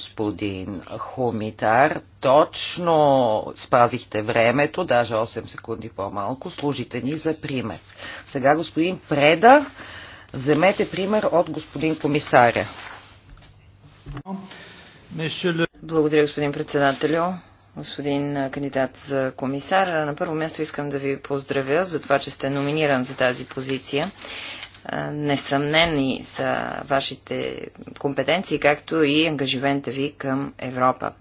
господин Хумитар. Точно спазихте времето, даже 8 секунди по-малко. Служите ни за пример. Сега господин Преда, вземете пример от господин комисаря. Благодаря, господин председателю господин кандидат за комисар. На първо място искам да ви поздравя за това, че сте номиниран за тази позиция. Несъмнени са вашите компетенции, както и ангажимента ви към Европа.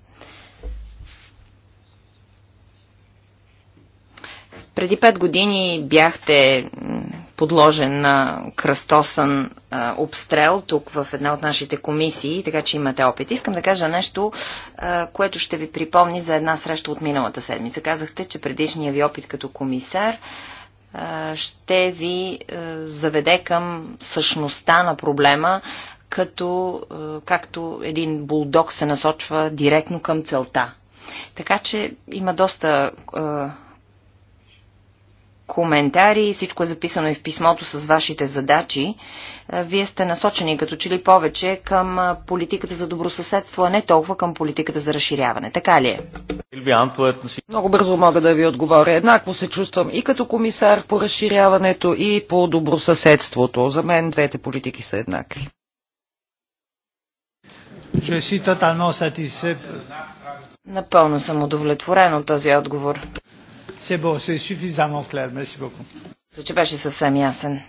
Преди пет години бяхте подложен на кръстосан а, обстрел тук в една от нашите комисии, така че имате опит. Искам да кажа нещо, а, което ще ви припомни за една среща от миналата седмица. Казахте, че предишният ви опит като комисар ще ви заведе към същността на проблема, като, както един булдог се насочва директно към целта. Така че има доста коментари и всичко е записано и в писмото с вашите задачи. Е, вие сте насочени като че ли повече към е, политиката за добросъседство, а не толкова към политиката за разширяване. Така ли е? Много бързо мога да ви отговоря. Еднакво се чувствам и като комисар по разширяването и по добросъседството. За мен двете политики са еднакви. Напълно съм удовлетворен от този отговор. C'est bon, c'est suffisamment clair. Merci beaucoup. Че беше съвсем ясен.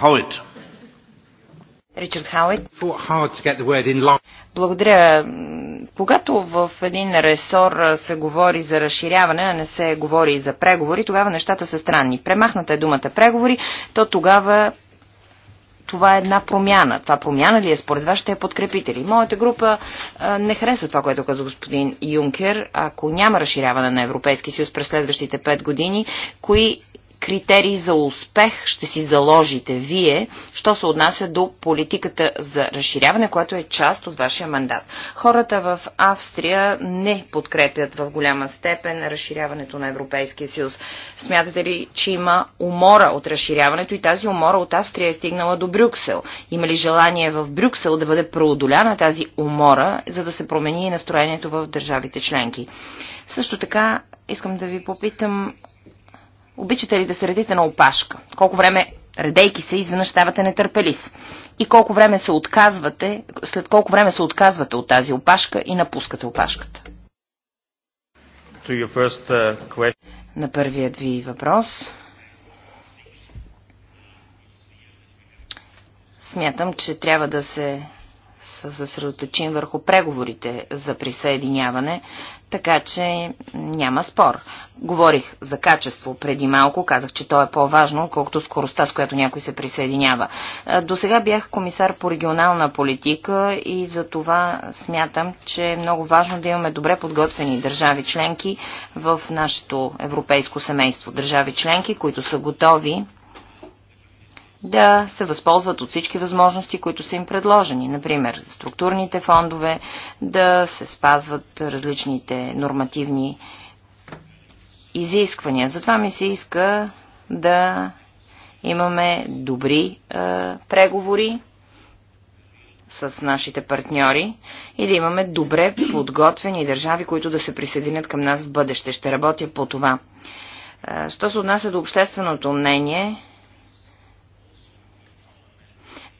Хауит. Uh, Ричард Хауит. Благодаря. Когато в един ресор се говори за разширяване, а не се говори за преговори, тогава нещата са странни. Премахната е думата преговори, то тогава това е една промяна. Това промяна ли е според вас? Ще я подкрепите ли? Моята група а, не хареса това, което каза господин Юнкер. Ако няма разширяване на Европейски съюз през следващите пет години, кои критерии за успех ще си заложите вие, що се отнася до политиката за разширяване, която е част от вашия мандат. Хората в Австрия не подкрепят в голяма степен разширяването на Европейския съюз. Смятате ли, че има умора от разширяването и тази умора от Австрия е стигнала до Брюксел? Има ли желание в Брюксел да бъде преодоляна тази умора, за да се промени и настроението в държавите членки? Също така искам да ви попитам Обичате ли да се редите на опашка? Колко време, редейки се, изведнъж ставате нетърпелив? И колко време се отказвате, след колко време се отказвате от тази опашка и напускате опашката? First, uh, на първият ви въпрос. Смятам, че трябва да се съсредоточим върху преговорите за присъединяване, така че няма спор. Говорих за качество преди малко, казах, че то е по-важно, отколкото скоростта, с която някой се присъединява. До сега бях комисар по регионална политика и за това смятам, че е много важно да имаме добре подготвени държави членки в нашето европейско семейство. Държави членки, които са готови да се възползват от всички възможности, които са им предложени. Например, структурните фондове, да се спазват различните нормативни изисквания. Затова ми се иска да имаме добри е, преговори с нашите партньори и да имаме добре подготвени държави, които да се присъединят към нас в бъдеще. Ще работя по това. Що се отнася до общественото мнение,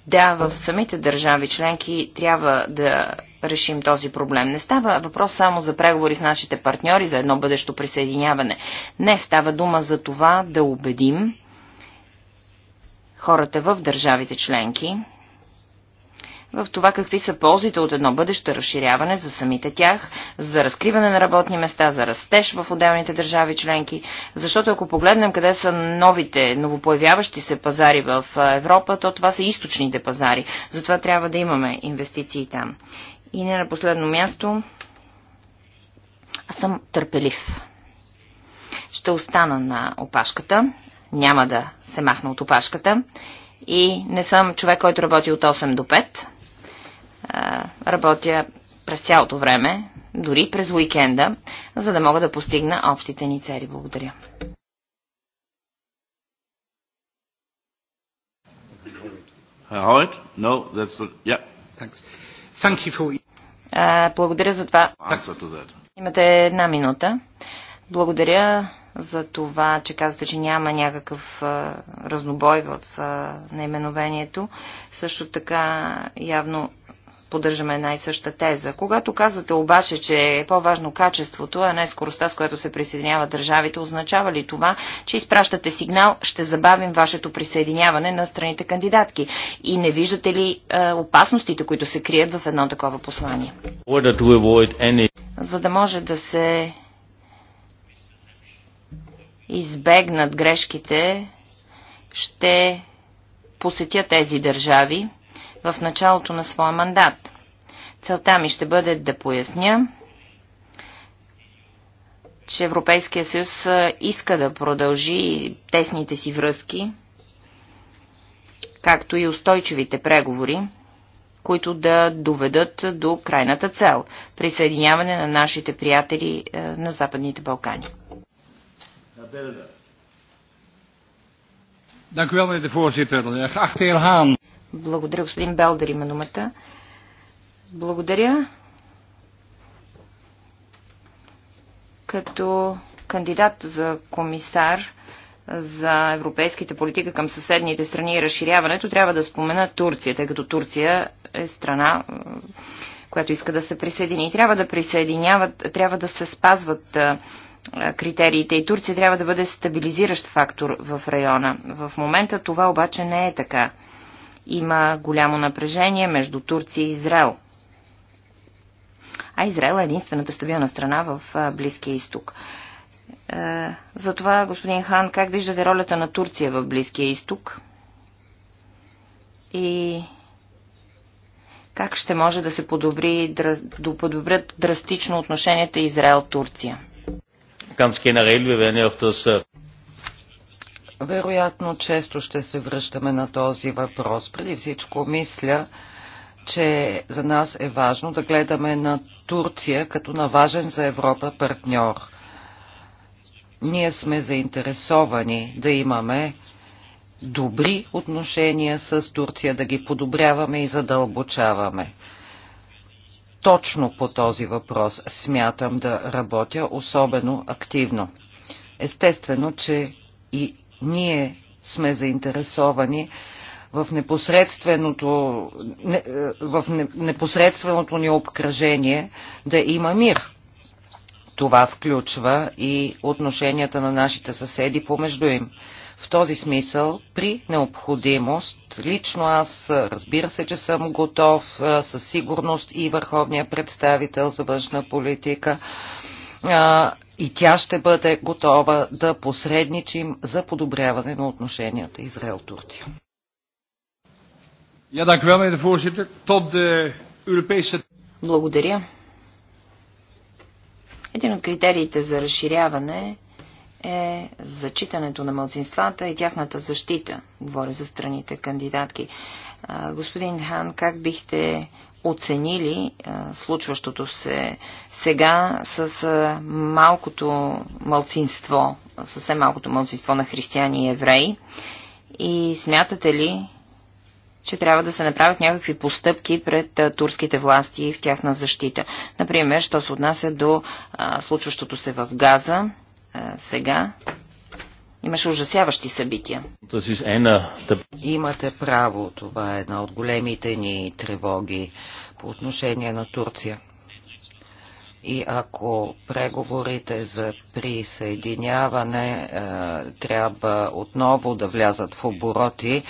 да, в самите държави членки трябва да решим този проблем. Не става въпрос само за преговори с нашите партньори за едно бъдещо присъединяване. Не, става дума за това да убедим хората в държавите членки, в това какви са ползите от едно бъдеще разширяване за самите тях, за разкриване на работни места, за растеж в отделните държави членки, защото ако погледнем къде са новите, новопоявяващи се пазари в Европа, то това са източните пазари. Затова трябва да имаме инвестиции там. И не на последно място, аз съм търпелив. Ще остана на опашката, няма да се махна от опашката и не съм човек, който работи от 8 до 5 работя през цялото време, дори през уикенда, за да мога да постигна общите ни цели. Благодаря. благодаря за това. Имате една минута. Благодаря за това, че казвате, че няма някакъв а, разнобой в а, наименовението. Също така явно поддържаме една и съща теза. Когато казвате обаче, че е по-важно качеството, а не скоростта, с която се присъединяват държавите, означава ли това, че изпращате сигнал, ще забавим вашето присъединяване на страните кандидатки? И не виждате ли е, опасностите, които се крият в едно такова послание? За да може да се избегнат грешките, ще посетя тези държави в началото на своя мандат. Целта ми ще бъде да поясня, че Европейския съюз иска да продължи тесните си връзки, както и устойчивите преговори, които да доведат до крайната цел – присъединяване на нашите приятели на Западните Балкани. Dank u wel, meneer de voorzitter. Geachte heer Haan, благодаря, господин Белдер има думата. Благодаря. Като кандидат за комисар за европейските политика към съседните страни и разширяването, трябва да спомена Турция, тъй като Турция е страна, която иска да се присъедини. И трябва да присъединяват, трябва да се спазват критериите и Турция трябва да бъде стабилизиращ фактор в района. В момента това обаче не е така. Има голямо напрежение между Турция и Израел. А Израел е единствената стабилна страна в Близкия изток. Е, затова, господин Хан, как виждате ролята на Турция в Близкия изток? И как ще може да се подобри, да подобрят драстично отношенията Израел-Турция? Вероятно, често ще се връщаме на този въпрос. Преди всичко, мисля, че за нас е важно да гледаме на Турция като на важен за Европа партньор. Ние сме заинтересовани да имаме добри отношения с Турция, да ги подобряваме и задълбочаваме. Точно по този въпрос смятам да работя особено активно. Естествено, че и ние сме заинтересовани в непосредственото, е, в непосредственото ни обкръжение да има мир. Това включва и отношенията на нашите съседи помежду им. В този смисъл, при необходимост, лично аз разбира се, че съм готов е, със сигурност и върховния представител за външна политика е, и тя ще бъде готова да посредничим за подобряване на отношенията Израел-Турция. Благодаря. Един от критериите за разширяване е зачитането на мълцинствата и тяхната защита. Говоря за страните кандидатки. Господин Хан, как бихте оценили е, случващото се сега с е, малкото мълцинство, съвсем малкото мълцинство на християни и евреи? И смятате ли, че трябва да се направят някакви постъпки пред е, турските власти в тяхна защита? Например, що се отнася до случващото се в Газа сега, Имаше ужасяващи събития. Имате право, това е една от големите ни тревоги по отношение на Турция. И ако преговорите за присъединяване е, трябва отново да влязат в обороти,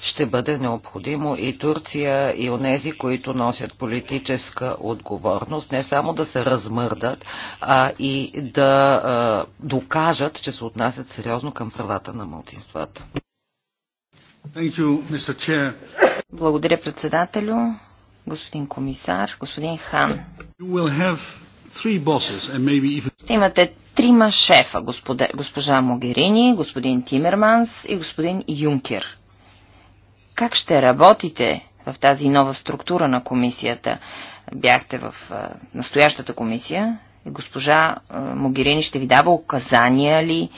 ще бъде необходимо и Турция и онези, които носят политическа отговорност, не само да се размърдат, а и да е, докажат, че се отнасят сериозно към правата на мълтинствата. You, Благодаря председателю, господин комисар, господин Хан. Have... Ще имате трима шефа, госпожа Могерини, господин Тимерманс и господин Юнкер. Как ще работите в тази нова структура на комисията? Бяхте в настоящата комисия и госпожа Могерини ще ви дава указания ли?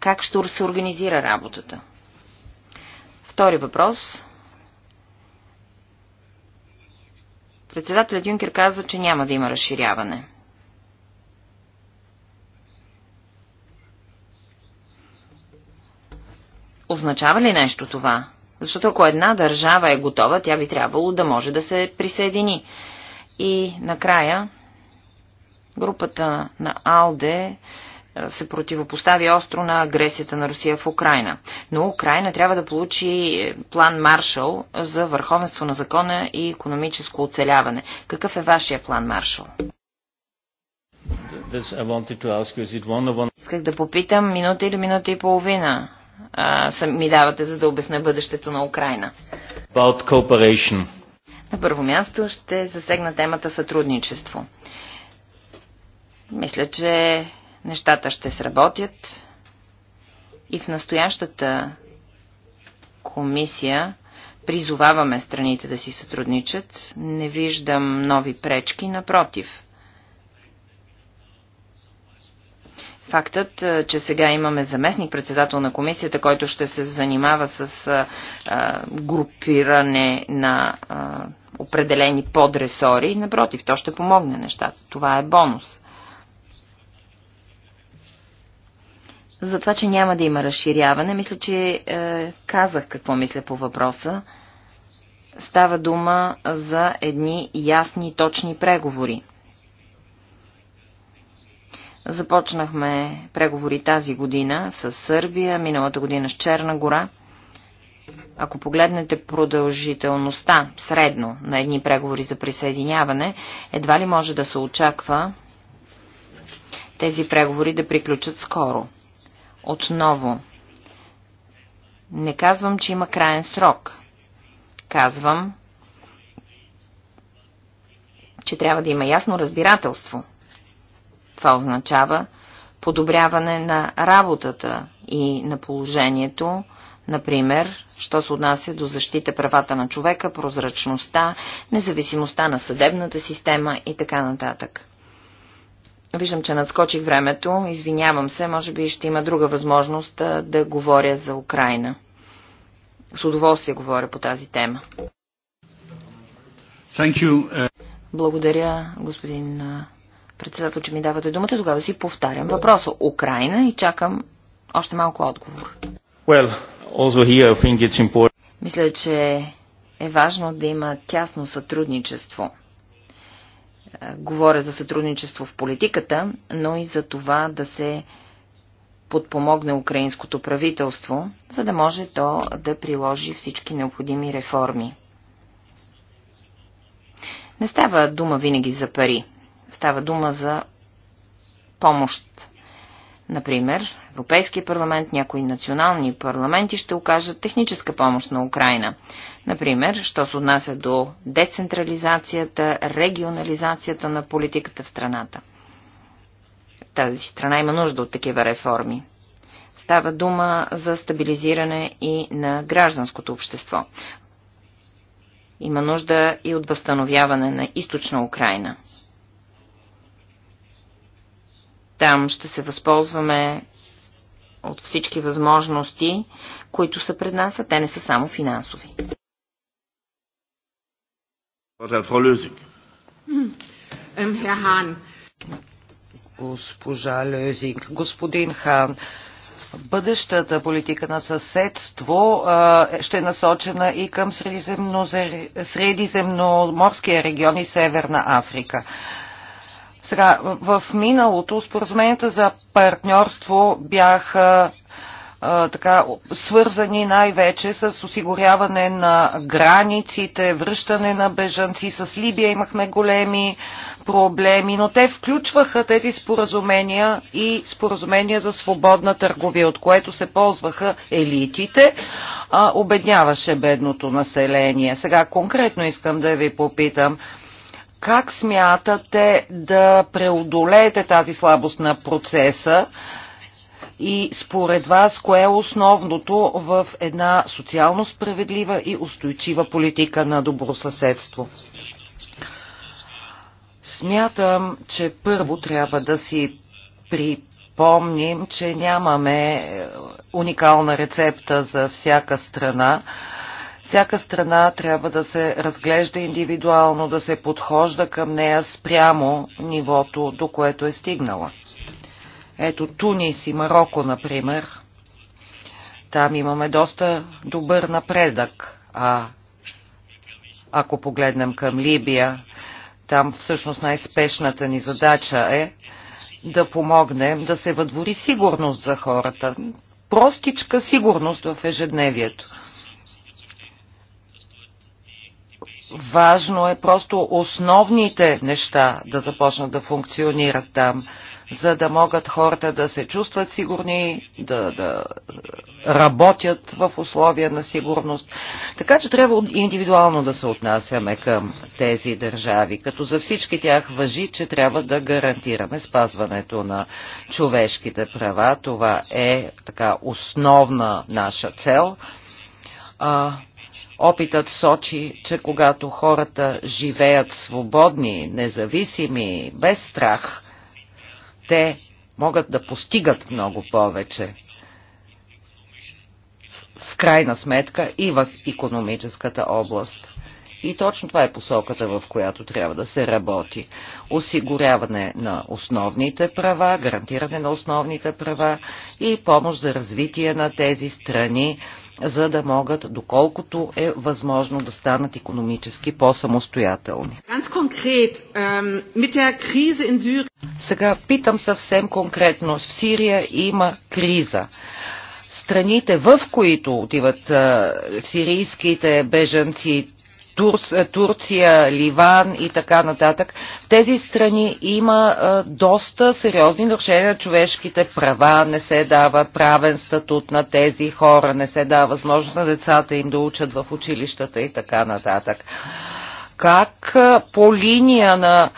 Как ще се организира работата? Втори въпрос. Председателят Юнкер каза, че няма да има разширяване. Означава ли нещо това? Защото ако една държава е готова, тя би трябвало да може да се присъедини. И накрая групата на Алде е, се противопостави остро на агресията на Русия в Украина. Но Украина трябва да получи е, план Маршал за върховенство на закона и економическо оцеляване. Какъв е вашия план Маршал? Исках да попитам минута или минута и половина а, ми давате, за да обясня бъдещето на Украина? About cooperation. На първо място ще засегна темата сътрудничество. Мисля, че нещата ще сработят и в настоящата комисия призоваваме страните да си сътрудничат. Не виждам нови пречки, напротив. Фактът, че сега имаме заместник-председател на комисията, който ще се занимава с а, групиране на а, определени подресори, напротив, то ще помогне нещата. Това е бонус. За това, че няма да има разширяване, мисля, че е, казах какво мисля по въпроса. Става дума за едни ясни, точни преговори – Започнахме преговори тази година с Сърбия, миналата година с Черна гора. Ако погледнете продължителността средно на едни преговори за присъединяване, едва ли може да се очаква тези преговори да приключат скоро. Отново, не казвам, че има краен срок. Казвам, че трябва да има ясно разбирателство това означава подобряване на работата и на положението, например, що се отнася до защита правата на човека, прозрачността, независимостта на съдебната система и така нататък. Виждам, че надскочих времето. Извинявам се, може би ще има друга възможност да, говоря за Украина. С удоволствие говоря по тази тема. Thank you. Uh, Благодаря, господин председател, че ми давате думата, тогава си повтарям въпроса. Украина и чакам още малко отговор. Well, also here I think it's important. Мисля, че е важно да има тясно сътрудничество. Е, говоря за сътрудничество в политиката, но и за това да се подпомогне украинското правителство, за да може то да приложи всички необходими реформи. Не става дума винаги за пари. Става дума за помощ. Например, Европейския парламент, някои национални парламенти ще окажат техническа помощ на Украина. Например, що се отнася до децентрализацията, регионализацията на политиката в страната. Тази страна има нужда от такива реформи. Става дума за стабилизиране и на гражданското общество. Има нужда и от възстановяване на източна Украина. Там ще се възползваме от всички възможности, които са пред нас, а те не са само финансови. Hm. Ähm, Госпожа Лезик, господин Хан, бъдещата политика на съседство а, ще е насочена и към средиземноморския регион и Северна Африка. Сега, в миналото споразуменията за партньорство бяха а, така, свързани най-вече с осигуряване на границите, връщане на бежанци. С Либия имахме големи проблеми, но те включваха тези споразумения и споразумения за свободна търговия, от което се ползваха елитите, а, обедняваше бедното население. Сега конкретно искам да ви попитам, как смятате да преодолеете тази слабост на процеса и според вас кое е основното в една социално справедлива и устойчива политика на добросъседство? Смятам, че първо трябва да си припомним, че нямаме уникална рецепта за всяка страна всяка страна трябва да се разглежда индивидуално, да се подхожда към нея спрямо нивото, до което е стигнала. Ето Тунис и Марокко, например. Там имаме доста добър напредък, а ако погледнем към Либия, там всъщност най-спешната ни задача е да помогнем да се въдвори сигурност за хората. Простичка сигурност в ежедневието. важно е просто основните неща да започнат да функционират там, за да могат хората да се чувстват сигурни, да, да работят в условия на сигурност. Така че трябва индивидуално да се отнасяме към тези държави, като за всички тях въжи, че трябва да гарантираме спазването на човешките права. Това е така основна наша цел. Опитът сочи, че когато хората живеят свободни, независими, без страх, те могат да постигат много повече. В крайна сметка и в економическата област. И точно това е посоката, в която трябва да се работи. Осигуряване на основните права, гарантиране на основните права и помощ за развитие на тези страни за да могат, доколкото е възможно, да станат економически по-самостоятелни. Ähm, Сега питам съвсем конкретно. В Сирия има криза страните, в които отиват а, сирийските бежанци, Турс, е, Турция, Ливан и така нататък. В тези страни има а, е, доста сериозни нарушения на човешките права, не се дава правен статут на тези хора, не се дава възможност на децата им да учат в училищата и така нататък. Как а, е, по линия на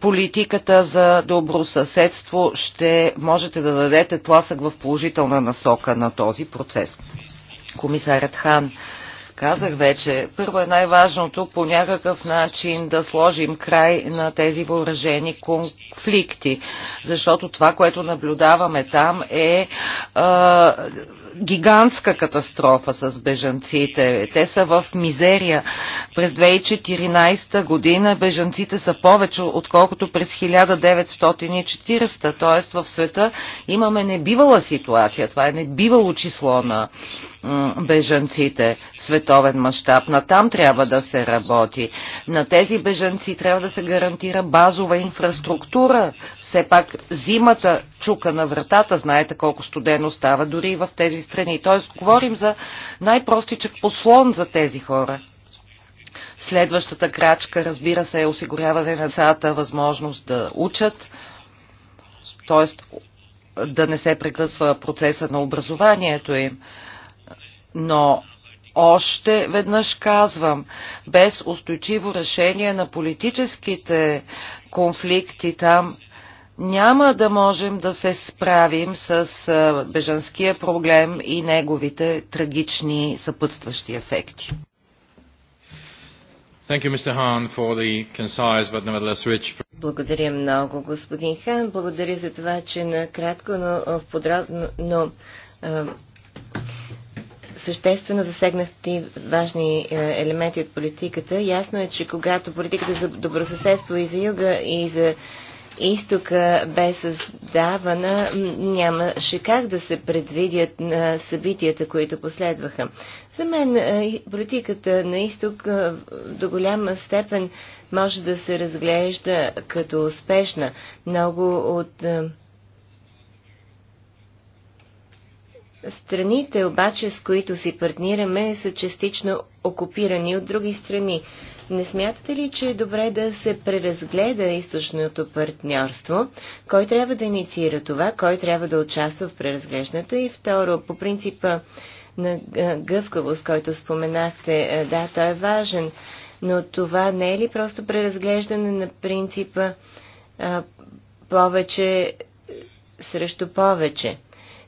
политиката за добросъседство ще можете да дадете тласък в положителна насока на този процес? Комисарят Хан Казах вече, първо е най-важното по някакъв начин да сложим край на тези въоръжени конфликти, защото това, което наблюдаваме там е а, гигантска катастрофа с бежанците. Те са в мизерия. През 2014 година бежанците са повече, отколкото през 1940. Т.е. в света имаме небивала ситуация. Това е небивало число на бежанците в световен мащаб. На там трябва да се работи. На тези бежанци трябва да се гарантира базова инфраструктура. Все пак зимата чука на вратата, знаете колко студено става дори и в тези страни. Тоест, говорим за най-простичък послон за тези хора. Следващата крачка, разбира се, е осигуряване на децата възможност да учат, т.е. да не се прекъсва процеса на образованието им но още веднъж казвам, без устойчиво решение на политическите конфликти там няма да можем да се справим с бежанския проблем и неговите трагични съпътстващи ефекти. Благодаря много, господин Хан. Благодаря за това, че накратко, но, подробно, но съществено засегнахте важни е, елементи от политиката. Ясно е, че когато политиката за добросъседство и за юга и за изтока бе създавана, нямаше как да се предвидят на събитията, които последваха. За мен е, политиката на изток е, до голяма степен може да се разглежда като успешна. Много от Страните обаче, с които си партнираме, са частично окупирани от други страни. Не смятате ли, че е добре да се преразгледа източното партньорство? Кой трябва да инициира това? Кой трябва да участва в преразглеждането? И второ, по принципа на гъвкавост, който споменахте, да, той е важен, но това не е ли просто преразглеждане на принципа а, повече срещу повече?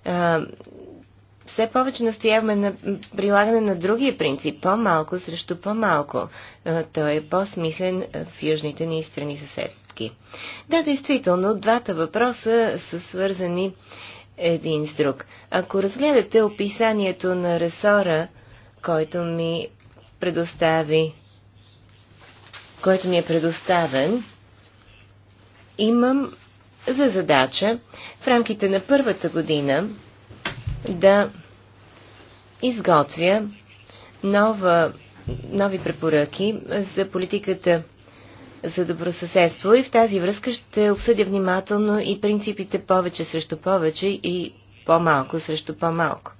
А, все повече настояваме на прилагане на другия принцип по-малко срещу по-малко. Е, той е по-смислен е, в южните ни страни съседки. Да, действително, двата въпроса са свързани един с друг. Ако разгледате описанието на ресора, който ми предостави, който ми е предоставен, имам за задача в рамките на първата година да изготвя нова, нови препоръки за политиката за добросъседство и в тази връзка ще обсъдя внимателно и принципите повече срещу повече и по-малко срещу по-малко.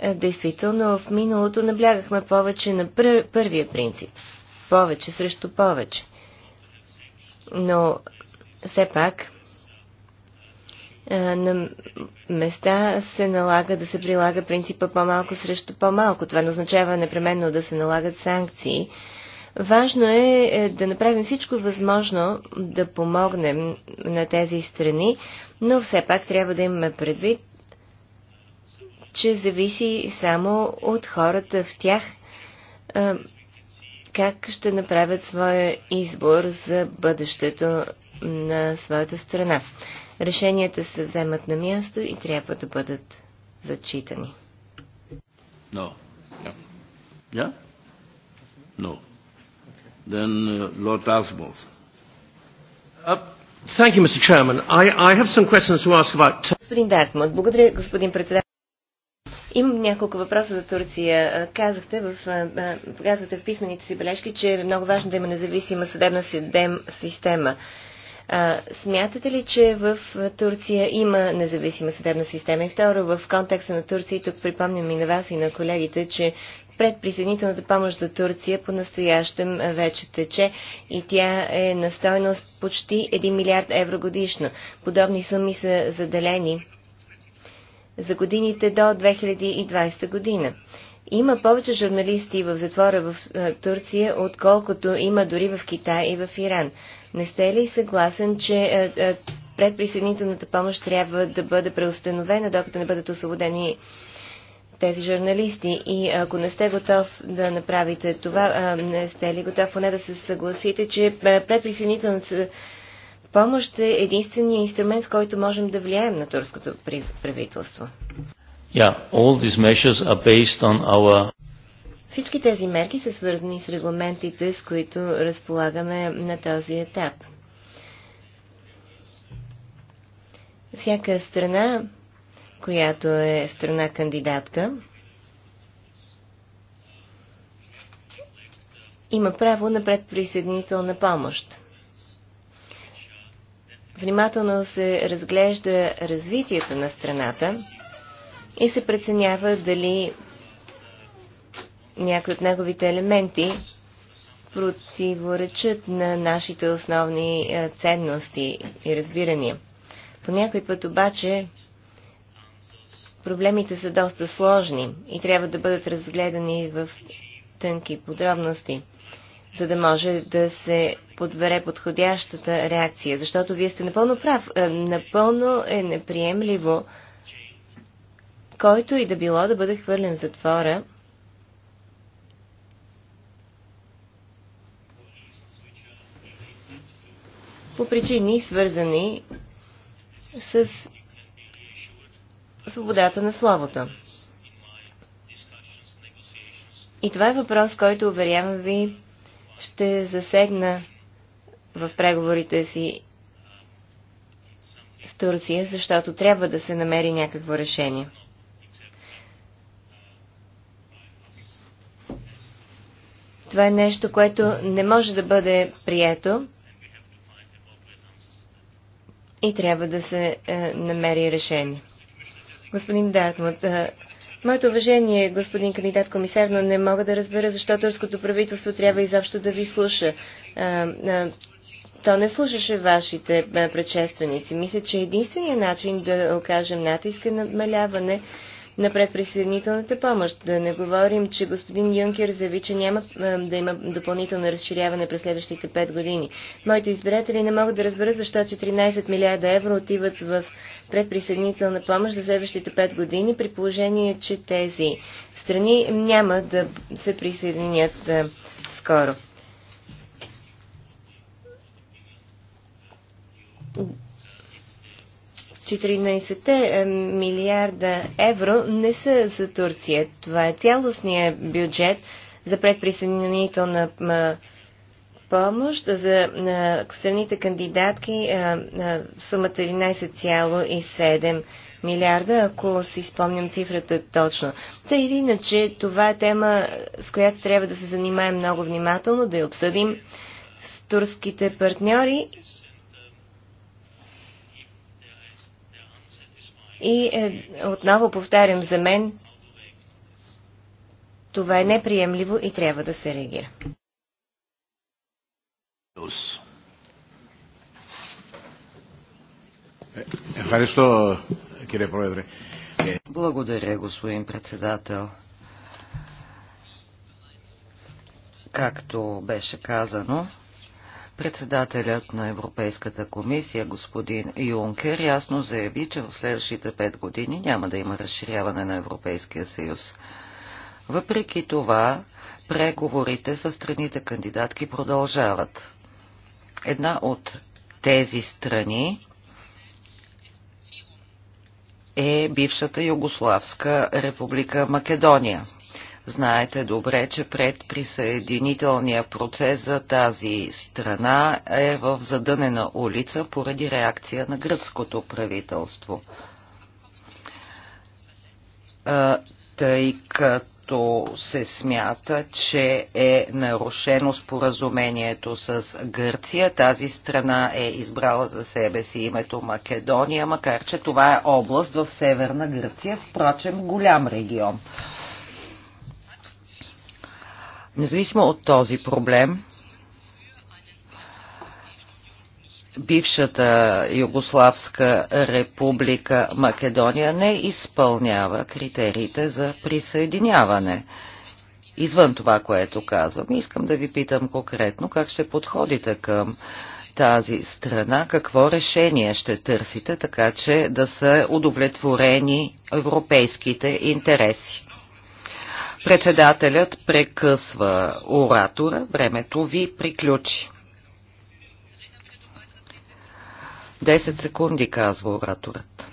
Е, действително, в миналото наблягахме повече на пър първия принцип – повече срещу повече. Но все пак е, на места се налага да се прилага принципа по-малко срещу по-малко. Това не означава непременно да се налагат санкции. Важно е, е да направим всичко възможно да помогнем на тези страни, но все пак трябва да имаме предвид, че зависи само от хората в тях е, как ще направят своя избор за бъдещето на своята страна. Решенията се вземат на място и трябва да бъдат зачитани. No. Yeah? yeah? No. Then uh, Lord Uh, thank you, Mr. Chairman. I, I have some questions to ask about... Господин Дартмут, благодаря, господин председател. Имам няколко въпроса за Турция. Казахте в, показвате в писмените си бележки, че е много важно да има независима съдебна система. А, смятате ли, че в Турция има независима съдебна система? И второ, в контекста на Турция, тук припомням и на вас и на колегите, че предприсъединителната помощ за Турция по-настоящем вече тече и тя е на стойност почти 1 милиард евро годишно. Подобни суми са заделени за годините до 2020 година. Има повече журналисти в затвора в Турция, отколкото има дори в Китай и в Иран. Не сте ли съгласен, че е, е, предприсъединителната помощ трябва да бъде преустановена, докато не бъдат освободени тези журналисти. И ако не сте готов да направите това, е, не сте ли готов поне да се съгласите, че предприсъединителната помощ е единствения инструмент, с който можем да влияем на турското правителство? Yeah, all these measures are based on our... Всички тези мерки са свързани с регламентите, с които разполагаме на този етап. Всяка страна, която е страна кандидатка, има право на предприсъединителна помощ. Внимателно се разглежда развитието на страната и се преценява дали някои от неговите елементи противоречат на нашите основни е, ценности и разбирания. По някой път обаче проблемите са доста сложни и трябва да бъдат разгледани в тънки подробности, за да може да се подбере подходящата реакция. Защото вие сте напълно прав. Е, напълно е неприемливо който и да било да бъде хвърлен в затвора – по причини, свързани с свободата на словото. И това е въпрос, който, уверявам ви, ще засегна в преговорите си с Турция, защото трябва да се намери някакво решение. Това е нещо, което не може да бъде прието и трябва да се е, намери решение. Господин Дартмут, е, моето уважение, господин кандидат комисар, но не мога да разбера защо турското правителство трябва изобщо да ви слуша. Е, е, то не слушаше вашите е, предшественици. Мисля, че единственият начин да окажем натиск е намаляване на предприсъединителната помощ. Да не говорим, че господин Юнкер заяви, че няма да има допълнително разширяване през следващите 5 години. Моите избиратели не могат да разберат защо 14 милиарда евро отиват в предприсъединителна помощ за следващите 5 години, при положение, че тези страни няма да се присъединят скоро. 14 е, милиарда евро не са за Турция. Това е цялостният бюджет за предприсъединителна помощ за страните кандидатки е, е, сумата 11,7 милиарда, ако си спомням цифрата точно. Та или иначе, това е тема, с която трябва да се занимаем много внимателно, да я обсъдим с турските партньори И е, отново повтарям, за мен това е неприемливо и трябва да се реагира. Благодаря, господин председател. Както беше казано, Председателят на Европейската комисия, господин Юнкер, ясно заяви, че в следващите пет години няма да има разширяване на Европейския съюз. Въпреки това, преговорите с страните кандидатки продължават. Една от тези страни е бившата Югославска република Македония. Знаете добре, че предприсъединителния процес за тази страна е в задънена улица поради реакция на гръцкото правителство. Тъй като се смята, че е нарушено споразумението с Гърция, тази страна е избрала за себе си името Македония, макар че това е област в северна Гърция, впрочем голям регион. Независимо от този проблем, бившата Югославска република Македония не изпълнява критериите за присъединяване. Извън това, което казвам, искам да ви питам конкретно как ще подходите към тази страна, какво решение ще търсите, така че да са удовлетворени европейските интереси. Председателят прекъсва оратора. Времето ви приключи. 10 секунди, казва ораторът.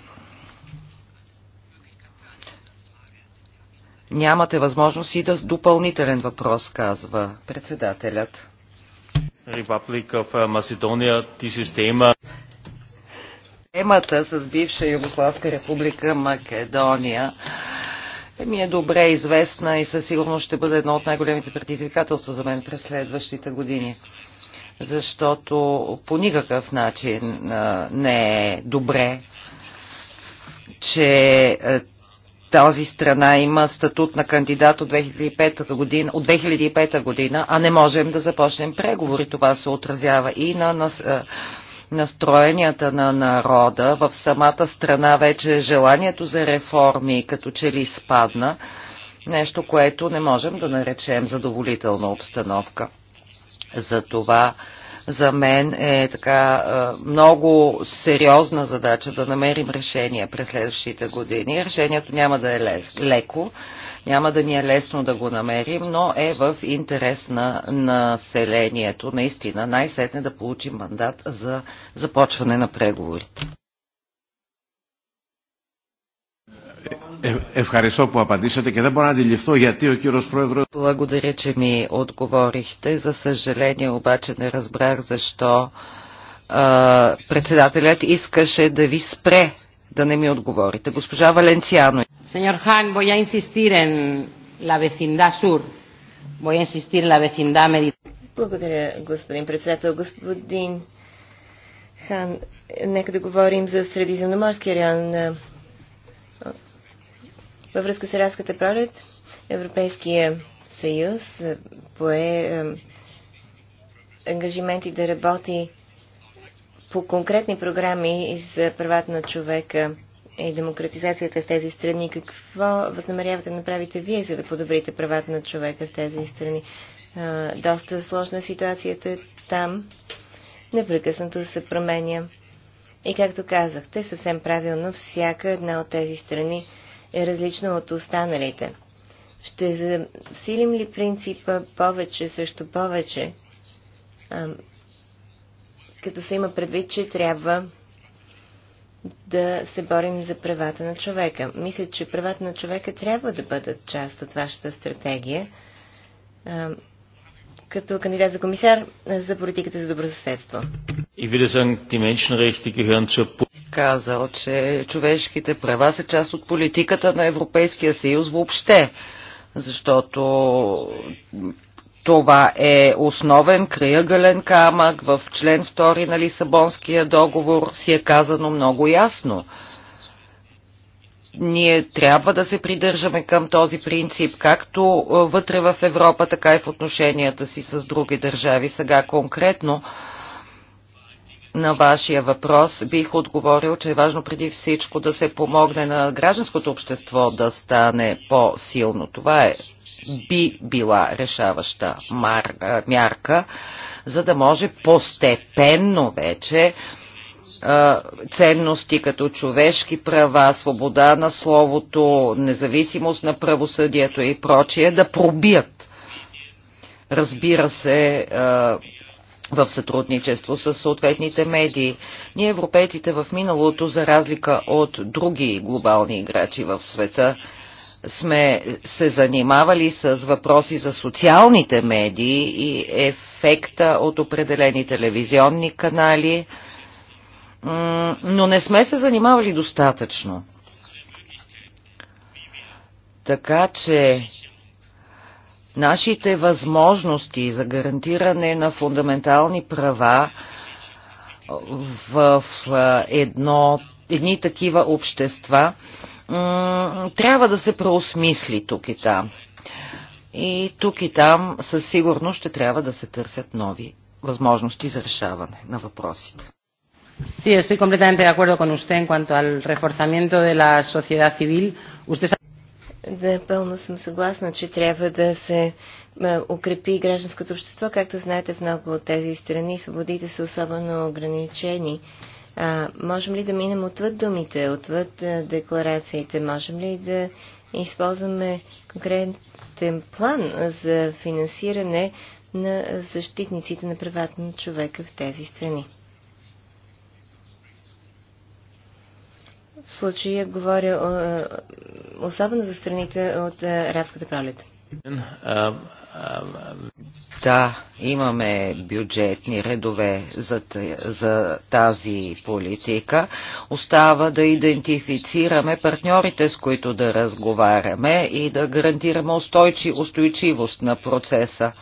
Нямате възможност и да с допълнителен въпрос, казва председателят. Република в Македония, ти система. Темата с бивша Югославска република Македония е, ми е добре известна и със сигурност ще бъде едно от най-големите предизвикателства за мен през следващите години. Защото по никакъв начин не е добре, че тази страна има статут на кандидат от 2005 година, от 2005 година а не можем да започнем преговори. Това се отразява и на, на настроенията на народа в самата страна вече желанието за реформи като че ли спадна, нещо, което не можем да наречем задоволителна обстановка. Затова за мен е така много сериозна задача да намерим решение през следващите години. Решението няма да е леко няма да ни е лесно да го намерим, но е в интерес на населението наистина най-сетне да получим мандат за започване на преговорите. Ευχαριστώ που απαντήσατε και δεν μπορώ να αντιληφθώ γιατί ο κύριος Πρόεδρος... Благодаря, че ми отговорихте. За съжаление обаче не разбрах защо председателят искаше да ви спре да не ми отговорите. Госпожа Валенциано. Señor Hahn, voy a insistir en la vecindad sur. Voy a insistir en la vecindad mediterránea. Благодаря, господин председател. Господин Хан, нека да говорим за Средиземноморския район. Във връзка с Арабската пролет, Европейския съюз е, пое е, ангажименти да работи по конкретни програми за правата на човека е демократизацията в тези страни. Какво възнамерявате да направите вие, за да подобрите правата на човека в тези страни? Доста сложна ситуацията е там. Непрекъснато се променя. И както казахте, съвсем правилно, всяка една от тези страни е различна от останалите. Ще засилим ли принципа повече срещу повече, като се има предвид, че трябва да се борим за правата на човека. Мисля, че правата на човека трябва да бъдат част от вашата стратегия. Като кандидат за комисар за политиката за добро съседство. Казал, че човешките права са част от политиката на Европейския съюз въобще защото това е основен крайъгълен камък в член 2 на Лисабонския договор си е казано много ясно. Ние трябва да се придържаме към този принцип, както вътре в Европа, така и в отношенията си с други държави. Сега конкретно на вашия въпрос бих отговорил, че е важно преди всичко да се помогне на гражданското общество да стане по-силно. Това е, би била решаваща мар, мярка, за да може постепенно вече ценности като човешки права, свобода на словото, независимост на правосъдието и прочие да пробият. Разбира се, в сътрудничество с съответните медии. Ние европейците в миналото, за разлика от други глобални играчи в света, сме се занимавали с въпроси за социалните медии и ефекта от определени телевизионни канали, но не сме се занимавали достатъчно. Така че Нашите възможности за гарантиране на фундаментални права в едно, едни такива общества трябва да се преосмисли тук и там. И тук и там със сигурност ще трябва да се търсят нови възможности за решаване на въпросите. Sí, estoy completamente de acuerdo con usted en cuanto al reforzamiento de la sociedad civil. Usted да, пълно съм съгласна, че трябва да се укрепи гражданското общество. Както знаете, в много от тези страни свободите са особено ограничени. А, можем ли да минем отвъд думите, отвъд декларациите? Можем ли да използваме конкретен план за финансиране на защитниците на правата на човека в тези страни? В случая говоря е, особено за страните от е, арабската пролет. Да, имаме бюджетни редове за, за тази политика. Остава да идентифицираме партньорите, с които да разговаряме и да гарантираме устойчи, устойчивост на процеса.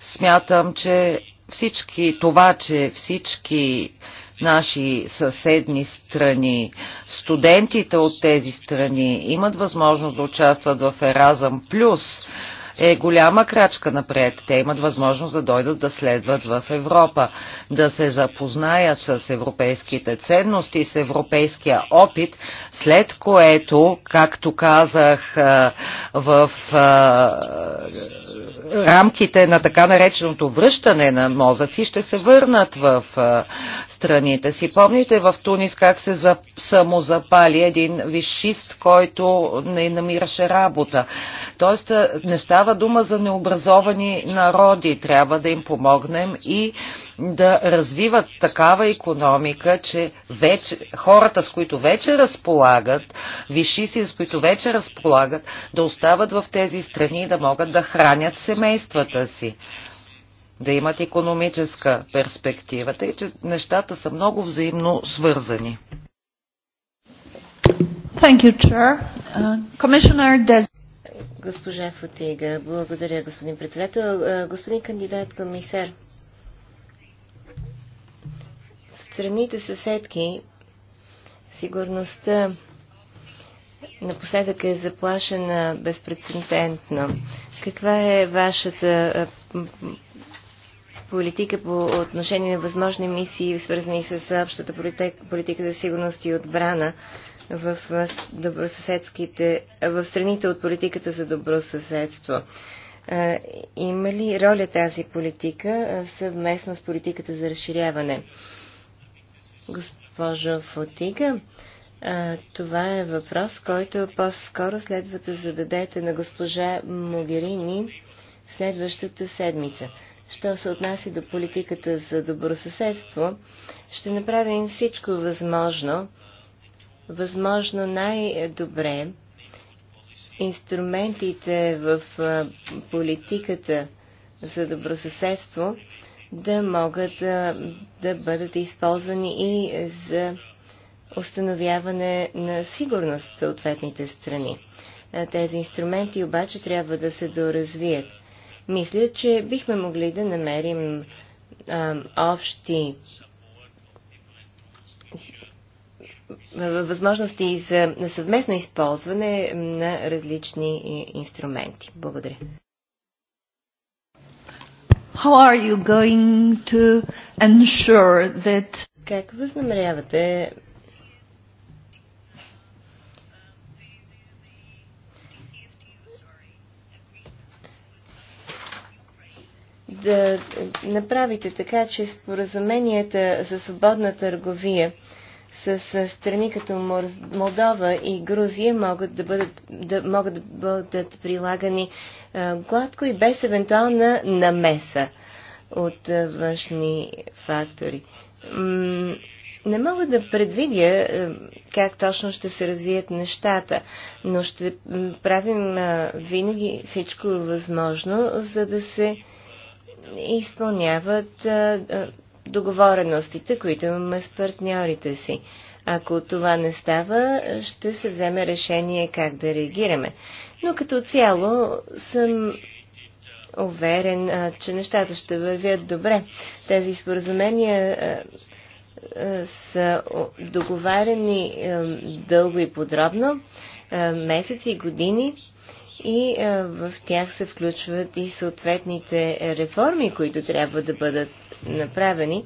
Смятам, че всички, това, че всички наши съседни страни. Студентите от тези страни имат възможност да участват в Еразъм Плюс е голяма крачка напред. Те имат възможност да дойдат да следват в Европа, да се запознаят с европейските ценности, с европейския опит, след което, както казах, в рамките на така нареченото връщане на мозъци ще се върнат в страните си. Помните в Тунис как се самозапали един вишист, който не намираше работа. Тоест не става става дума за необразовани народи. Трябва да им помогнем и да развиват такава економика, че вече, хората, с които вече разполагат, си, с които вече разполагат, да остават в тези страни и да могат да хранят семействата си да имат економическа перспектива, тъй че нещата са много взаимно свързани. Thank you, Chair. Uh, Commissioner Des Госпожа Фотига, благодаря, господин председател. Е, господин кандидат комисар, страните съседки, сигурността напоследък е заплашена безпредседентно. Каква е вашата е, политика по отношение на възможни мисии, свързани с общата политика за сигурност и отбрана в, добросъседските, в страните от политиката за добросъседство. Има ли роля тази политика съвместно с политиката за разширяване? Госпожо Фотига, това е въпрос, който по-скоро следва да зададете на госпожа Могерини следващата седмица. Що се отнася до политиката за добросъседство, ще направим всичко възможно, възможно най-добре инструментите в политиката за добросъседство да могат да, да бъдат използвани и за установяване на сигурност в съответните страни. Тези инструменти обаче трябва да се доразвият. Мисля, че бихме могли да намерим а, общи възможности за съвместно използване на различни е, инструменти. Благодаря. How are you going to ensure that... Как възнамерявате да направите така, че споразуменията за свободна търговия с страни като Молдова и Грузия могат да бъдат, да, могат да бъдат прилагани е, гладко и без евентуална намеса от е, външни фактори. Не мога да предвидя е, как точно ще се развият нещата, но ще правим винаги всичко възможно, за да се изпълняват договореностите, които имаме с партньорите си. Ако това не става, ще се вземе решение как да реагираме. Но като цяло съм уверен, че нещата ще вървят добре. Тези споразумения са договарени дълго и подробно, месеци и години и в тях се включват и съответните реформи, които трябва да бъдат направени.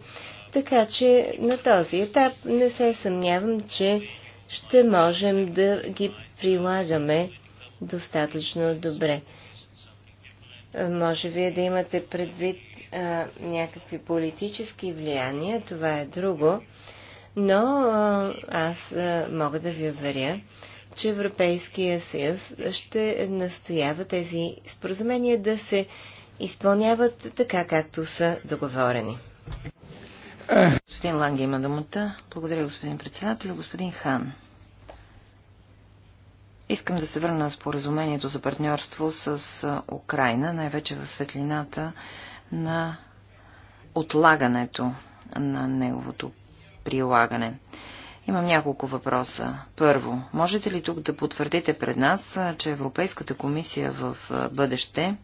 Така че на този етап не се съмнявам, че ще можем да ги прилагаме достатъчно добре. Може вие да имате предвид а, някакви политически влияния, това е друго, но а, аз а, мога да ви уверя, че Европейския съюз ще настоява тези споразумения да се изпълняват така, както са договорени. Е. Господин Ланге има думата. Благодаря, господин председател. Господин Хан. Искам да се върна на споразумението за партньорство с Украина, най-вече в светлината на отлагането на неговото прилагане. Имам няколко въпроса. Първо, можете ли тук да потвърдите пред нас, че Европейската комисия в бъдеще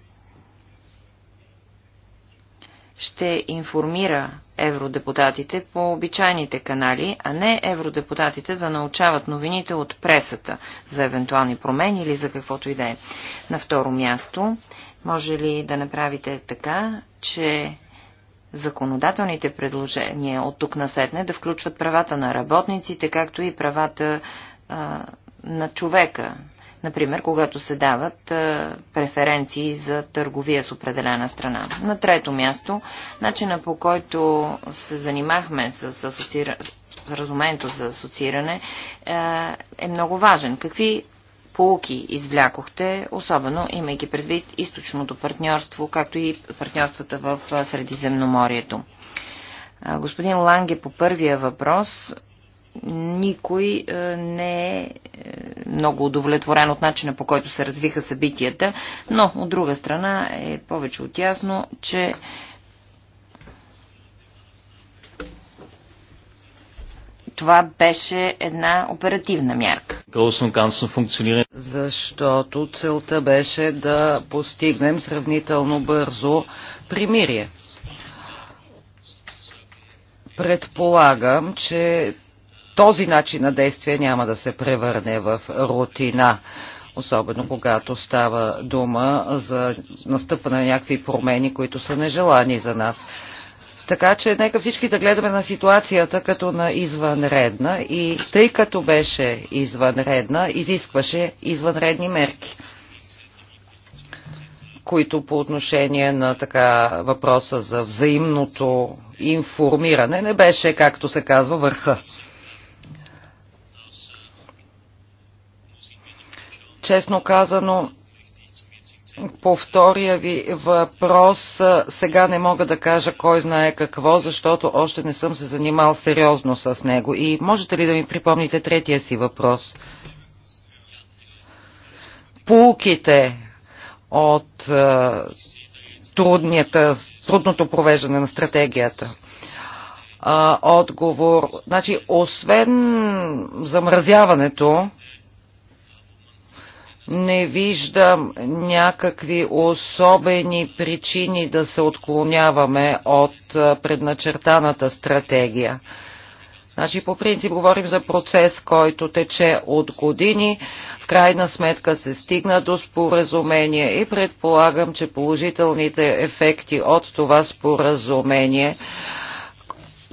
ще информира евродепутатите по обичайните канали, а не евродепутатите да научават новините от пресата за евентуални промени или за каквото и да е. На второ място, може ли да направите така, че законодателните предложения от тук насетне да включват правата на работниците, както и правата а, на човека, Например, когато се дават преференции за търговия с определена страна. На трето място, начина по който се занимахме с асоциира... разумението за асоцииране е, е много важен. Какви полуки извлякохте, особено имайки предвид източното партньорство, както и партньорствата в Средиземноморието? Господин Ланге по първия въпрос никой е, не е, е много удовлетворен от начина по който се развиха събитията, но от друга страна е повече от ясно, че това беше една оперативна мярка. Защото целта беше да постигнем сравнително бързо примирие. Предполагам, че този начин на действие няма да се превърне в рутина особено когато става дума за настъпване на някакви промени, които са нежелани за нас. Така че нека всички да гледаме на ситуацията като на извънредна и тъй като беше извънредна, изискваше извънредни мерки които по отношение на така въпроса за взаимното информиране не беше, както се казва, върха. Честно казано, по втория ви въпрос сега не мога да кажа кой знае какво, защото още не съм се занимал сериозно с него. И можете ли да ми припомните третия си въпрос? Пулките от трудното провеждане на стратегията а, отговор. Значи, освен замразяването, не виждам някакви особени причини да се отклоняваме от предначертаната стратегия. Значи по принцип говорим за процес, който тече от години. В крайна сметка се стигна до споразумение и предполагам, че положителните ефекти от това споразумение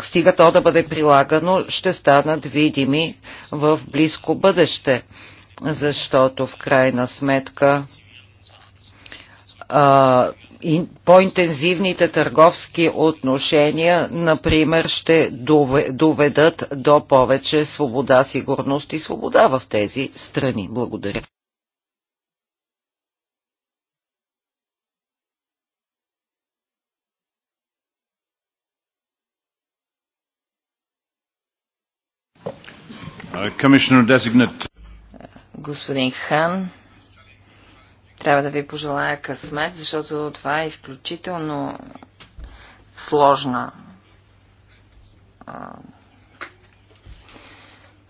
стига то да бъде прилагано, ще станат видими в близко бъдеще защото в крайна сметка по-интензивните търговски отношения, например, ще доведат до повече свобода, сигурност и свобода в тези страни. Благодаря. Uh, Commissioner designate господин Хан. Трябва да ви пожелая късмет, защото това е изключително сложна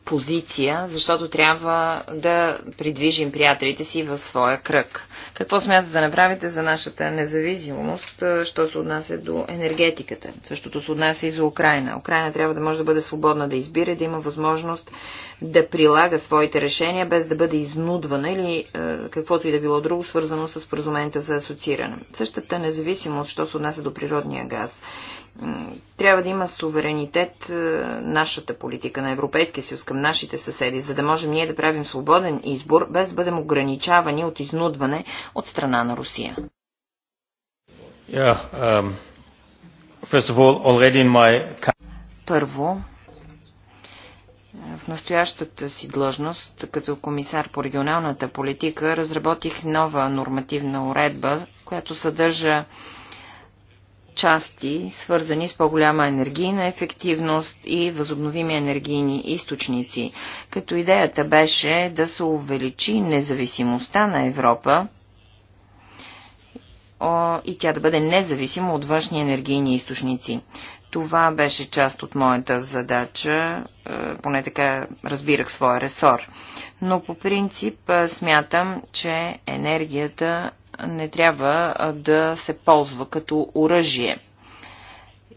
позиция, защото трябва да придвижим приятелите си в своя кръг. Какво смятате да направите за нашата независимост, е, що се отнася до енергетиката? Същото се отнася и за Украина. Украина трябва да може да бъде свободна да избира да има възможност да прилага своите решения, без да бъде изнудвана или е, каквото и да било друго, свързано с празумента за асоцииране. Същата независимост, що се отнася до природния газ трябва да има суверенитет е, нашата политика на Европейския съюз към нашите съседи, за да можем ние да правим свободен избор, без да бъдем ограничавани от изнудване от страна на Русия. Yeah, um, first of all, in my... Първо, е, в настоящата си длъжност като комисар по регионалната политика разработих нова нормативна уредба, която съдържа части, свързани с по-голяма енергийна ефективност и възобновими енергийни източници, като идеята беше да се увеличи независимостта на Европа и тя да бъде независима от външни енергийни източници. Това беше част от моята задача, е, поне така разбирах своя ресор. Но по принцип е, смятам, че енергията не трябва да се ползва като оръжие.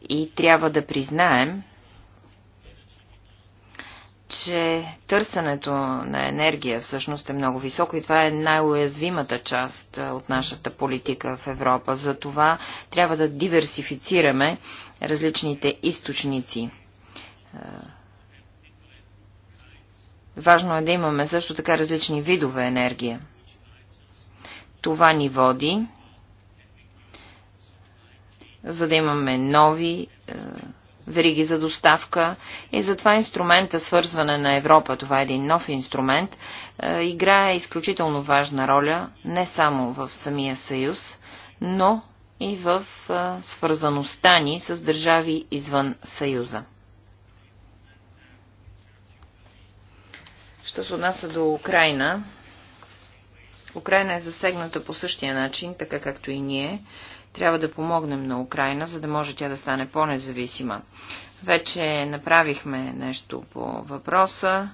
И трябва да признаем, че търсенето на енергия всъщност е много високо и това е най-уязвимата част от нашата политика в Европа. За това трябва да диверсифицираме различните източници. Важно е да имаме също така различни видове енергия. Това ни води, за да имаме нови е, вериги за доставка и затова инструмента свързване на Европа, това е един нов инструмент, е, играе изключително важна роля не само в самия съюз, но и в е, свързаността ни с държави извън съюза. Що се отнася до Украина, Украина е засегната по същия начин, така както и ние. Трябва да помогнем на Украина, за да може тя да стане по-независима. Вече направихме нещо по въпроса.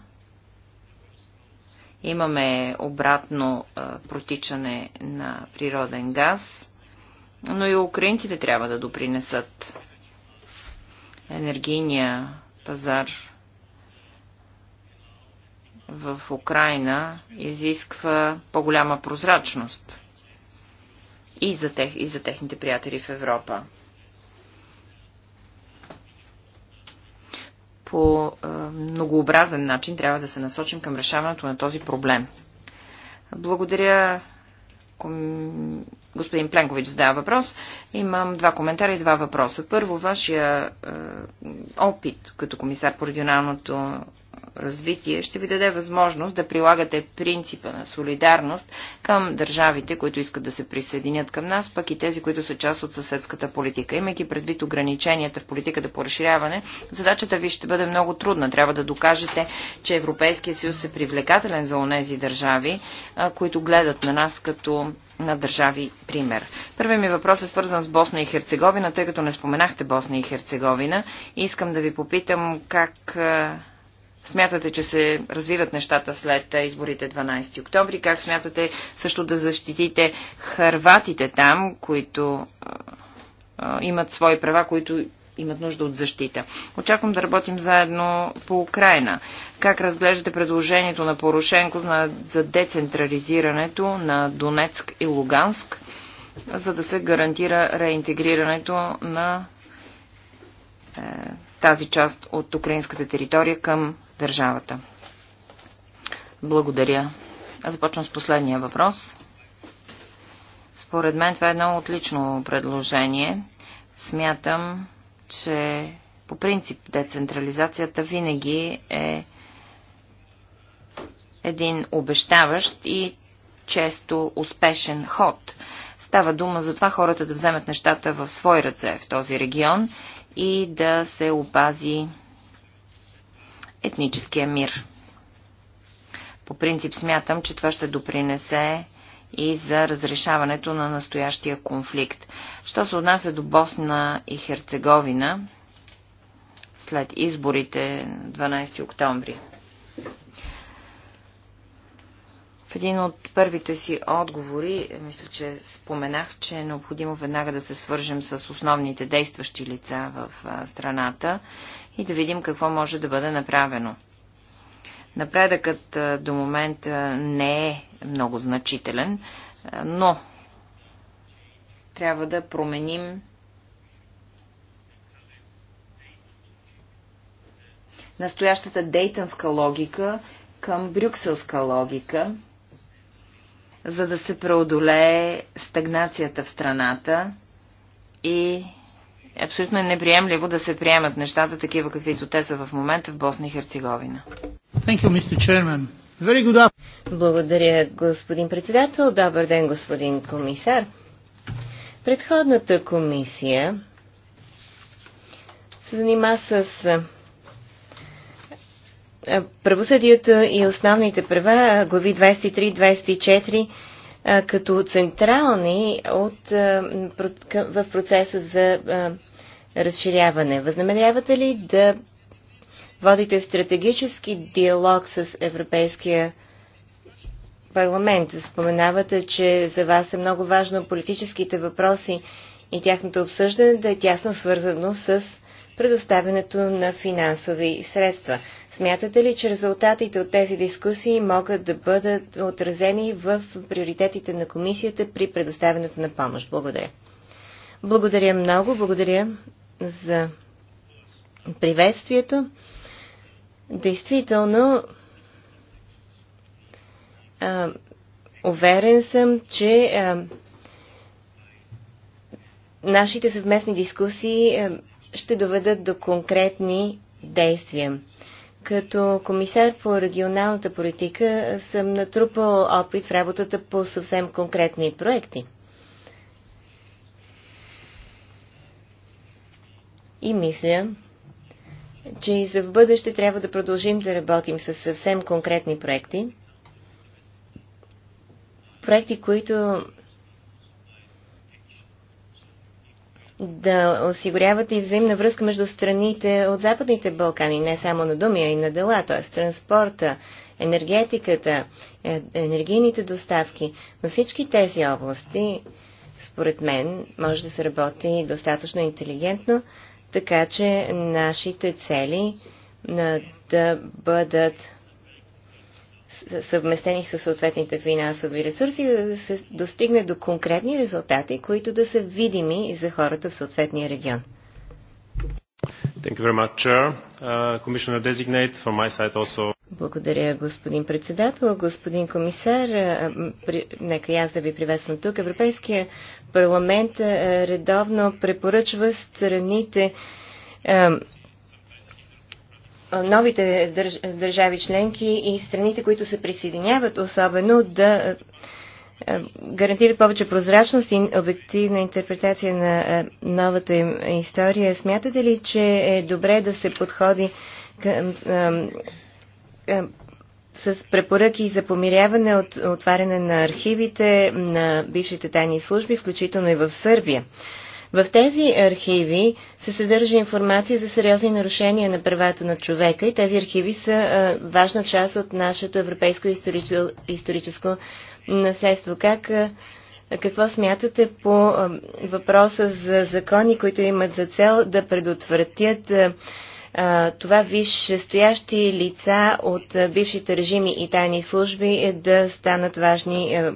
Имаме обратно а, протичане на природен газ, но и украинците трябва да допринесат енергийния пазар в Украина изисква по-голяма прозрачност и за, тех, и за техните приятели в Европа. По е, многообразен начин трябва да се насочим към решаването на този проблем. Благодаря. Ком... Господин Пленкович задава въпрос. Имам два коментара и два въпроса. Първо, вашия е, опит като комисар по регионалното развитие ще ви даде възможност да прилагате принципа на солидарност към държавите, които искат да се присъединят към нас, пък и тези, които са част от съседската политика. Имайки предвид ограниченията в политиката по разширяване, задачата ви ще бъде много трудна. Трябва да докажете, че Европейския съюз е привлекателен за онези държави, които гледат на нас като на държави пример. Първият ми въпрос е свързан с Босна и Херцеговина, тъй като не споменахте Босна и Херцеговина. Искам да ви попитам как смятате, че се развиват нещата след изборите 12 октомври? Как смятате също да защитите харватите там, които а, а, имат свои права, които имат нужда от защита. Очаквам да работим заедно по Украина. Как разглеждате предложението на Порошенко на, за децентрализирането на Донецк и Луганск, за да се гарантира реинтегрирането на е, тази част от украинската територия към държавата. Благодаря. Аз започвам с последния въпрос. Според мен това е едно отлично предложение. Смятам, че по принцип децентрализацията винаги е един обещаващ и често успешен ход. Става дума за това хората да вземат нещата в свой ръце в този регион и да се опази етническия мир. По принцип смятам, че това ще допринесе и за разрешаването на настоящия конфликт. Що се отнася до Босна и Херцеговина след изборите 12 октомври? В един от първите си отговори, е, мисля, че споменах, че е необходимо веднага да се свържем с основните действащи лица в страната и да видим какво може да бъде направено. Напредъкът до момента не е много значителен, но трябва да променим настоящата дейтанска логика към брюкселска логика – за да се преодолее стагнацията в страната и абсолютно е неприемливо да се приемат нещата такива, каквито те са в момента в Босна и Херцеговина. Благодаря, господин председател. Добър ден, господин комисар. Предходната комисия се занима с е, правосъдието и основните права, е, глави 23-24, е, като централни от, в процеса за разширяване. Възнамерявате ли да водите стратегически диалог с Европейския парламент? Споменавате, че за вас е много важно политическите въпроси и тяхното обсъждане да е тясно свързано с предоставянето на финансови средства. Смятате ли, че резултатите от тези дискусии могат да бъдат отразени в приоритетите на комисията при предоставянето на помощ? Благодаря. Благодаря много. Благодаря за приветствието. Действително, а, уверен съм, че а, нашите съвместни дискусии а, ще доведат до конкретни действия. Като комисар по регионалната политика съм натрупал опит в работата по съвсем конкретни проекти. И мисля, че и за в бъдеще трябва да продължим да работим с съвсем конкретни проекти. Проекти, които да осигуряват и взаимна връзка между страните от Западните Балкани, не само на думи, а и на дела, т.е. транспорта, енергетиката, е, енергийните доставки. Но всички тези области, според мен, може да се работи достатъчно интелигентно, така че нашите цели да бъдат съвместени с съответните финансови ресурси, за да се достигне до конкретни резултати, които да са видими за хората в съответния регион. Благодаря, господин председател. Господин комисар, uh, нека и аз да ви приветствам тук. Европейския парламент uh, редовно препоръчва страните uh, новите държ, държави членки и страните, които се присъединяват, особено да е, е, гарантират повече прозрачност и обективна интерпретация на е, новата им история. Смятате ли, че е добре да се подходи към, към, към с препоръки за помиряване от отваряне на архивите на бившите тайни служби, включително и в Сърбия. В тези архиви се съдържа информация за сериозни нарушения на правата на човека и тези архиви са важна част от нашето европейско историческо наследство. Как какво смятате по въпроса за закони, които имат за цел да предотвратят а, това висшестоящи лица от бившите режими и тайни служби е, да станат важни а,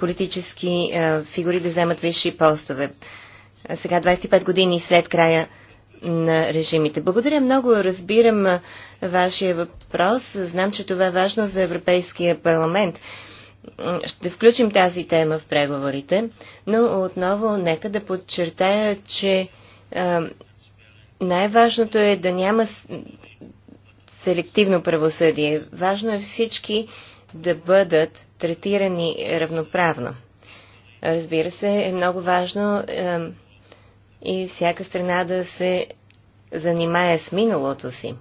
политически а, фигури, да вземат висши постове? сега 25 години след края на режимите. Благодаря много. Разбирам вашия въпрос. Знам, че това е важно за Европейския парламент. Ще включим тази тема в преговорите, но отново нека да подчертая, че най-важното е да няма селективно правосъдие. Важно е всички да бъдат третирани равноправно. Разбира се, е много важно и всяка страна да се занимае с миналото си.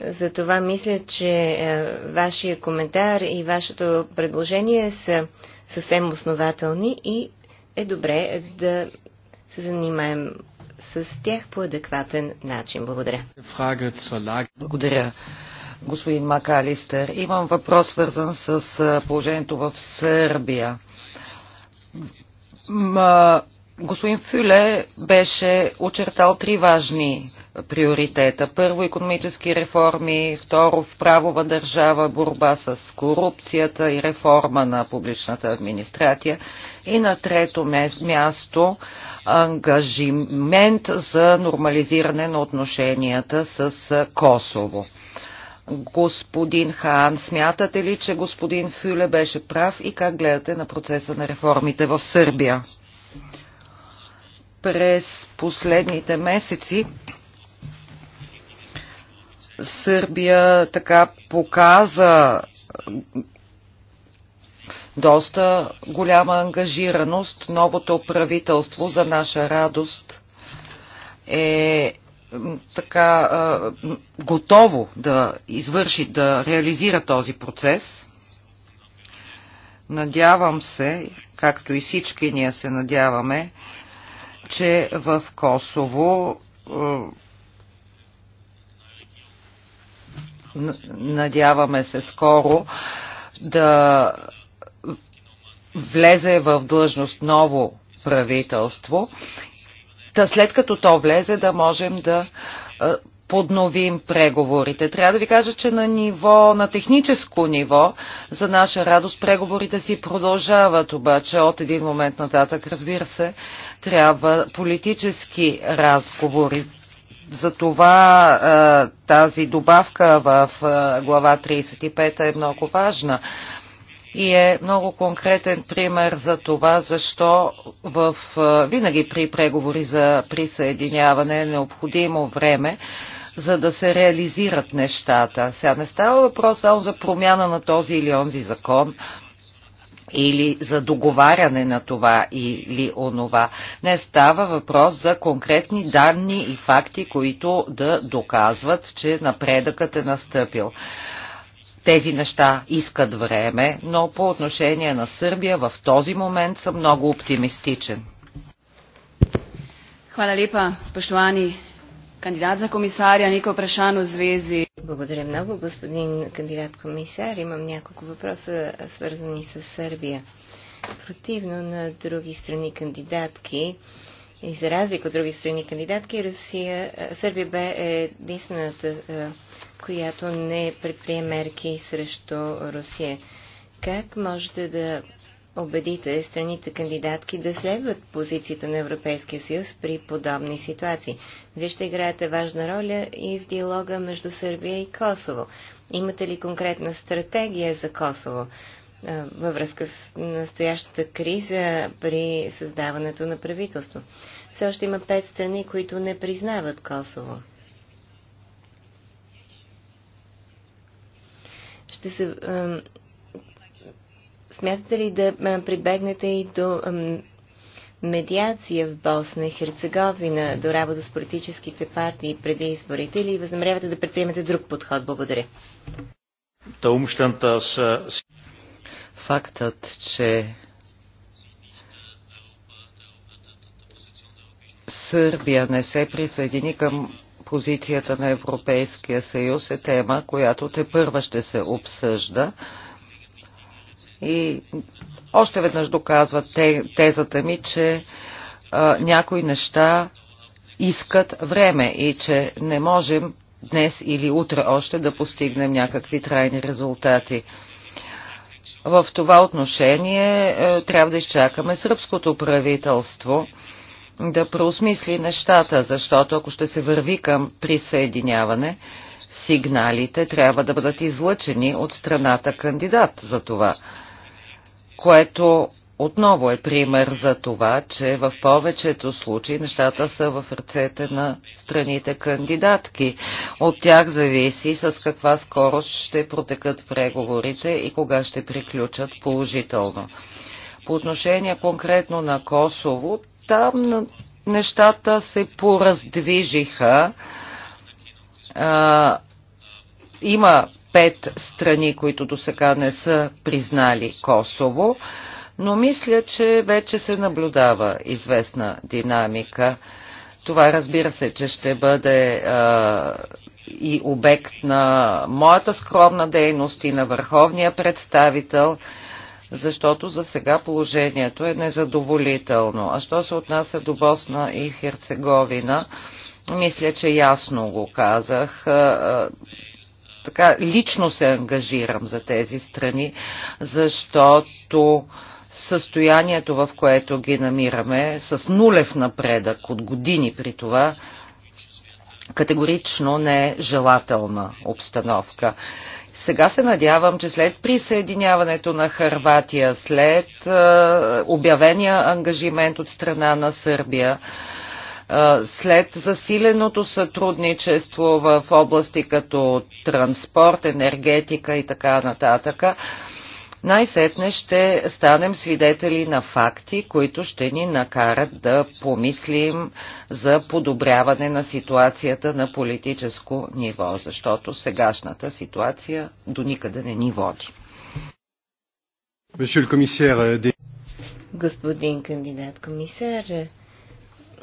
Затова мисля, че е, вашия коментар и вашето предложение са съвсем основателни и е добре да се занимаем с тях по адекватен начин. Благодаря. Благодаря. Господин Макалистър, имам въпрос свързан с е, положението в Сърбия господин Фюле беше очертал три важни приоритета. Първо, економически реформи, второ, в правова държава, борба с корупцията и реформа на публичната администрация и на трето място ангажимент за нормализиране на отношенията с Косово господин Хаан. Смятате ли, че господин Фюле беше прав и как гледате на процеса на реформите в Сърбия? През последните месеци Сърбия така показа доста голяма ангажираност. Новото правителство за наша радост е така готово да извърши, да реализира този процес. Надявам се, както и всички ние се надяваме, че в Косово надяваме се скоро да влезе в длъжност ново правителство Та след като то влезе, да можем да подновим преговорите. Трябва да ви кажа, че на ниво, на техническо ниво, за наша радост, преговорите си продължават, обаче от един момент нататък, разбира се, трябва политически разговори. Затова тази добавка в глава 35 е много важна, и е много конкретен пример за това, защо в, винаги при преговори за присъединяване е необходимо време, за да се реализират нещата. Сега не става въпрос само за промяна на този или онзи закон или за договаряне на това или онова. Не става въпрос за конкретни данни и факти, които да доказват, че напредъкът е настъпил. Тези неща искат време, но по отношение на Сърбия в този момент съм много оптимистичен. Хвала lepa, спешлани кандидат за komisarja. Нико Прешано, Звези. Благодаря много, господин кандидат комисар. Имам няколко въпроса, свързани с Сърбия. Противно на други страни кандидатки, и за разлика от други страни кандидатки, Русия, Сърбия бе единствената, която не предприе мерки срещу Русия. Как можете да убедите страните кандидатки да следват позицията на Европейския съюз при подобни ситуации? Вие ще играете важна роля и в диалога между Сърбия и Косово. Имате ли конкретна стратегия за Косово? във връзка с настоящата криза при създаването на правителство. Все още има пет страни, които не признават Косово. Ще се... Э, смятате ли да прибегнете и до э, медиация в Босна и Херцеговина, до работа с политическите партии преди изборите или възнамерявате да предприемете друг подход? Благодаря. Фактът, че Сърбия не се присъедини към позицията на Европейския съюз е тема, която те първа ще се обсъжда. И още веднъж доказва тезата ми, че а, някои неща искат време и че не можем днес или утре още да постигнем някакви трайни резултати. В това отношение е, трябва да изчакаме сръбското правителство да преосмисли нещата, защото ако ще се върви към присъединяване, сигналите трябва да бъдат излъчени от страната кандидат за това, което отново е пример за това, че в повечето случаи нещата са в ръцете на страните кандидатки. От тях зависи с каква скорост ще протекат преговорите и кога ще приключат положително. По отношение конкретно на Косово, там нещата се пораздвижиха. А, има пет страни, които до сега не са признали Косово. А, но мисля, че вече се наблюдава известна динамика. Това разбира се, че ще бъде а, и обект на моята скромна дейност и на върховния представител, защото за сега положението е незадоволително. А що се отнася до Босна и Херцеговина, мисля, че ясно го казах. А, така лично се ангажирам за тези страни, защото състоянието, в което ги намираме, с нулев напредък от години при това, категорично не е желателна обстановка. Сега се надявам, че след присъединяването на Харватия, след обявения ангажимент от страна на Сърбия, след засиленото сътрудничество в области като транспорт, енергетика и така нататък, най-сетне ще станем свидетели на факти, които ще ни накарат да помислим за подобряване на ситуацията на политическо ниво, защото сегашната ситуация до никъде не ни води. Господин кандидат комисар,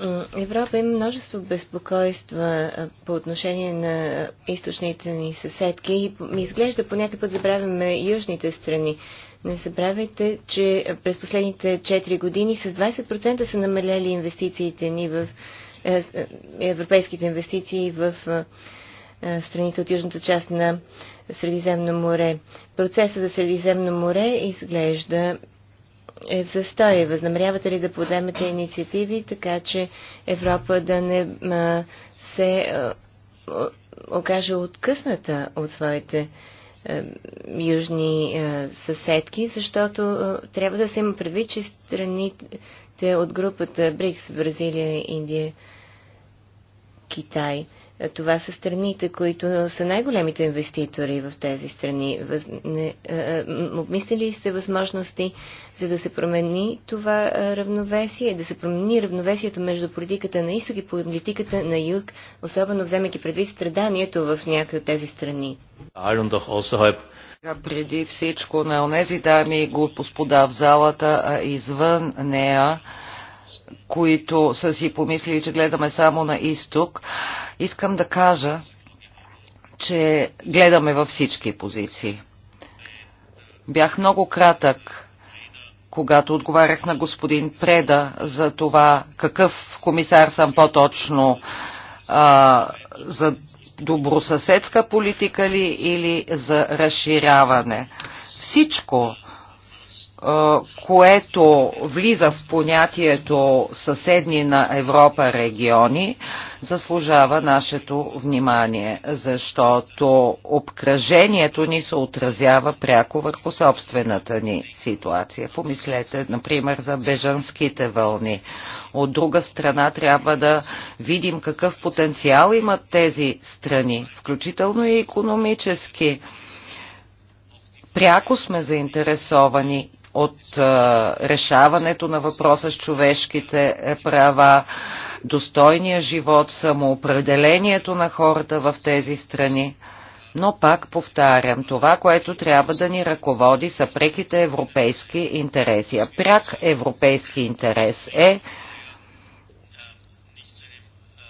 е, Европа има множество безпокойства е, по отношение на източните ни съседки и ми изглежда по някакъв път забравяме южните страни. Не забравяйте, че през последните 4 години с 20% са намаляли инвестициите ни в е, европейските инвестиции в страните от южната част на Средиземно море. Процесът за Средиземно море изглежда е в застой. Възнамерявате ли да подемете инициативи, така че Европа да не а, се а, окаже откъсната от своите а, южни а, съседки, защото а, трябва да се има предвид, че страните от групата БРИКС, Бразилия, Индия, Китай – е, това са страните, които са най-големите инвеститори в тези страни. Въз... Не... Е, е, обмислили сте възможности за да се промени това равновесие, да се промени равновесието между политиката на изток и политиката на юг, особено вземайки предвид страданието в някои от тези страни. Преди всичко на онези дами и господа в залата, а извън нея, които са си помислили, че гледаме само на изток, искам да кажа, че гледаме във всички позиции. Бях много кратък, когато отговарях на господин Преда за това какъв комисар съм по-точно за добросъседска политика ли или за разширяване. Всичко което влиза в понятието съседни на Европа региони, заслужава нашето внимание, защото обкръжението ни се отразява пряко върху собствената ни ситуация. Помислете, например, за бежанските вълни. От друга страна трябва да видим какъв потенциал имат тези страни, включително и економически пряко сме заинтересовани от решаването на въпроса с човешките е, права, достойния живот, самоопределението на хората в тези страни. Но пак повтарям, това, което трябва да ни ръководи са преките европейски интереси. А пряк европейски интерес е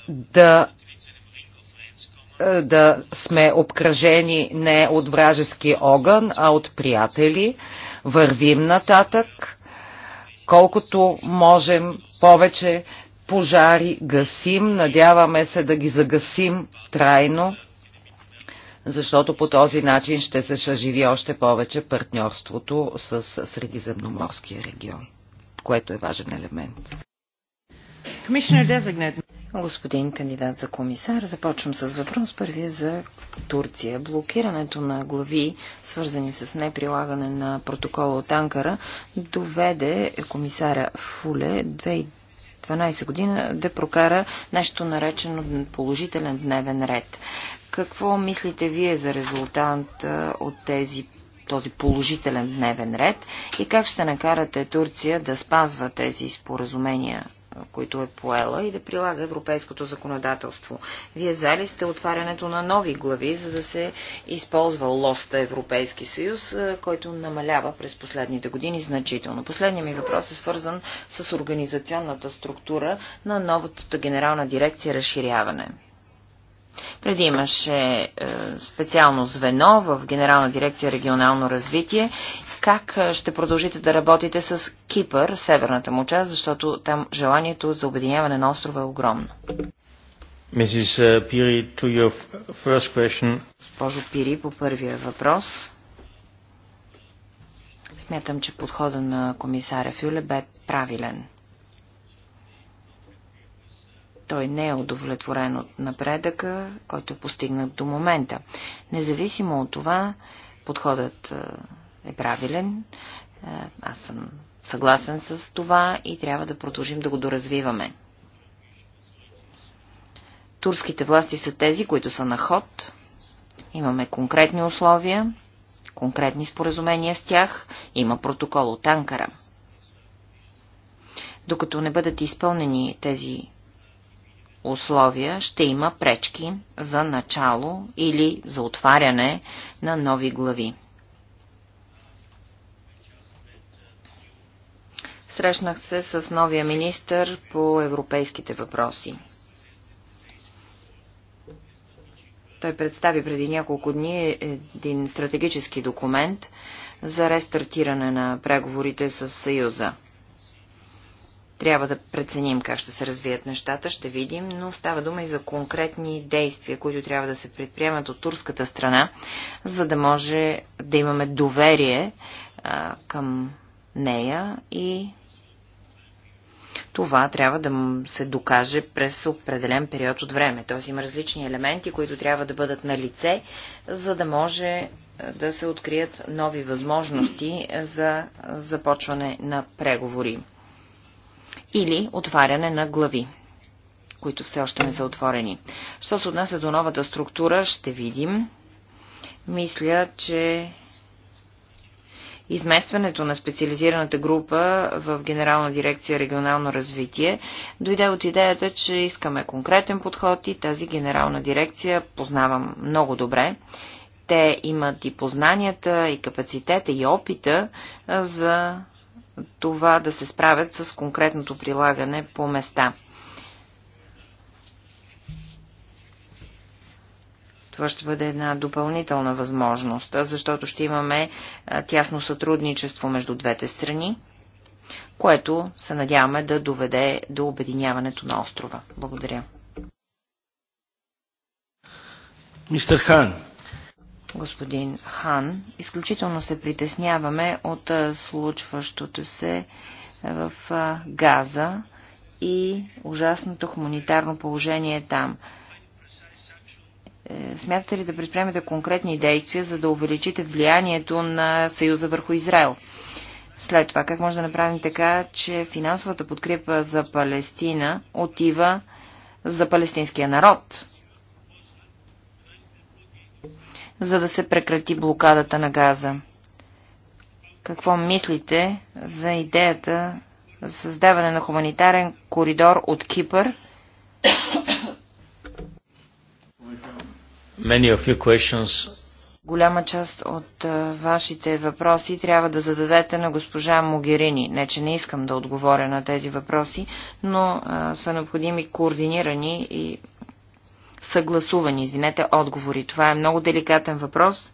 да е, да сме обкръжени не от вражески огън, а от приятели, вървим нататък, колкото можем повече пожари гасим, надяваме се да ги загасим трайно, защото по този начин ще се съживи още повече партньорството с Средиземноморския регион, което е важен елемент. Господин кандидат за комисар, започвам с въпрос първия е за Турция. Блокирането на глави, свързани с неприлагане на протокола от Анкара, доведе комисаря Фуле 2012 година да прокара нещо наречено положителен дневен ред. Какво мислите вие за резултат от тези този положителен дневен ред и как ще накарате Турция да спазва тези споразумения които е поела и да прилага европейското законодателство. Вие зали сте отварянето на нови глави, за да се използва лоста Европейски съюз, който намалява през последните години значително? Последният ми въпрос е свързан с организационната структура на новата генерална дирекция разширяване. Преди имаше е, специално звено в Генерална дирекция регионално развитие как ще продължите да работите с Кипър, северната му част, защото там желанието за обединяване на острова е огромно. Mrs. Piri, to your first question. Госпожо Пири, по първия въпрос. Смятам, че подхода на комисаря Фюле бе правилен. Той не е удовлетворен от напредъка, който е постигнат до момента. Независимо от това, подходът е правилен. Е, аз съм съгласен с това и трябва да продължим да го доразвиваме. Турските власти са тези, които са на ход. Имаме конкретни условия, конкретни споразумения с тях. Има протокол от Анкара. Докато не бъдат изпълнени тези условия, ще има пречки за начало или за отваряне на нови глави. Срещнах се с новия министър по европейските въпроси. Той представи преди няколко дни един стратегически документ за рестартиране на преговорите с Съюза. Трябва да преценим как ще се развият нещата, ще видим, но става дума и за конкретни действия, които трябва да се предприемат от турската страна, за да може да имаме доверие а, към нея и това трябва да се докаже през определен период от време. Т.е. има различни елементи, които трябва да бъдат на лице, за да може е, да се открият нови възможности за започване на преговори или отваряне на глави които все още не са отворени. Що се отнася до новата структура, ще видим. Мисля, че Изместването на специализираната група в Генерална дирекция регионално развитие дойде от идеята, че искаме конкретен подход и тази генерална дирекция познавам много добре. Те имат и познанията, и капацитета, и опита за това да се справят с конкретното прилагане по места. Това ще бъде една допълнителна възможност, защото ще имаме тясно сътрудничество между двете страни, което се надяваме да доведе до обединяването на острова. Благодаря. Мистер Хан. Господин Хан, изключително се притесняваме от случващото се в Газа и ужасното хуманитарно положение там. Е, смятате ли да предприемете конкретни действия, за да увеличите влиянието на Съюза върху Израел? След това, как може да направим така, че финансовата подкрепа за Палестина отива за палестинския народ? За да се прекрати блокадата на Газа. Какво мислите за идеята за създаване на хуманитарен коридор от Кипър Many of your questions голяма част от вашите въпроси трябва да зададете на госпожа Могерини. Не, че не искам да отговоря на тези въпроси, но а, са необходими координирани и съгласувани, извинете, отговори. Това е много деликатен въпрос.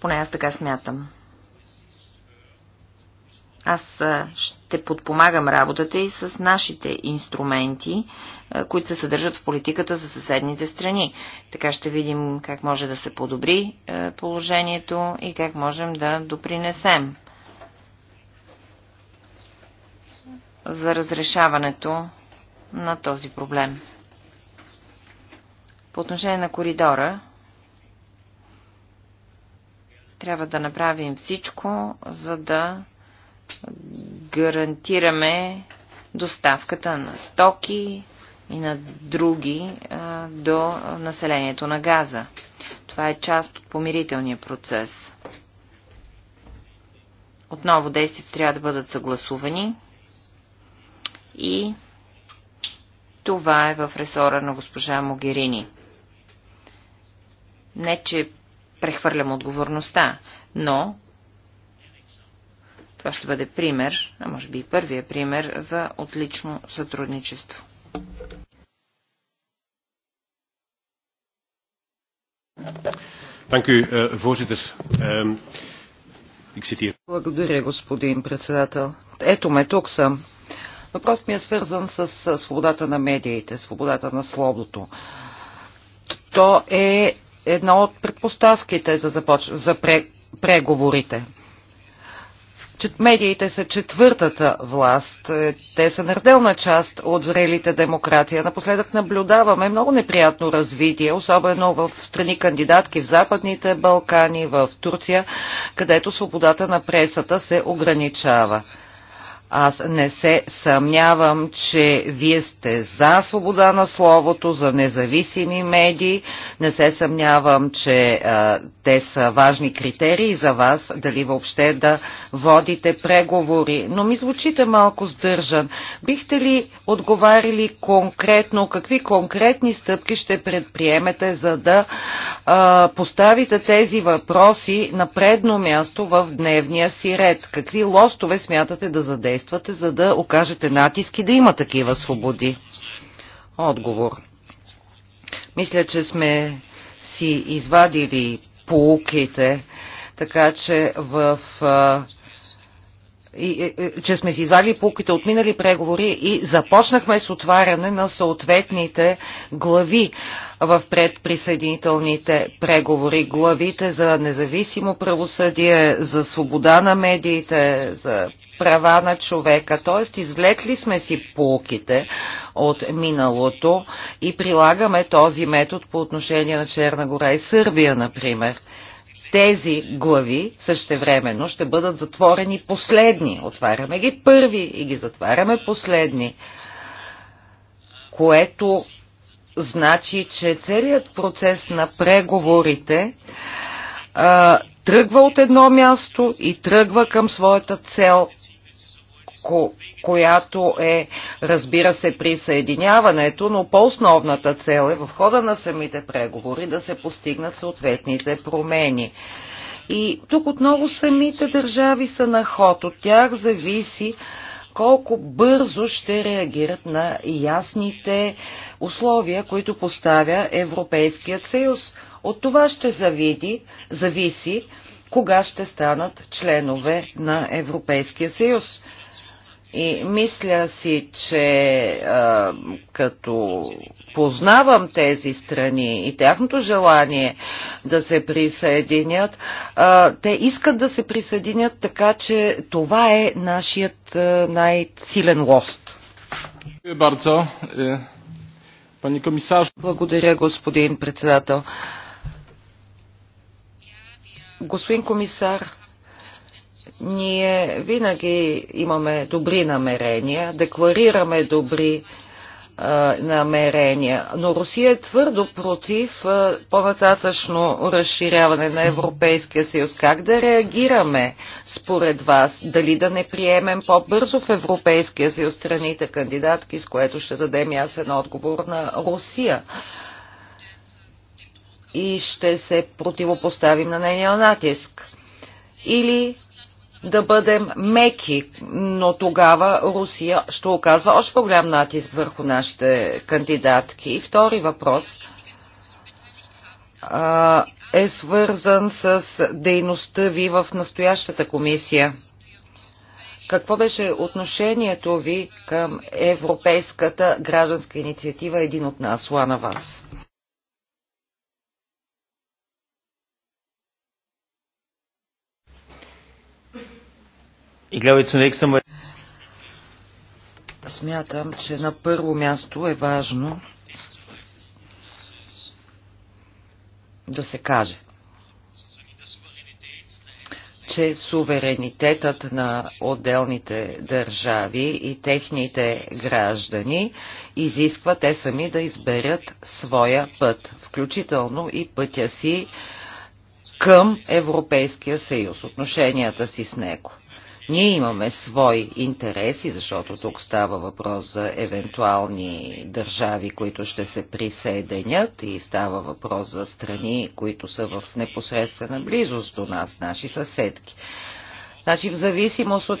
Поне аз така смятам. Аз ще подпомагам работата и с нашите инструменти, които се съдържат в политиката за съседните страни. Така ще видим как може да се подобри положението и как можем да допринесем за разрешаването на този проблем. По отношение на коридора, трябва да направим всичко, за да гарантираме доставката на стоки и на други а, до населението на Газа. Това е част от помирителния процес. Отново действията трябва да бъдат съгласувани и това е в ресора на госпожа Могерини. Не, че прехвърлям отговорността, но това ще бъде пример, а може би и първия пример за отлично сътрудничество. Eh, ehm, Благодаря, господин председател. Ето ме, тук съм. Въпрос ми е свързан с свободата на медиите, свободата на словото. То е една от предпоставките за, започ... за пре... преговорите. Медиите са четвъртата власт. Е, те са неразделна част от зрелите демокрация. Напоследък наблюдаваме много неприятно развитие, особено в страни кандидатки в Западните Балкани, в Турция, където свободата на пресата се ограничава. Аз не се съмнявам, че вие сте за свобода на словото, за независими медии. Не се съмнявам, че а, те са важни критерии за вас, дали въобще да водите преговори. Но ми звучите малко сдържан. Бихте ли отговарили конкретно, какви конкретни стъпки ще предприемете, за да а, поставите тези въпроси на предно място в дневния си ред? Какви лостове смятате да задействате, за да окажете натиски да има такива свободи? Отговор. Мисля, че сме си извадили полуките, така че в а, и, е, е, че сме си извадили пуките от минали преговори и започнахме с отваряне на съответните глави в предприсъединителните преговори. Главите за независимо правосъдие, за свобода на медиите, за права на човека. Т.е. извлекли сме си полките от миналото и прилагаме този метод по отношение на Черна гора и Сърбия, например тези глави същевременно ще бъдат затворени последни. Отваряме ги първи и ги затваряме последни, което значи, че целият процес на преговорите а, тръгва от едно място и тръгва към своята цел ко, която е, разбира се, присъединяването, но по-основната цел е в хода на самите преговори да се постигнат съответните промени. И тук отново самите държави са на ход. От тях зависи колко бързо ще реагират на ясните условия, които поставя Европейският съюз. От това ще завиди, зависи кога ще станат членове на Европейския съюз. И мисля си, че а, като познавам тези страни и тяхното желание да се присъединят, а, те искат да се присъединят, така че това е нашият най-силен лост. Е, Благодаря, господин председател. Господин комисар, ние винаги имаме добри намерения, декларираме добри намерения. Но Русия е твърдо против по-нататъчно разширяване на Европейския съюз. Как да реагираме според вас? Дали да не приемем по-бързо в Европейския съюз страните кандидатки, с което ще дадем ясен отговор на Русия? И ще се противопоставим на нейния натиск. Или да бъдем меки, но тогава Русия ще оказва още по-голям натиск върху нашите кандидатки. И втори въпрос а, е свързан с дейността ви в настоящата комисия. Какво беше отношението ви към Европейската гражданска инициатива Един от нас, Лана Вас? Смятам, че на първо място е важно да се каже, че суверенитетът на отделните държави и техните граждани изисква те сами да изберат своя път, включително и пътя си към Европейския съюз, отношенията си с него. Ние имаме свои интереси, защото тук става въпрос за евентуални държави, които ще се присъединят и става въпрос за страни, които са в непосредствена близост до нас, наши съседки. Значи в зависимост от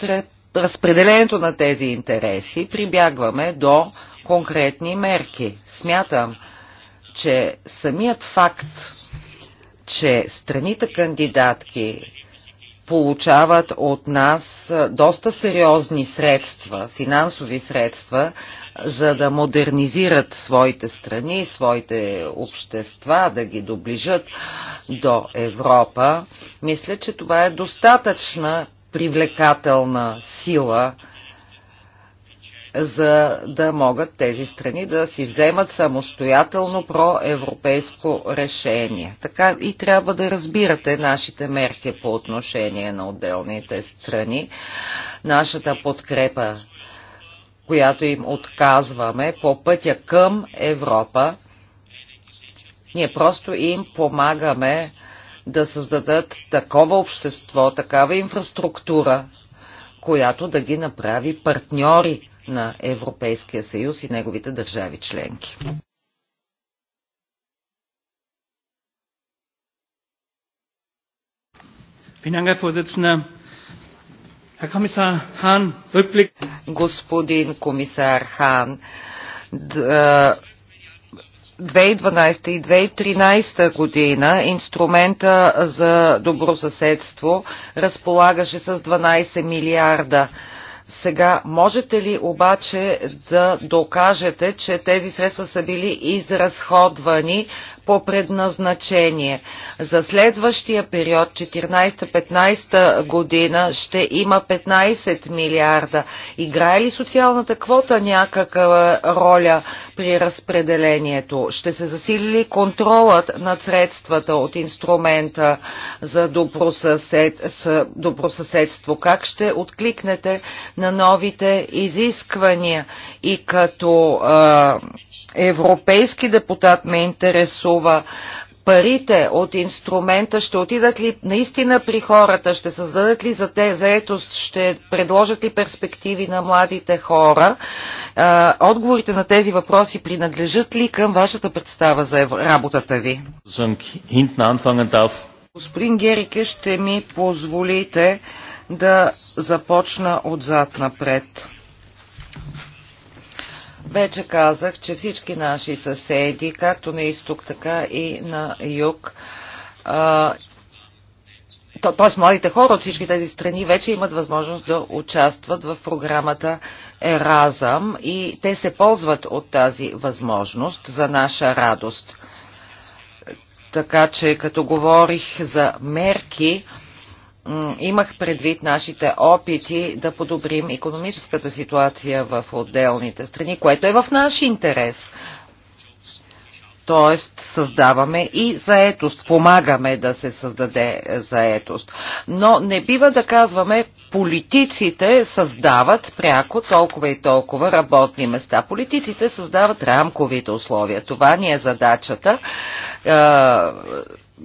разпределението на тези интереси прибягваме до конкретни мерки. Смятам, че самият факт, че страните кандидатки получават от нас доста сериозни средства, финансови средства, за да модернизират своите страни, своите общества, да ги доближат до Европа. Мисля, че това е достатъчна привлекателна сила за да могат тези страни да си вземат самостоятелно проевропейско решение. Така и трябва да разбирате нашите мерки по отношение на отделните страни. Нашата подкрепа, която им отказваме по пътя към Европа, ние просто им помагаме да създадат такова общество, такава инфраструктура, която да ги направи партньори на Европейския съюз и неговите държави членки. Господин комисар Хан, 2012 и 2013 година инструмента за добросъседство разполагаше с 12 милиарда евро сега, можете ли обаче да докажете, че тези средства са били изразходвани по предназначение. За следващия период, 14-15 година, ще има 15 милиарда. Играе ли социалната квота някаква роля при разпределението? Ще се засили ли контролът над средствата от инструмента за добросъсед, добросъседство? Как ще откликнете на новите изисквания? И като е, европейски депутат ме интересува, струва, парите от инструмента ще отидат ли наистина при хората, ще създадат ли за те заетост, ще предложат ли перспективи на младите хора? Отговорите на тези въпроси принадлежат ли към вашата представа за работата ви? Господин Герике, ще ми позволите да започна отзад напред. Вече казах, че всички наши съседи, както на изток, така и на юг, т.е. младите хора от всички тези страни вече имат възможност да участват в програмата Еразъм и те се ползват от тази възможност за наша радост. Така че, като говорих за мерки, имах предвид нашите опити да подобрим економическата ситуация в отделните страни, което е в наш интерес. Тоест създаваме и заетост, помагаме да се създаде заетост. Но не бива да казваме, политиците създават пряко толкова и толкова работни места. Политиците създават рамковите условия. Това ни е задачата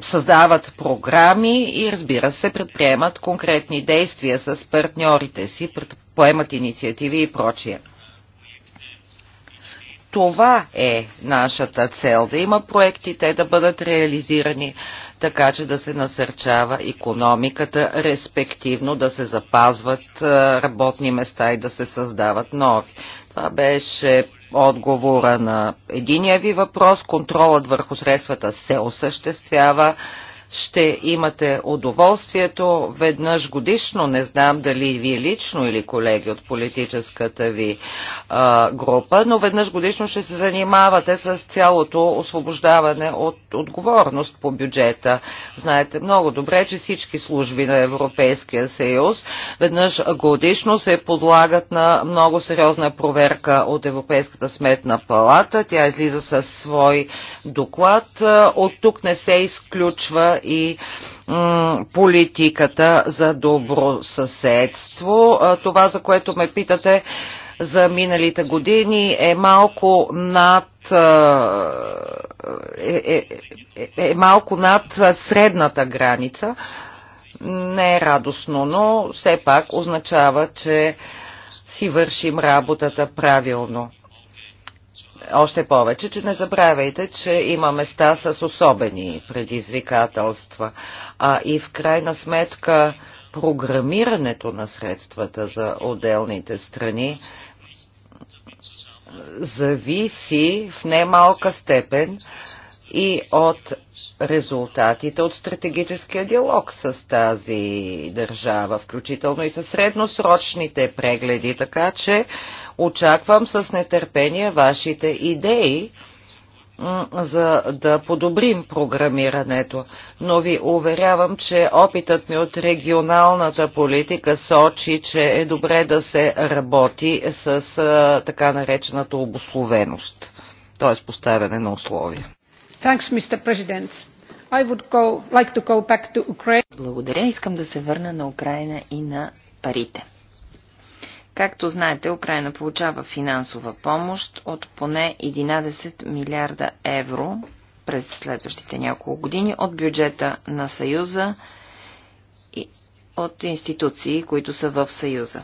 създават програми и разбира се предприемат конкретни действия с партньорите си, поемат инициативи и прочие. Това е нашата цел, да има проекти, те да бъдат реализирани, така че да се насърчава економиката, респективно да се запазват работни места и да се създават нови. Това беше отговора на единия ви въпрос. Контролът върху средствата се осъществява ще имате удоволствието веднъж годишно, не знам дали вие лично или колеги от политическата ви а, група, но веднъж годишно ще се занимавате с цялото освобождаване от отговорност по бюджета. Знаете много добре, че всички служби на Европейския съюз веднъж годишно се подлагат на много сериозна проверка от Европейската сметна палата. Тя излиза със свой доклад. От тук не се изключва и политиката за добро съседство. Това, за което ме питате за миналите години, е малко над е, е, е, е малко над средната граница. Не е радостно, но все пак означава, че си вършим работата правилно. Още повече, че не забравяйте, че има места с особени предизвикателства. А и в крайна сметка програмирането на средствата за отделните страни зависи в немалка степен и от резултатите от стратегическия диалог с тази държава, включително и с средносрочните прегледи, така че очаквам с нетърпение вашите идеи за да подобрим програмирането. Но ви уверявам, че опитът ми от регионалната политика сочи, че е добре да се работи с така наречената обословеност, т.е. поставяне на условия. Благодаря. Искам да се върна на Украина и на парите. Както знаете, Украина получава финансова помощ от поне 11 милиарда евро през следващите няколко години от бюджета на Съюза и от институции, които са в Съюза.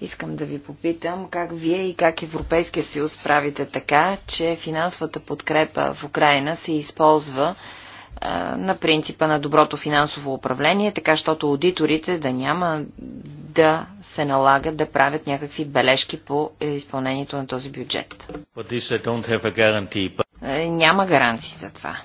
Искам да ви попитам как вие и как Европейския съюз правите така, че финансовата подкрепа в Украина се използва а, на принципа на доброто финансово управление, така щото аудиторите да няма да се налагат да правят някакви бележки по изпълнението на този бюджет. But... Е, няма гаранции за това.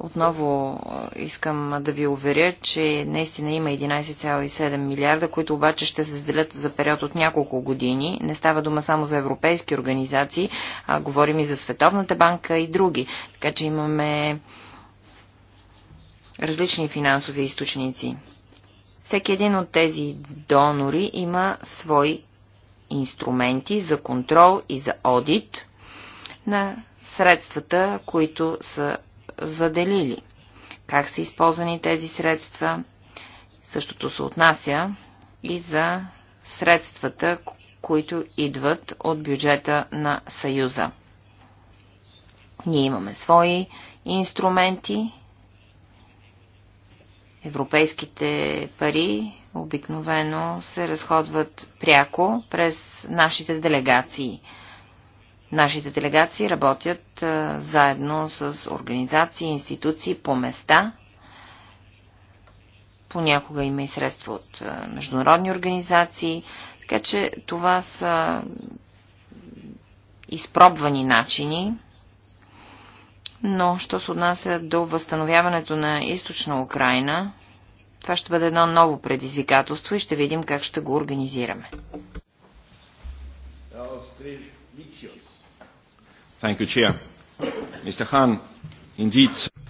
Отново искам да ви уверя, че наистина има 11,7 милиарда, които обаче ще се заделят за период от няколко години. Не става дума само за европейски организации, а говорим и за Световната банка и други. Така че имаме различни финансови източници. Всеки един от тези донори има свои инструменти за контрол и за одит на средствата, които са заделили. Как са използвани тези средства? Същото се отнася и за средствата, които идват от бюджета на Съюза. Ние имаме свои инструменти. Европейските пари обикновено се разходват пряко през нашите делегации – Нашите делегации работят заедно с организации, институции по места. Понякога има и средства от международни организации. Така че това са изпробвани начини. Но, що се отнася до възстановяването на източна Украина, това ще бъде едно ново предизвикателство и ще видим как ще го организираме. Австрия. Мичиос.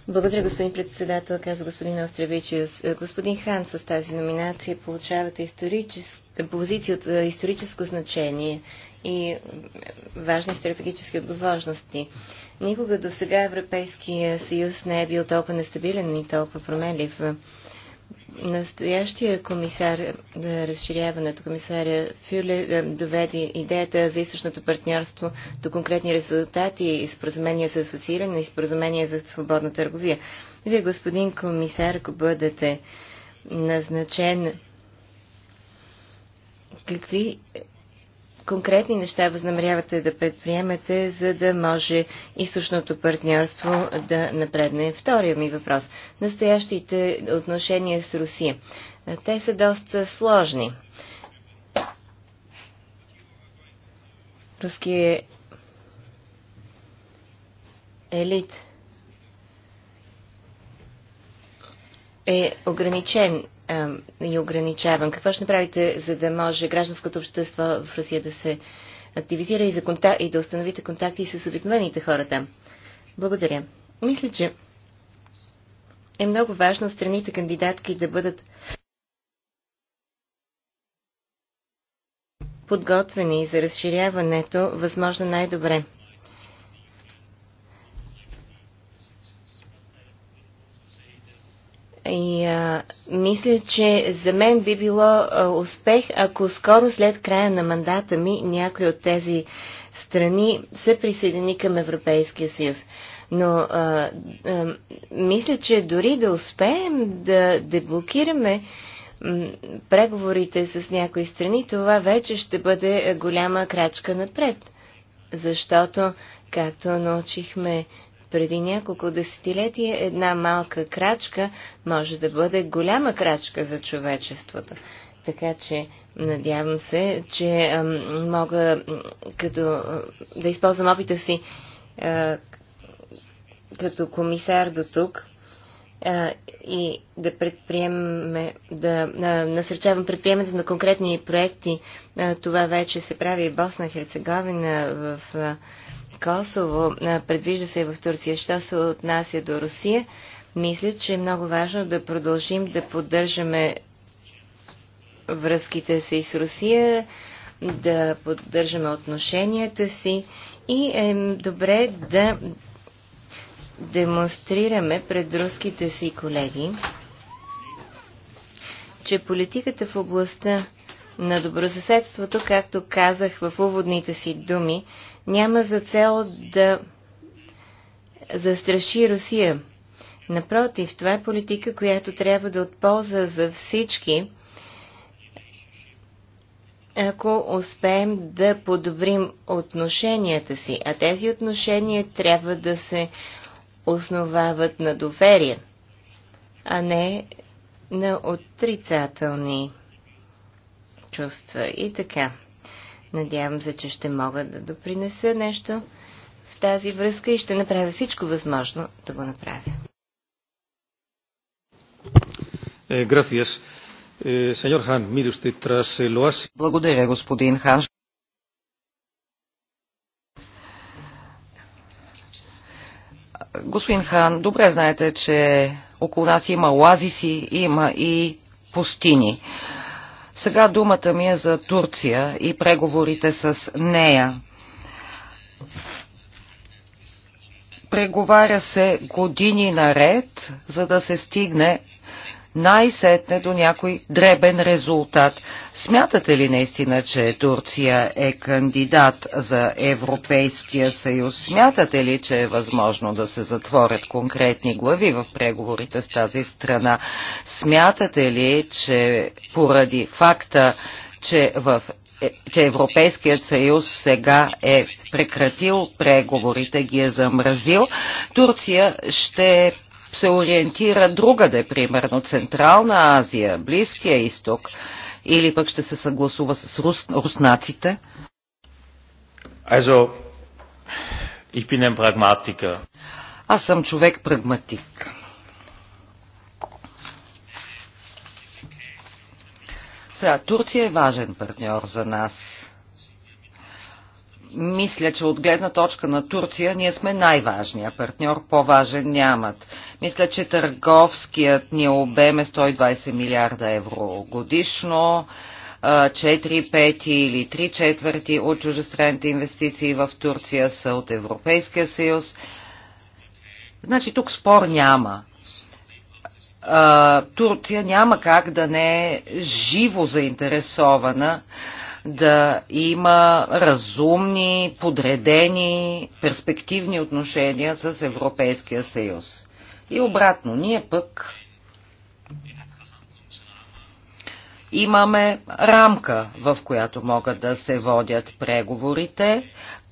Благодаря, господин председател, казва господин Остревичиус. Е, господин Хан, с тази номинация получавате позиции позиция от е, историческо значение и е, важни стратегически отговорности. Никога до сега Европейския съюз не е бил толкова нестабилен и толкова променлив настоящия комисар, разширяването комисаря Фюле е, доведе идеята за източното партньорство до конкретни резултати и споразумения за асоцииране и споразумения за свободна търговия. Вие, господин комисар, ако бъдете назначен, какви конкретни неща възнамерявате да предприемете, за да може източното партньорство да напредне? Втория ми въпрос. Настоящите отношения с Русия. Те са доста сложни. Руският елит е ограничен и ограничаван. Какво ще направите, за да може гражданското общество в Русия да се активизира и, за контакт, и да установите контакти с обикновените хора там? Благодаря. Мисля, че е много важно страните кандидатки да бъдат подготвени за разширяването възможно най-добре. И а, мисля, че за мен би било а, успех, ако скоро след края на мандата ми някой от тези страни се присъедини към Европейския съюз. Но а, а, мисля, че дори да успеем да деблокираме преговорите с някои страни, това вече ще бъде голяма крачка напред. Защото, както научихме преди няколко десетилетия една малка крачка може да бъде голяма крачка за човечеството. Така че надявам се, че а, мога като, а, да използвам опита си а, като комисар до тук а, и да предприемаме, да а, насърчавам предприемането на конкретни проекти. А, това вече се прави в Босна, Херцеговина, в а, Косово, предвижда се и в Турция. Що се отнася до Русия, мисля, че е много важно да продължим да поддържаме връзките си с Русия, да поддържаме отношенията си и е добре да демонстрираме пред руските си колеги, че политиката в областта на добросъседството, както казах в уводните си думи, няма за цел да застраши Русия. Напротив, това е политика, която трябва да отполза за всички, ако успеем да подобрим отношенията си, а тези отношения трябва да се основават на доверие, а не на отрицателни чувства и така. Надявам се, че ще мога да допринеса нещо в тази връзка и ще направя всичко възможно да го направя. Е, е, е, Благодаря, господин Хан. Господин Хан, добре знаете, че около нас има оазиси, има и пустини. Сега думата ми е за Турция и преговорите с нея. Преговаря се години наред, за да се стигне най-сетне до някой дребен резултат. Смятате ли наистина, че Турция е кандидат за Европейския съюз? Смятате ли, че е възможно да се затворят конкретни глави в преговорите с тази страна? Смятате ли, че поради факта, че в е, че Европейският съюз сега е прекратил преговорите, ги е замразил, Турция ще се ориентира другаде, примерно Централна Азия, Близкия изток, или пък ще се съгласува с рус, руснаците? Also, ich bin ein Pragmatiker. Аз съм човек прагматик. Сега, Турция е важен партньор за нас мисля, че от гледна точка на Турция ние сме най важният партньор, по-важен нямат. Мисля, че търговският ни обем е 120 милиарда евро годишно, 4 пети или 3 четвърти от чужестранните инвестиции в Турция са от Европейския съюз. Значи тук спор няма. Турция няма как да не е живо заинтересована да има разумни, подредени, перспективни отношения с Европейския съюз. И обратно, ние пък имаме рамка, в която могат да се водят преговорите.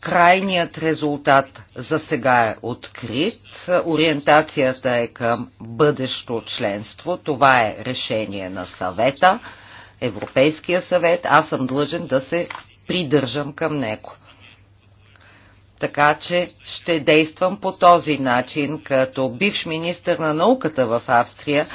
Крайният резултат за сега е открит. Ориентацията е към бъдещо членство. Това е решение на съвета. Европейския съвет, аз съм длъжен да се придържам към него. Така че ще действам по този начин, като бивш министр на науката в Австрия,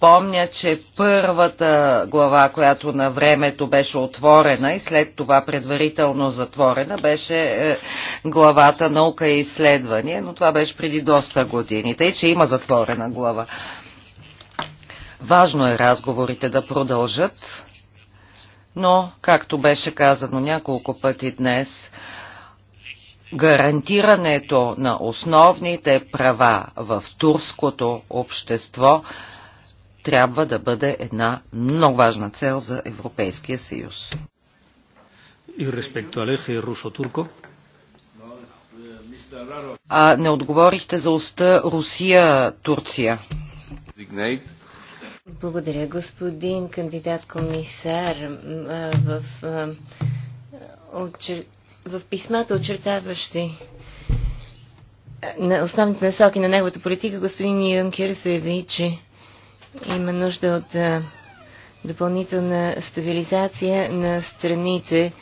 Помня, че първата глава, която на времето беше отворена и след това предварително затворена, беше е, главата наука и изследвания, но това беше преди доста години, тъй че има затворена глава. Важно е разговорите да продължат, но, както беше казано няколко пъти днес, гарантирането на основните права в турското общество трябва да бъде една много важна цел за Европейския съюз. И респекто Алехе eje ruso А не отговорихте за уста Русия-Турция. Благодаря, господин кандидат комисар. В, в, в писмата, очертаващи на основните насоки на неговата политика, господин Юнкер заяви, че има нужда от допълнителна стабилизация на страните,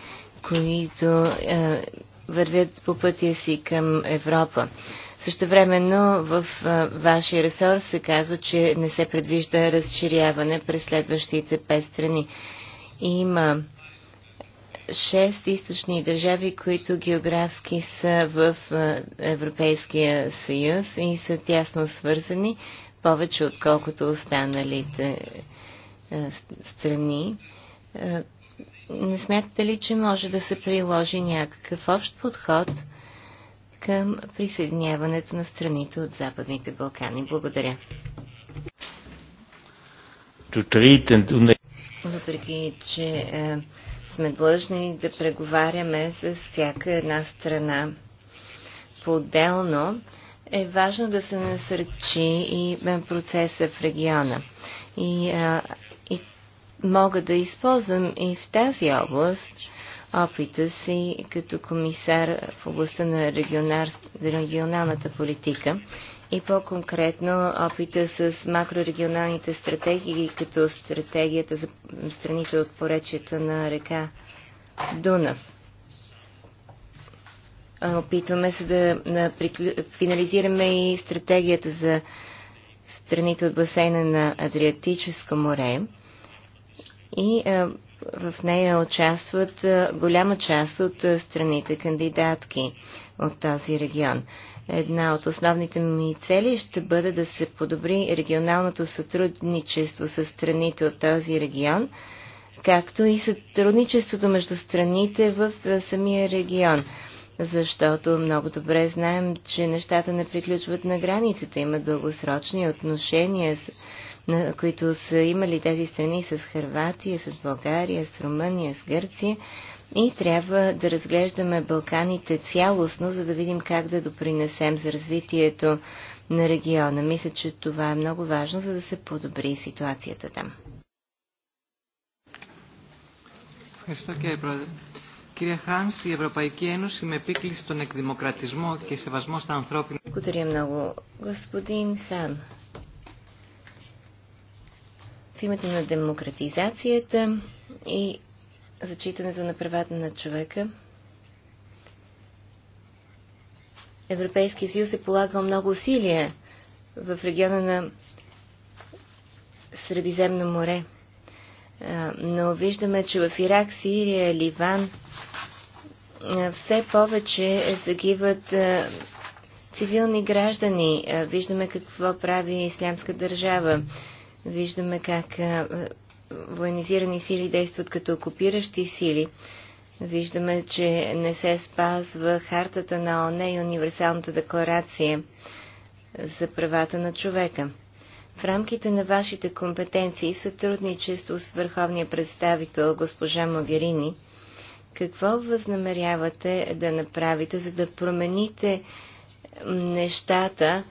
които вървят по пътя си към Европа. Същевременно в вашия ресор се казва, че не се предвижда разширяване през следващите пет страни. Има шест източни държави, които географски са в Европейския съюз и са тясно свързани, повече отколкото останалите страни. Не смятате ли, че може да се приложи някакъв общ подход – към присъединяването на страните от Западните Балкани. Благодаря. Въпреки, че е, сме длъжни да преговаряме с всяка една страна по-отделно, е важно да се насърчи и е, процеса в региона. И, а, е, и мога да използвам и в тази област опита си като комисар в областта на регионалната политика и по-конкретно опита с макрорегионалните стратегии, като стратегията за страните от поречията на река Дунав. Опитваме се да финализираме и стратегията за страните от басейна на Адриатическо море. И в нея участват голяма част от страните кандидатки от този регион. Една от основните ми цели ще бъде да се подобри регионалното сътрудничество с страните от този регион, както и сътрудничеството между страните в самия регион. Защото много добре знаем, че нещата не приключват на границата. Има дългосрочни отношения с на които са имали тези страни с Харватия, с България, с Румъния, с Гърция. И трябва да разглеждаме Балканите цялостно, за да видим как да допринесем за развитието на региона. Мисля, че това е много важно, за да се подобри ситуацията там. Благодаря много, господин Хан в името на демократизацията и зачитането на правата на човека. Европейския съюз е полагал много усилия в региона на Средиземно море. Но виждаме, че в Ирак, Сирия, Ливан все повече загиват цивилни граждани. Виждаме какво прави Ислямска държава. Виждаме как военизирани сили действат като окупиращи сили. Виждаме, че не се спазва хартата на ОНЕ и Универсалната декларация за правата на човека. В рамките на вашите компетенции в сътрудничество с върховния представител госпожа Могерини, какво възнамерявате да направите, за да промените нещата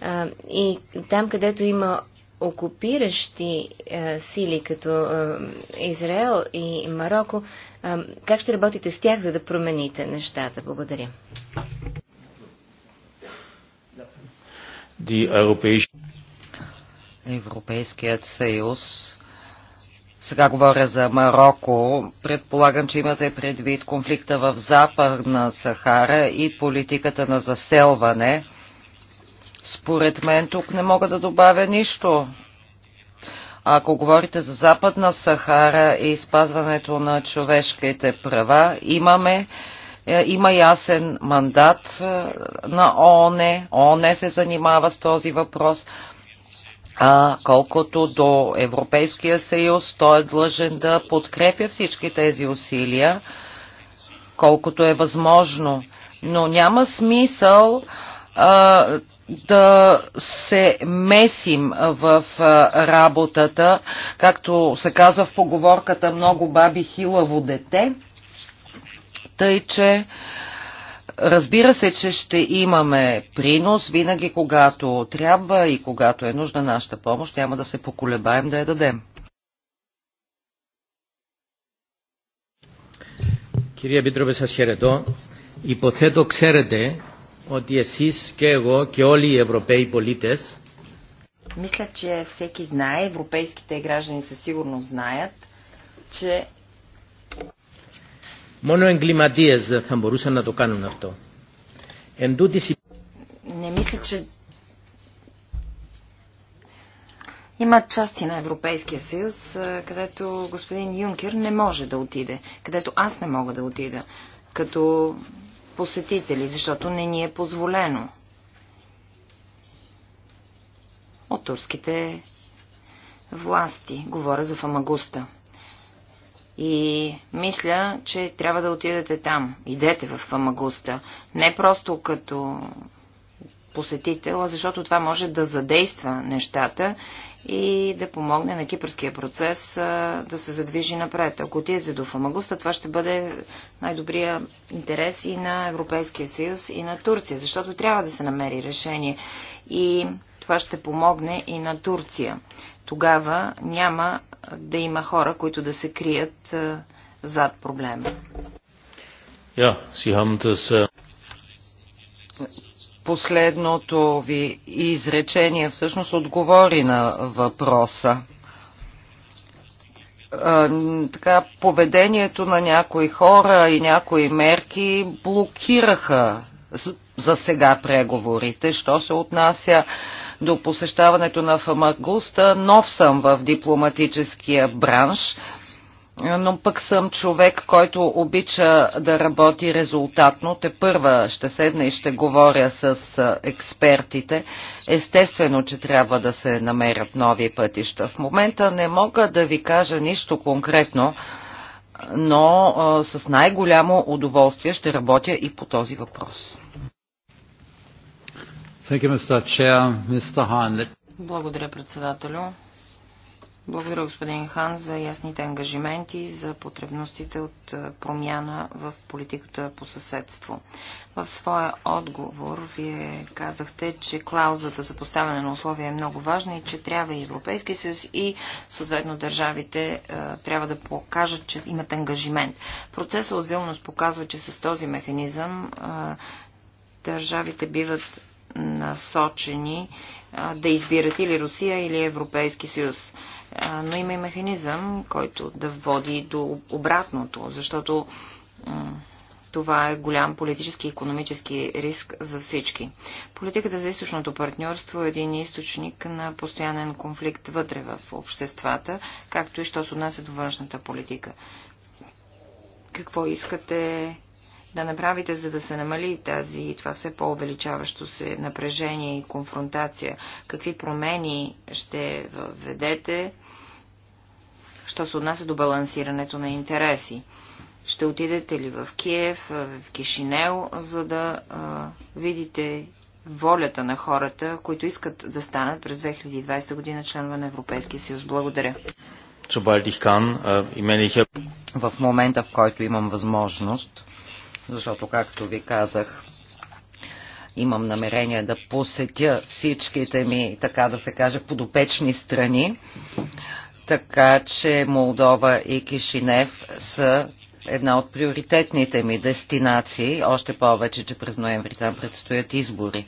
а, и там, където има окупиращи а, е, сили като а, е, Израел и Марокко, а, е, как ще работите с тях, за да промените нещата? Благодаря. Европейският съюз. Сега говоря за Марокко. Предполагам, че имате предвид конфликта в Западна Сахара и политиката на заселване според мен тук не мога да добавя нищо. Ако говорите за Западна Сахара и спазването на човешките права, имаме е, има ясен мандат е, на ООН. ООН се занимава с този въпрос. А колкото до Европейския съюз, той е длъжен да подкрепя всички тези усилия, колкото е възможно. Но няма смисъл а, да се месим в работата, както се казва в поговорката много баби хилаво дете, тъй че Разбира се, че ще имаме принос винаги, когато трябва и когато е нужна нашата помощ, няма да се поколебаем да я дадем. Кирия Επίτροπε, σας χαιρετώ. Υποθέτω ξέρετε ότι εσείς και εγώ και όλοι οι Ευρωπαίοι πολίτες Мисля, че всеки знае, европейските граждани със сигурност знаят, че Μόνο εγκληματίες δεν θα μπορούσαν να το κάνουν αυτό. Εν τούτης... Не мисля, че има части на Европейския съюз, където господин Юнкер не може да отиде, където аз не мога да отида, като посетители, защото не ни е позволено от турските власти. Говоря за Фамагуста. И мисля, че трябва да отидете там. Идете в Фамагуста. Не просто като посетител, защото това може да задейства нещата и да помогне на кипърския процес да се задвижи напред. Ако отидете до Фамагуста, това ще бъде най-добрия интерес и на Европейския съюз, и на Турция, защото трябва да се намери решение. И това ще помогне и на Турция. Тогава няма да има хора, които да се крият зад проблема. yeah, Sie haben das, uh последното ви изречение всъщност отговори на въпроса. Така, поведението на някои хора и някои мерки блокираха за сега преговорите, що се отнася до посещаването на Фамагуста. Нов съм в дипломатическия бранш но пък съм човек, който обича да работи резултатно. Те първа ще седна и ще говоря с експертите. Естествено, че трябва да се намерят нови пътища. В момента не мога да ви кажа нищо конкретно, но а, с най-голямо удоволствие ще работя и по този въпрос. Благодаря, председателю. Благодаря, господин Хан, за ясните ангажименти, за потребностите от промяна в политиката по съседство. В своя отговор вие казахте, че клаузата за поставяне на условия е много важна и че трябва и Европейски съюз и съответно държавите трябва да покажат, че имат ангажимент. Процесът от Вилнус показва, че с този механизъм държавите биват насочени да избират или Русия, или Европейски съюз но има и механизъм, който да води до обратното, защото това е голям политически и економически риск за всички. Политиката за източното партньорство е един източник на постоянен конфликт вътре в обществата, както и що се отнася до външната политика. Какво искате да направите, за да се намали тази, и това все по-увеличаващо се напрежение и конфронтация? Какви промени ще введете, що се отнася до балансирането на интереси? Ще отидете ли в Киев, в Кишинел, за да а, видите волята на хората, които искат да станат през 2020 година членове на Европейския съюз? Благодаря. Äh, в момента, в който имам възможност, защото, както ви казах, имам намерение да посетя всичките ми, така да се каже, подопечни страни. Така че Молдова и Кишинев са една от приоритетните ми дестинации, още повече, че през ноември там предстоят избори.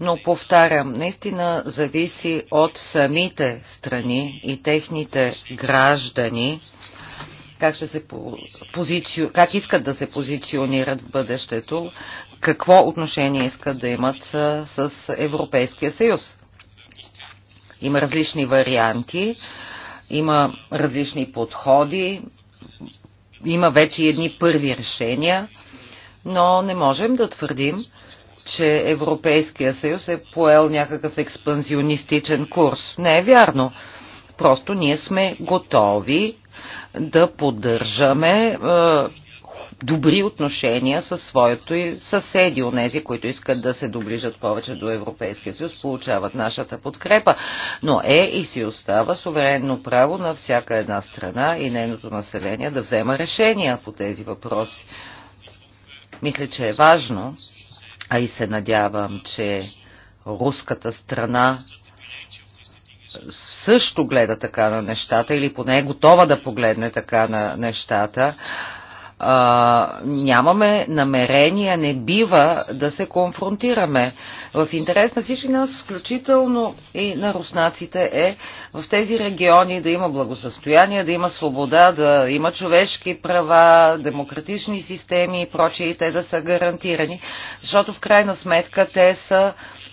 но повтарям, наистина зависи от самите страни и техните граждани, как, ще се позицио... как искат да се позиционират в бъдещето, какво отношение искат да имат с Европейския съюз. Има различни варианти, има различни подходи, има вече едни първи решения, но не можем да твърдим, че Европейския съюз е поел някакъв експанзионистичен курс. Не е вярно. Просто ние сме готови да поддържаме е, добри отношения със своето и съседи, онези, които искат да се доближат повече до Европейския съюз, получават нашата подкрепа, но е и си остава суверенно право на всяка една страна и нейното население да взема решения по тези въпроси. Мисля, че е важно а и се надявам, че руската страна също гледа така на нещата или поне е готова да погледне така на нещата а, нямаме намерения, не бива да се конфронтираме. В интерес на всички нас, включително и на руснаците, е в тези региони да има благосъстояние, да има свобода, да има човешки права, демократични системи и прочие, и те да са гарантирани, защото в крайна сметка те са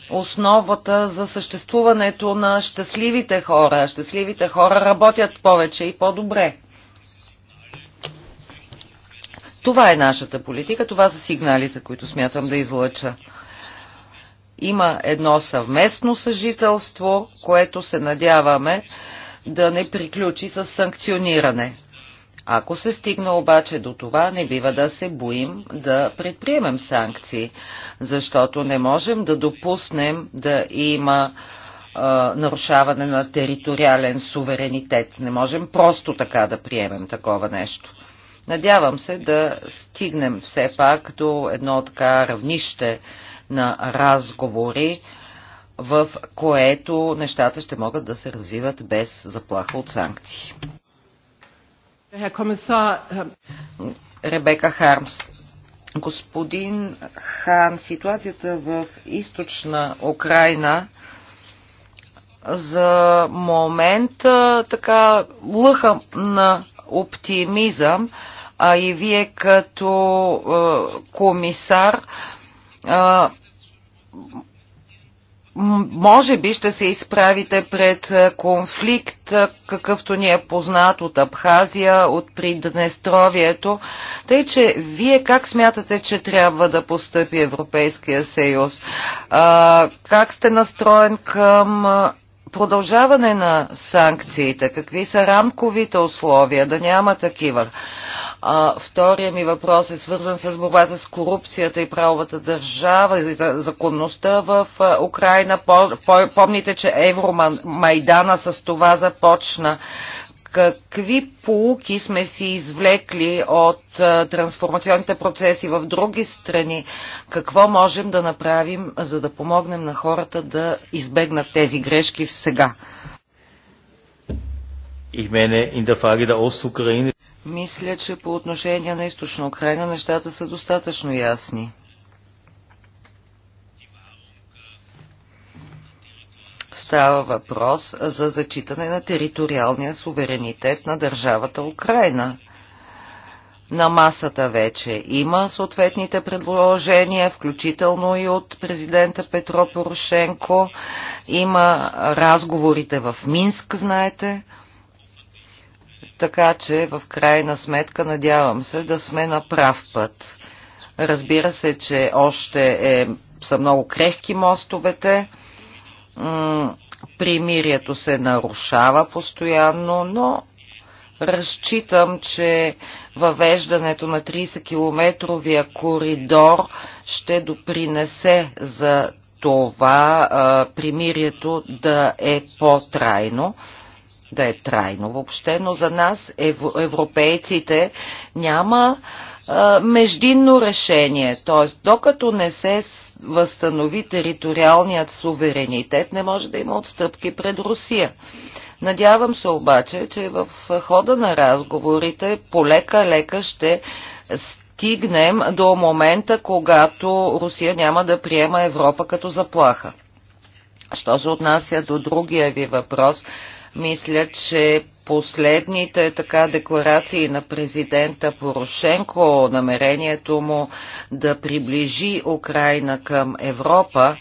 основата за съществуването на щастливите хора. Щастливите хора работят повече и по-добре. Това е нашата политика, това са сигналите, които смятам да излъча. Има едно съвместно съжителство, което се надяваме да не приключи с санкциониране. Ако се стигна обаче до това, не бива да се боим да предприемем санкции, защото не можем да допуснем да има а, нарушаване на териториален суверенитет. Не можем просто така да приемем такова нещо. Надявам се да стигнем все пак до едно така равнище на разговори, в което нещата ще могат да се развиват без заплаха от санкции. Ребека Хармс. Господин Хан, ситуацията в източна Украина за момент така лъха на оптимизъм, а и вие като е, комисар е, може би ще се изправите пред е, конфликт, какъвто ни е познат от Абхазия, от Приднестровието. Тъй, че вие как смятате, че трябва да постъпи Европейския съюз? А, как сте настроен към продължаване на санкциите? Какви са рамковите условия да няма такива? А, втория ми въпрос е свързан с борбата с корупцията и правовата държава и законността в а, Украина. По, по, помните, че Евромайдана с това започна. Какви полуки сме си извлекли от а, трансформационните процеси в други страни? Какво можем да направим, за да помогнем на хората да избегнат тези грешки сега? Мисля, че по отношение на източна Украина нещата са достатъчно ясни. Става въпрос за зачитане на териториалния суверенитет на държавата Украина. На масата вече има съответните предложения, включително и от президента Петро Порошенко. Има разговорите в Минск, знаете. Така че в крайна сметка надявам се да сме на прав път. Разбира се, че още е, са много крехки мостовете. Примирието се нарушава постоянно, но разчитам, че въвеждането на 30-километровия коридор ще допринесе за това а, примирието да е по-трайно да е трайно въобще, но за нас, европейците, няма а, междинно решение. Т.е. докато не се възстанови териториалният суверенитет, не може да има отстъпки пред Русия. Надявам се обаче, че в хода на разговорите полека-лека ще стигнем до момента, когато Русия няма да приема Европа като заплаха. Що се отнася до другия ви въпрос – мисля, че последните така декларации на президента Порошенко, намерението му да приближи Украина към Европа,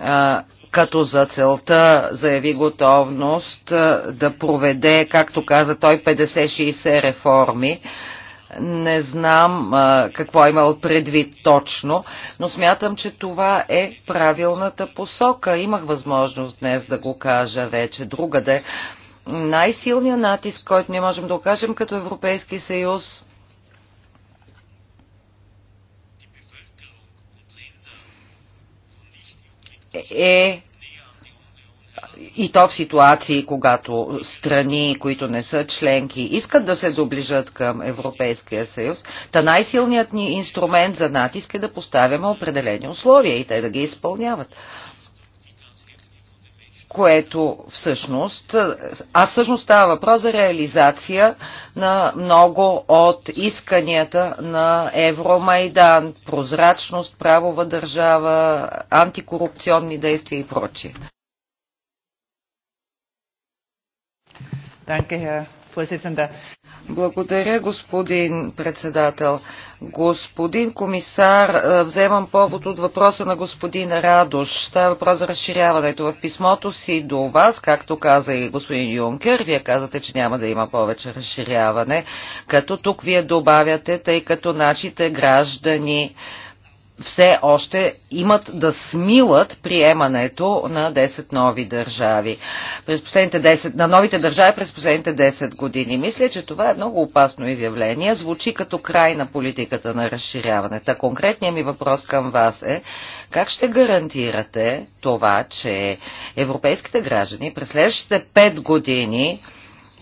а, като за целта заяви готовност да проведе, както каза той, 50-60 реформи, не знам а, какво е имал предвид точно, но смятам, че това е правилната посока. Имах възможност днес да го кажа вече другаде. Най-силният натиск, който ние можем да окажем като Европейски съюз, е и то в ситуации, когато страни, които не са членки, искат да се доближат към Европейския съюз, та най-силният ни инструмент за натиск е да поставяме определени условия и те да ги изпълняват което всъщност, а всъщност става въпрос за реализация на много от исканията на Евромайдан, прозрачност, правова държава, антикорупционни действия и прочие. Благодаря, господин председател. Господин комисар, е, вземам повод от въпроса на господин Радош. Става въпрос за разширяването. В писмото си до вас, както каза и господин Юнкер, вие казвате, че няма да има повече разширяване, като тук вие добавяте, тъй като нашите граждани все още имат да смилат приемането на 10 нови държави. През 10, на новите държави през последните 10 години. Мисля, че това е много опасно изявление. Звучи като край на политиката на разширяването. Конкретният ми въпрос към вас е как ще гарантирате това, че европейските граждани през следващите 5 години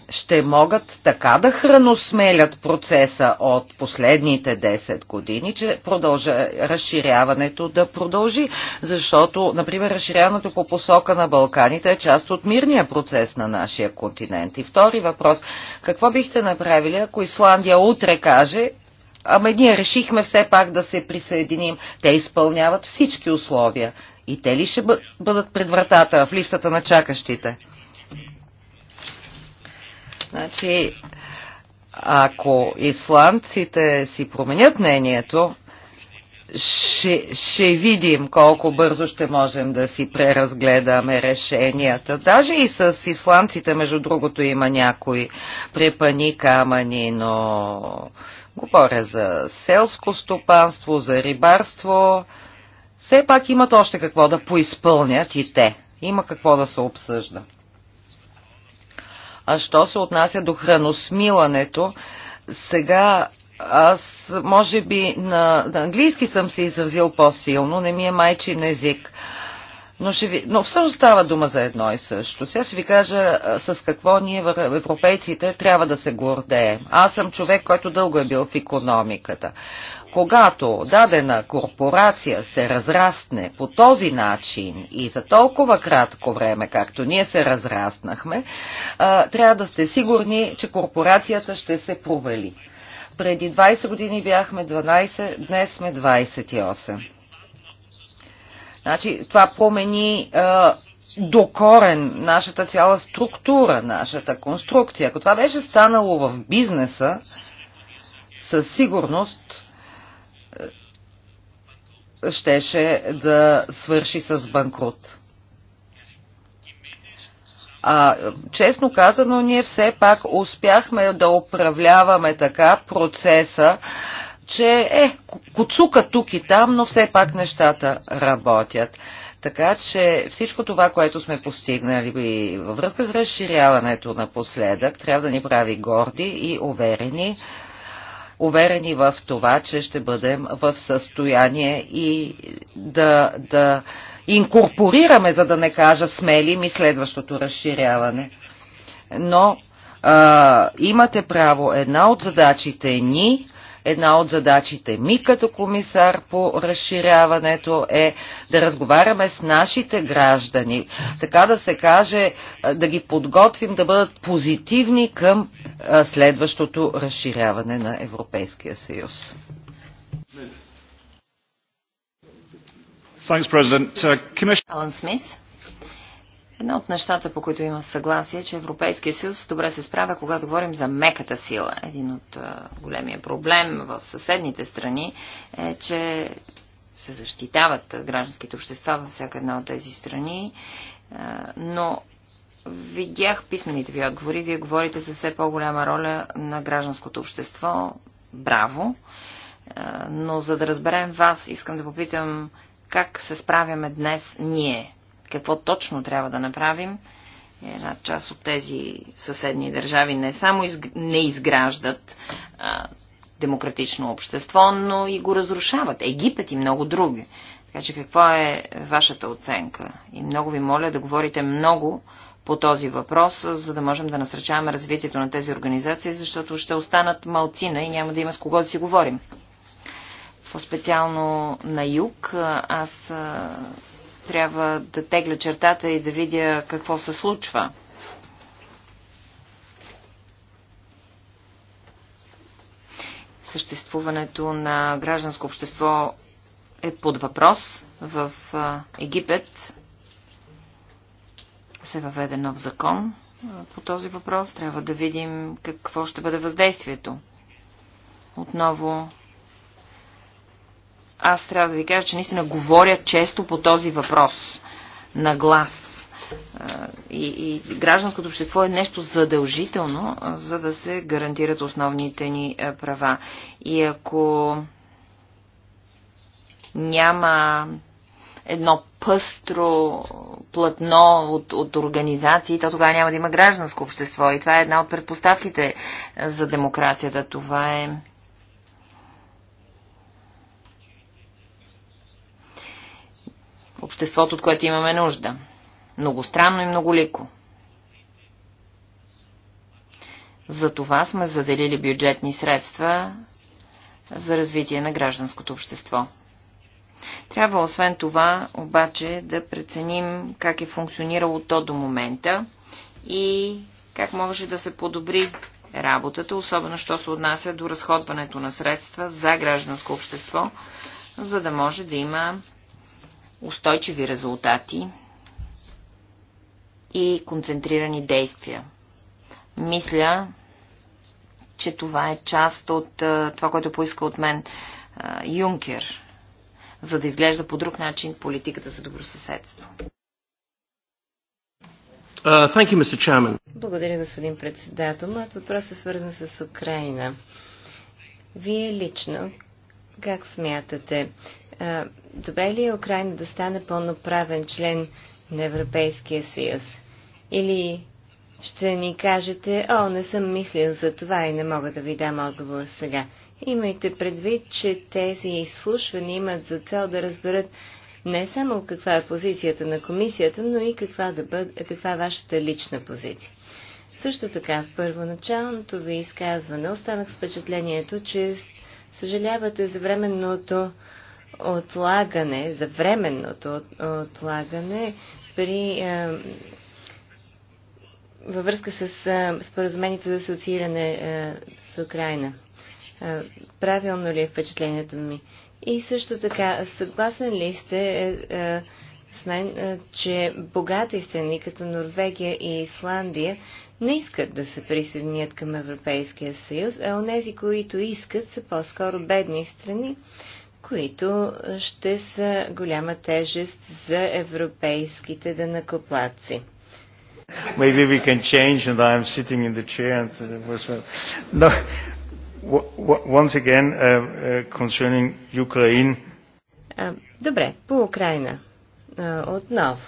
ще могат така да храносмелят процеса от последните 10 години, че продължа, разширяването да продължи. Защото, например, разширяването по посока на Балканите е част от мирния процес на нашия континент. И втори въпрос. Какво бихте направили, ако Исландия утре каже, ама ние решихме все пак да се присъединим. Те изпълняват всички условия. И те ли ще бъдат пред вратата в листата на чакащите? Значи, ако исландците си променят мнението, ще, ще видим колко бързо ще можем да си преразгледаме решенията. Даже и с исландците, между другото, има някои препани камъни, но говоря за селско стопанство, за рибарство. Все пак имат още какво да поизпълнят и те. Има какво да се обсъжда. А що се отнася до храносмилането, сега аз може би на, на английски съм се изразил по-силно, не ми е майчин език. Но, ще ви... Но всъщност става дума за едно и също. Сега ще ви кажа с какво ние европейците трябва да се гордеем. Аз съм човек, който дълго е бил в економиката. Когато дадена корпорация се разрасне по този начин и за толкова кратко време, както ние се разраснахме, трябва да сте сигурни, че корпорацията ще се провали. Преди 20 години бяхме 12, днес сме 28. Значи, това промени е, до корен нашата цяла структура, нашата конструкция. Ако това беше станало в бизнеса, със сигурност щеше да свърши с банкрут. А, честно казано, ние все пак успяхме да управляваме така процеса, че е, куцука тук и там, но все пак нещата работят. Така че всичко това, което сме постигнали във връзка с разширяването напоследък, трябва да ни прави горди и уверени, уверени в това, че ще бъдем в състояние и да, да инкорпорираме, за да не кажа смели ми следващото разширяване. Но а, имате право, една от задачите ни Една от задачите ми като комисар по разширяването е да разговаряме с нашите граждани, така да се каже, да ги подготвим да бъдат позитивни към следващото разширяване на Европейския съюз. Thanks, President. Uh, Commissioner Alan Smith. Една от нещата, по които има съгласие, е, че Европейския съюз добре се справя, когато говорим за меката сила. Един от големия проблем в съседните страни е, че се защитават гражданските общества във всяка една от тези страни, но видях писмените ви отговори. Вие говорите за все по-голяма роля на гражданското общество. Браво! Но за да разберем вас, искам да попитам как се справяме днес ние, какво точно трябва да направим. Е, една част от тези съседни държави не само изг... не изграждат а, демократично общество, но и го разрушават. Египет и много други. Така че каква е вашата оценка? И много ви моля да говорите много по този въпрос, за да можем да насръчаваме развитието на тези организации, защото ще останат малцина и няма да има с кого да си говорим. По-специално на юг аз трябва да тегля чертата и да видя какво се случва. Съществуването на гражданско общество е под въпрос. В Египет се въведе нов закон по този въпрос. Трябва да видим какво ще бъде въздействието. Отново аз трябва да ви кажа, че наистина говоря често по този въпрос на глас. И, и гражданското общество е нещо задължително, за да се гарантират основните ни права. И ако няма едно пъстро платно от, от организации, то тогава няма да има гражданско общество. И това е една от предпоставките за демокрацията. Това е обществото, от което имаме нужда. Многостранно и многолико. За това сме заделили бюджетни средства за развитие на гражданското общество. Трябва освен това обаче да преценим как е функционирало то до момента и как може да се подобри работата, особено що се отнася до разходването на средства за гражданско общество, за да може да има устойчиви резултати и концентрирани действия. Мисля, че това е част от това, което поиска от мен Юнкер, за да изглежда по друг начин политиката за добросъседство. Uh, thank you, Mr. Chairman. Благодаря, господин председател. Моят въпрос е свързан с Украина. Вие лично как смятате? Добре ли е Украина да стане пълноправен член на Европейския съюз? Или ще ни кажете, о, не съм мислил за това и не мога да ви дам отговор сега. Имайте предвид, че тези изслушвания имат за цел да разберат не само каква е позицията на комисията, но и каква, да бъд, каква е вашата лична позиция. Също така, в първоначалното ви изказване останах с впечатлението, че съжалявате за временното отлагане, за временното отлагане при а, е, във връзка с а, е, споразумението за асоцииране е, с Украина. А, правилно ли е впечатлението ми? И също така, съгласен ли сте а, с мен, а, че богата страни като Норвегия и Исландия не искат да се присъединят към Европейския съюз, а онези, които искат, са по-скоро бедни страни, които ще са голяма тежест за европейските данакоплаци. Maybe we can change and I'm sitting in the chair and uh, uh, no, once again uh, uh, concerning Ukraine. А, добре, по Украина. А, отново.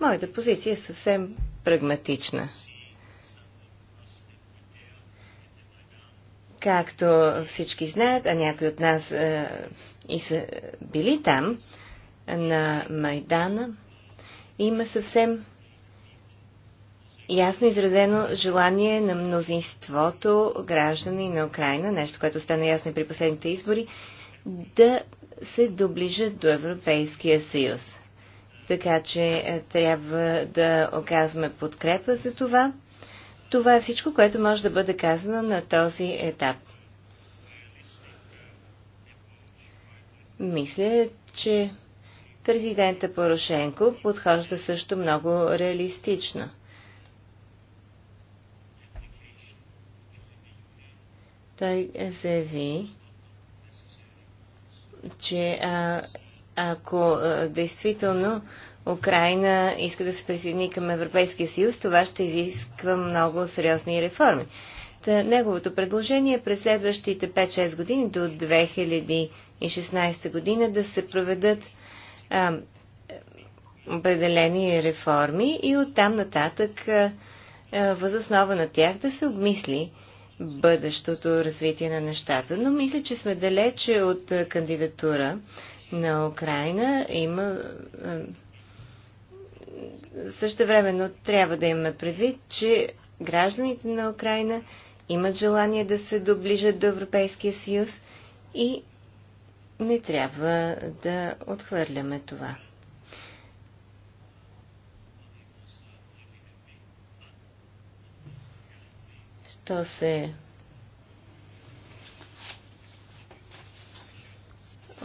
Моята позиция е съвсем прагматична. Както всички знаят, а някои от нас е, и са били там, на Майдана, има съвсем ясно изразено желание на мнозинството граждани на Украина, нещо, което стана ясно и при последните избори, да се доближат до Европейския съюз. Така че е, трябва да оказваме подкрепа за това това е всичко, което може да бъде казано на този етап. Мисля, че президента Порошенко подхожда също много реалистично. Той заяви, че а, ако а, действително Украина иска да се присъедини към Европейския съюз, това ще изисква много сериозни реформи. Та, неговото предложение е през следващите 5-6 години до 2016 година да се проведат а, определени реформи и оттам нататък възоснова на тях да се обмисли бъдещото развитие на нещата. Но мисля, че сме далече от кандидатура на Украина. Има също времено трябва да имаме предвид, че гражданите на Украина имат желание да се доближат до Европейския съюз и не трябва да отхвърляме това. Що се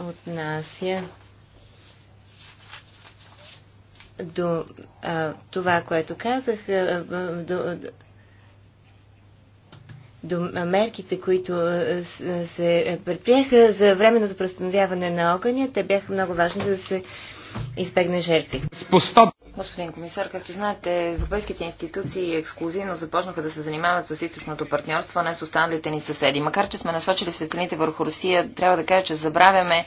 отнася до а, това, което казах, а, до, до мерките, които се предприеха за временното престановяване на огъня, те бяха много важни, за да се избегне жертви. Господин комисар, както знаете, европейските институции ексклюзивно започнаха да се занимават с източното партньорство, а не с останалите ни съседи. Макар, че сме насочили светлините върху Русия, трябва да кажа, че забравяме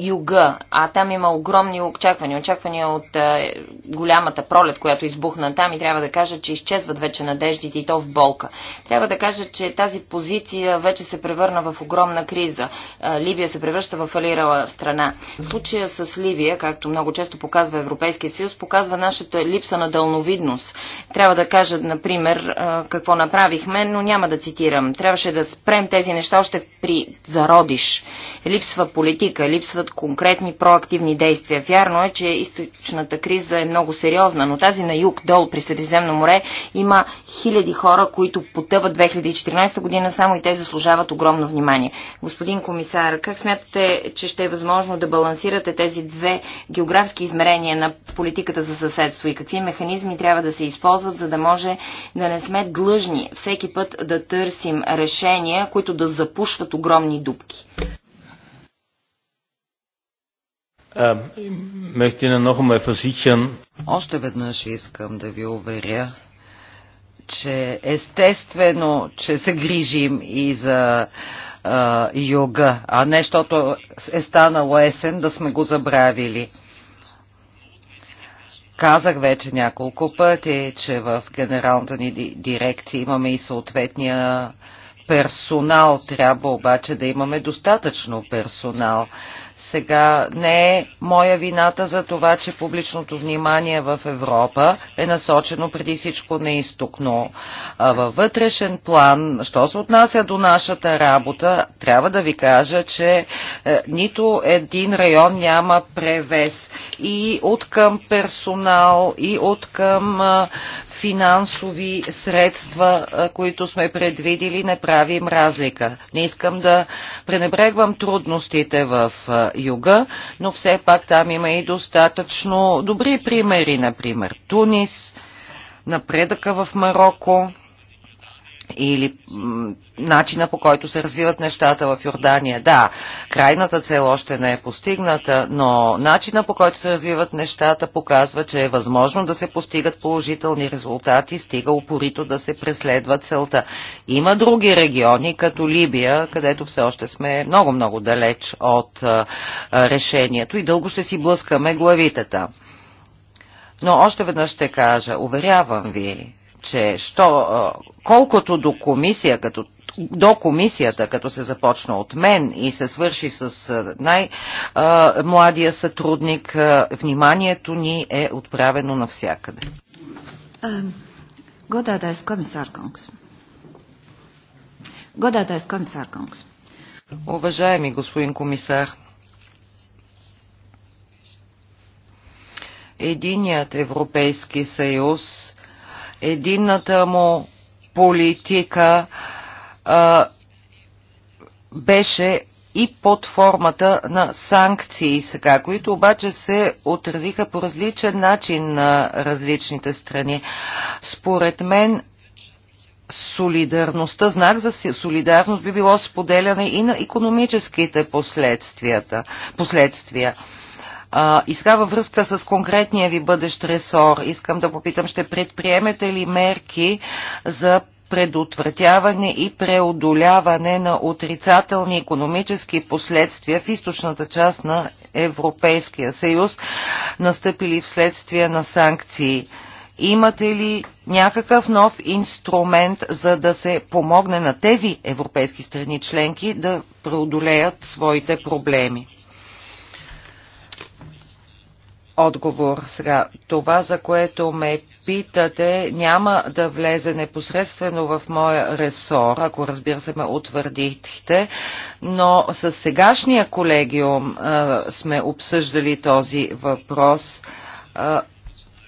юга, а там има огромни очаквания. Очаквания от а, е, голямата пролет, която избухна там и трябва да кажа, че изчезват вече надеждите и то в болка. Трябва да кажа, че тази позиция вече се превърна в огромна криза. А, е, Либия се превръща в фалирала страна. В случая с Ливия, както много често показва Европейския съюз, показва показва нашата липса на дълновидност. Трябва да кажа, например, какво направихме, но няма да цитирам. Трябваше да спрем тези неща още при зародиш. Липсва политика, липсват конкретни проактивни действия. Вярно е, че източната криза е много сериозна, но тази на юг, долу при Средиземно море, има хиляди хора, които потъват 2014 година, само и те заслужават огромно внимание. Господин комисар, как смятате, че ще е възможно да балансирате тези две географски измерения на политиката за съседство и какви механизми трябва да се използват, за да може да не сме длъжни всеки път да търсим решения, които да запушват огромни дупки. Е, Още веднъж искам да ви уверя, че естествено, че се грижим и за а, е, юга, а не защото е станало есен да сме го забравили. Казах вече няколко пъти, че в генералната ни дирекция имаме и съответния персонал. Трябва обаче да имаме достатъчно персонал. Сега не е моя вината за това, че публичното внимание в Европа е насочено преди всичко на изток, но във вътрешен план, що се отнася до нашата работа, трябва да ви кажа, че е, нито един район няма превес и от към персонал, и от към е, финансови средства, които сме предвидили, не правим разлика. Не искам да пренебрегвам трудностите в юга, но все пак там има и достатъчно добри примери, например Тунис, напредъка в Марокко или начина по който се развиват нещата в Йордания. Да, крайната цел още не е постигната, но начина по който се развиват нещата показва, че е възможно да се постигат положителни резултати, стига упорито да се преследва целта. Има други региони, като Либия, където все още сме много-много далеч от решението и дълго ще си блъскаме главитета. Но още веднъж ще кажа, уверявам ви, че що, колкото до комисия, като до комисията, като се започна от мен и се свърши с най-младия сътрудник, вниманието ни е отправено навсякъде. Е е Уважаеми господин комисар, единият Европейски съюз единната му политика а, беше и под формата на санкции сега, които обаче се отразиха по различен начин на различните страни. Според мен солидарността, знак за солидарност би било споделяне и на економическите последствията, последствия. А, и сега във връзка с конкретния ви бъдещ ресор, искам да попитам, ще предприемете ли мерки за предотвратяване и преодоляване на отрицателни економически последствия в източната част на Европейския съюз, настъпили вследствие на санкции. Имате ли някакъв нов инструмент, за да се помогне на тези европейски страни членки да преодолеят своите проблеми? отговор. Сега, това, за което ме питате, няма да влезе непосредствено в моя ресор, ако разбира се ме утвърдихте, но с сегашния колегиум а, сме обсъждали този въпрос. А,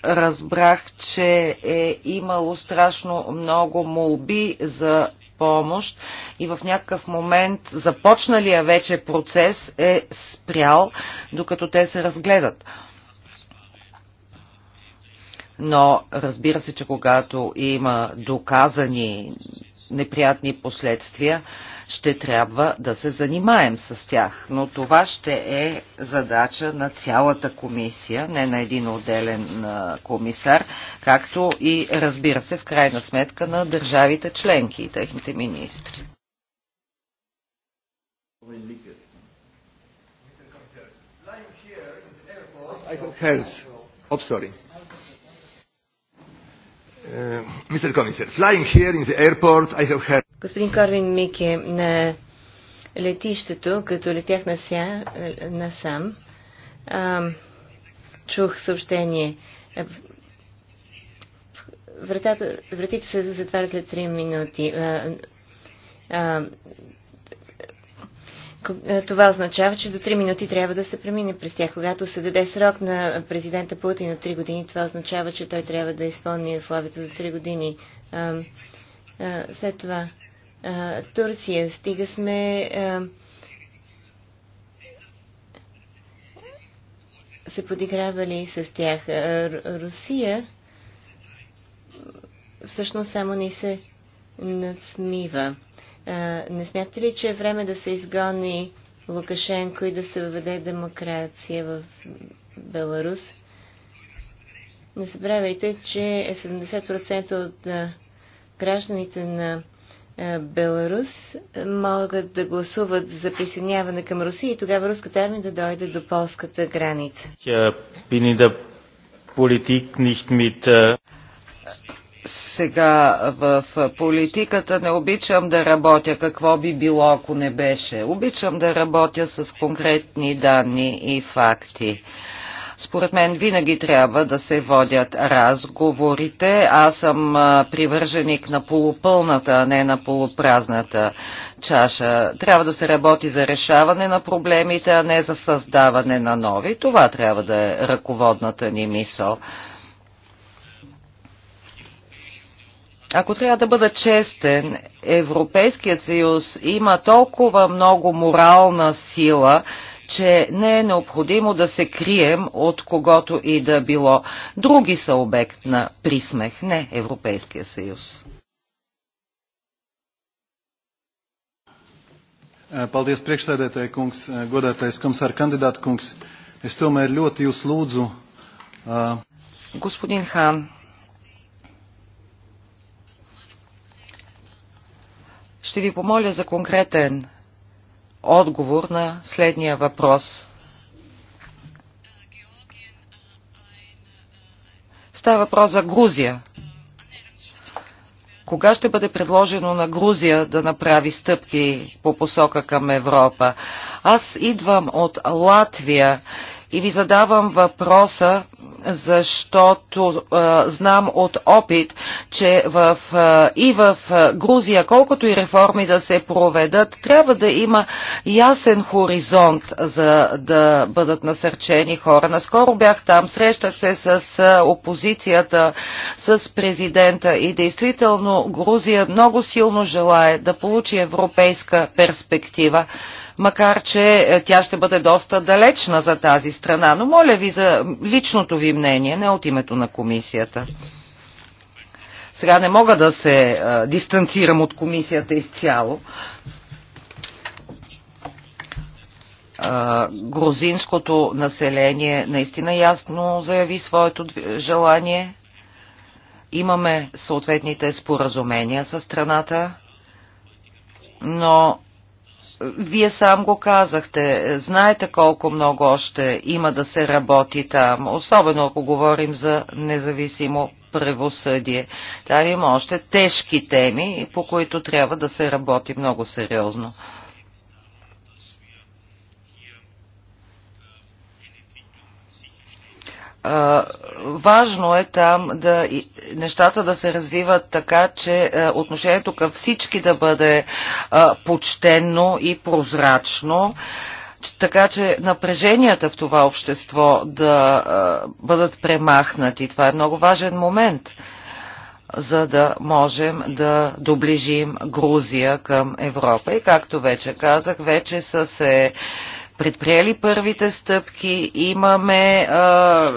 разбрах, че е имало страшно много молби за помощ и в някакъв момент започналия вече процес е спрял, докато те се разгледат. А, но разбира се, че когато има доказани неприятни последствия, ще трябва да се занимаем с тях. Но това ще е задача на цялата комисия, не на един отделен комисар, както и, разбира се, в крайна сметка на държавите членки и техните министри. I have Oh, sorry. Eh, Mr. Commissar, flying here in the airport, I have heard... Господин Корвин Мики, е на летището, като летях нася, насам, а, чух съобщение. Е, вратата, вратите се затварят след 3 минути. А, а, е, това означава, че до 3 минути трябва да се премине през тях. Когато се даде срок на президента Путин от 3 години, това означава, че той трябва да изпълни условията за 3 години. след това Турция. Стига сме. се подигравали с тях. Русия всъщност само ни се надсмива. Е, не смятате ли, че е време да се изгони Лукашенко и да се въведе демокрация в Беларус? Не забравяйте, че 70% е от е, гражданите на Беларус могат да гласуват за присъединяване към Русия и тогава руската армия да дойде до полската граница. Политик, сега в политиката не обичам да работя какво би било, ако не беше. Обичам да работя с конкретни данни и факти. Според мен винаги трябва да се водят разговорите. Аз съм привърженик на полупълната, а не на полупразната чаша. Трябва да се работи за решаване на проблемите, а не за създаване на нови. Това трябва да е ръководната ни мисъл. Ако трябва да бъда честен, Европейският съюз има толкова много морална сила, че не е необходимо да се крием от когото и да било. Други са обект на присмех, не Европейския съюз. Paldies, priekšsēdētāji kungs, godātais komisāra kandidāta kungs. Es tomēr ļoti jūs lūdzu. Господин Хан, Ще ви помоля за конкретен отговор на следния въпрос. Става въпрос за Грузия. Кога ще бъде предложено на Грузия да направи стъпки по посока към Европа? Аз идвам от Латвия и ви задавам въпроса, защото а, знам от опит, че в, а, и в Грузия, колкото и реформи да се проведат, трябва да има ясен хоризонт за да бъдат насърчени хора. Наскоро бях там, срещах се с опозицията, с президента и действително Грузия много силно желая да получи европейска перспектива макар че е, тя ще бъде доста далечна за тази страна. Но моля ви за личното ви мнение, не от името на комисията. Сега не мога да се а, е, дистанцирам от комисията изцяло. А, е, грузинското население наистина ясно заяви своето желание. Имаме съответните споразумения с страната, но вие сам го казахте, знаете колко много още има да се работи там, особено ако говорим за независимо правосъдие. Там има още тежки теми, по които трябва да се работи много сериозно. важно е там да, нещата да се развиват така, че отношението към всички да бъде почтенно и прозрачно така че напреженията в това общество да бъдат премахнати. Това е много важен момент, за да можем да доближим Грузия към Европа. И както вече казах, вече са се предприели първите стъпки, имаме а,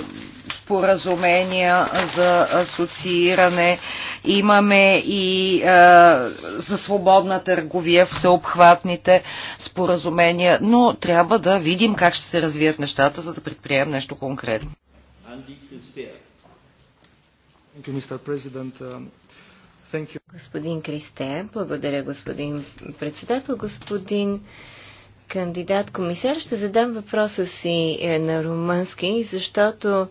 споразумения за асоцииране, имаме и а, за свободна търговия всеобхватните споразумения, но трябва да видим как ще се развият нещата, за да предприемем нещо конкретно. Um, господин Кристе, благодаря господин председател, господин кандидат комисар, ще задам въпроса си е, на румънски, защото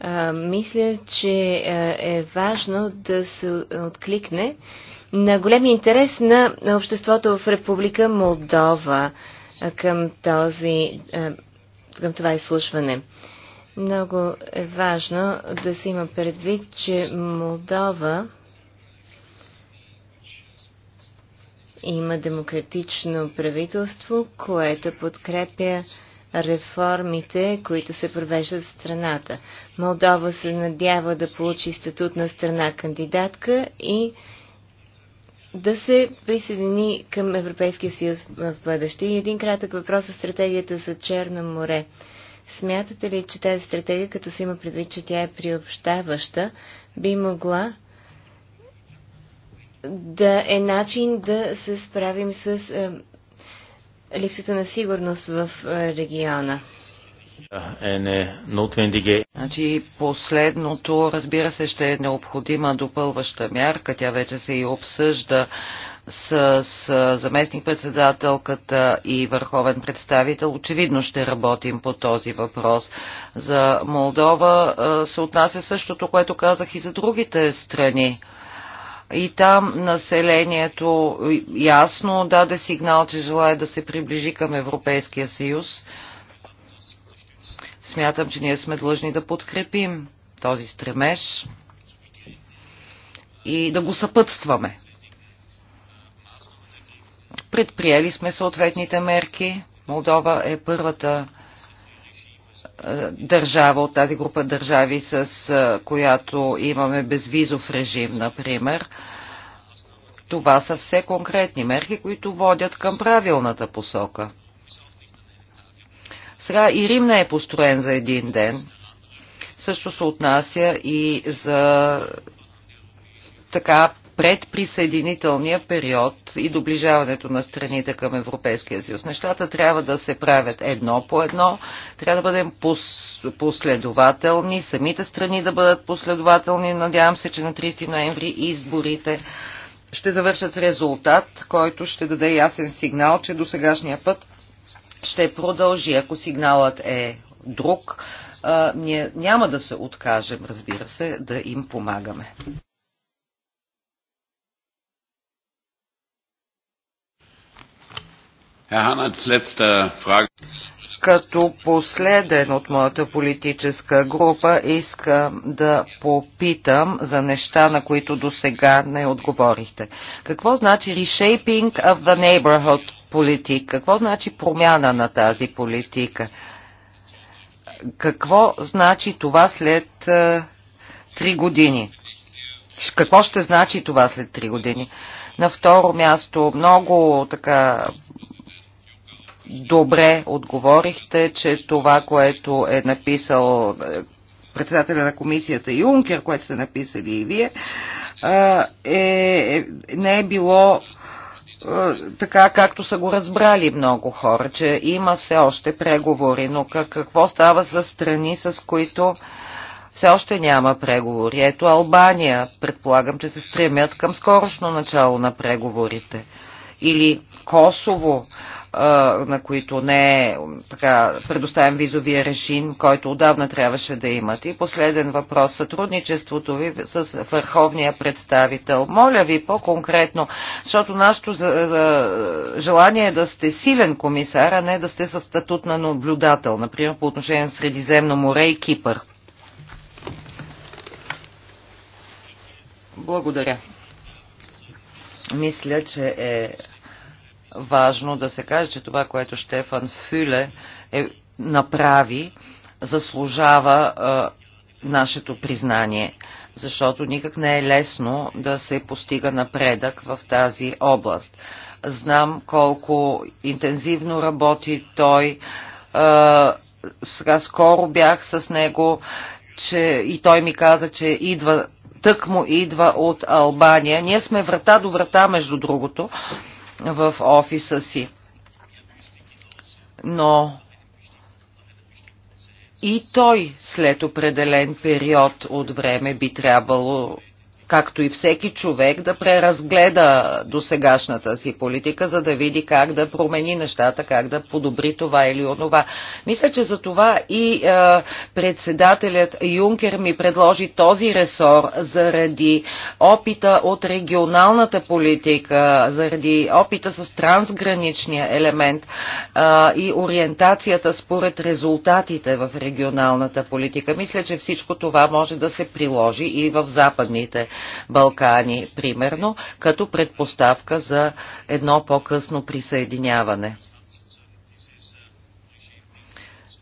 а, мисля, че е важно да се откликне на големи интерес на обществото в Република Молдова към, този, към това изслушване. Много е важно да се има предвид, че Молдова има демократично правителство, което подкрепя реформите, които се провеждат в страната. Молдова се надява да получи статут на страна кандидатка и да се присъедини към Европейския съюз в бъдеще. И един кратък въпрос за е стратегията за Черно море. Смятате ли, че тази стратегия, като се има предвид, че тя е приобщаваща, би могла да е начин да се справим с е, липсата на сигурност в е, региона. Е, значи последното, разбира се, ще е необходима допълваща мярка. Тя вече се и обсъжда с, с заместник-председателката и върховен представител. Очевидно ще работим по този въпрос. За Молдова е, се отнася същото, което казах и за другите страни и там населението ясно даде сигнал, че желая да се приближи към Европейския съюз. Смятам, че ние сме длъжни да подкрепим този стремеж и да го съпътстваме. Предприели сме съответните мерки. Молдова е първата държава от тази група държави, с която имаме безвизов режим, например. Това са все конкретни мерки, които водят към правилната посока. Сега и Рим не е построен за един ден. Също се отнася и за така предприсъединителния период и доближаването на страните към Европейския съюз. Нещата трябва да се правят едно по едно, трябва да бъдем последователни, самите страни да бъдат последователни. Надявам се, че на 30 ноември изборите ще завършат резултат, който ще даде ясен сигнал, че до сегашния път ще продължи. Ако сигналът е друг, ние няма да се откажем, разбира се, да им помагаме. Като последен от моята политическа група искам да попитам за неща, на които до сега не отговорихте. Какво значи reshaping of the neighborhood politic? Какво значи промяна на тази политика? Какво значи това след е, три години? Какво ще значи това след три години? На второ място, много така добре отговорихте, че това, което е написал е, председателя на комисията Юнкер, което сте написали и вие, е, е, не е било е, така както са го разбрали много хора, че има все още преговори, но какво става с страни, с които все още няма преговори? Ето Албания, предполагам, че се стремят към скорошно начало на преговорите. Или Косово, на които не е така, предоставен визовия режим, който отдавна трябваше да имат. И последен въпрос. Сътрудничеството ви с върховния представител. Моля ви по-конкретно, защото нашето желание е да сте силен комисар, а не да сте със статут на наблюдател, например по отношение на Средиземно море и Кипър. Благодаря. Мисля, че е важно да се каже, че това, което Штефан Фюле е, направи, заслужава а, нашето признание, защото никак не е лесно да се постига напредък в тази област. Знам колко интензивно работи той. А, сега скоро бях с него че, и той ми каза, че идва, тък му идва от Албания. Ние сме врата до врата, между другото. А, в офиса си. Но и той след определен период от време би трябвало както и всеки човек, да преразгледа досегашната си политика, за да види как да промени нещата, как да подобри това или онова. Мисля, че за това и е, председателят Юнкер ми предложи този ресор заради опита от регионалната политика, заради опита с трансграничния елемент е, и ориентацията според резултатите в регионалната политика. Мисля, че всичко това може да се приложи и в западните Балкани, примерно, като предпоставка за едно по-късно присъединяване.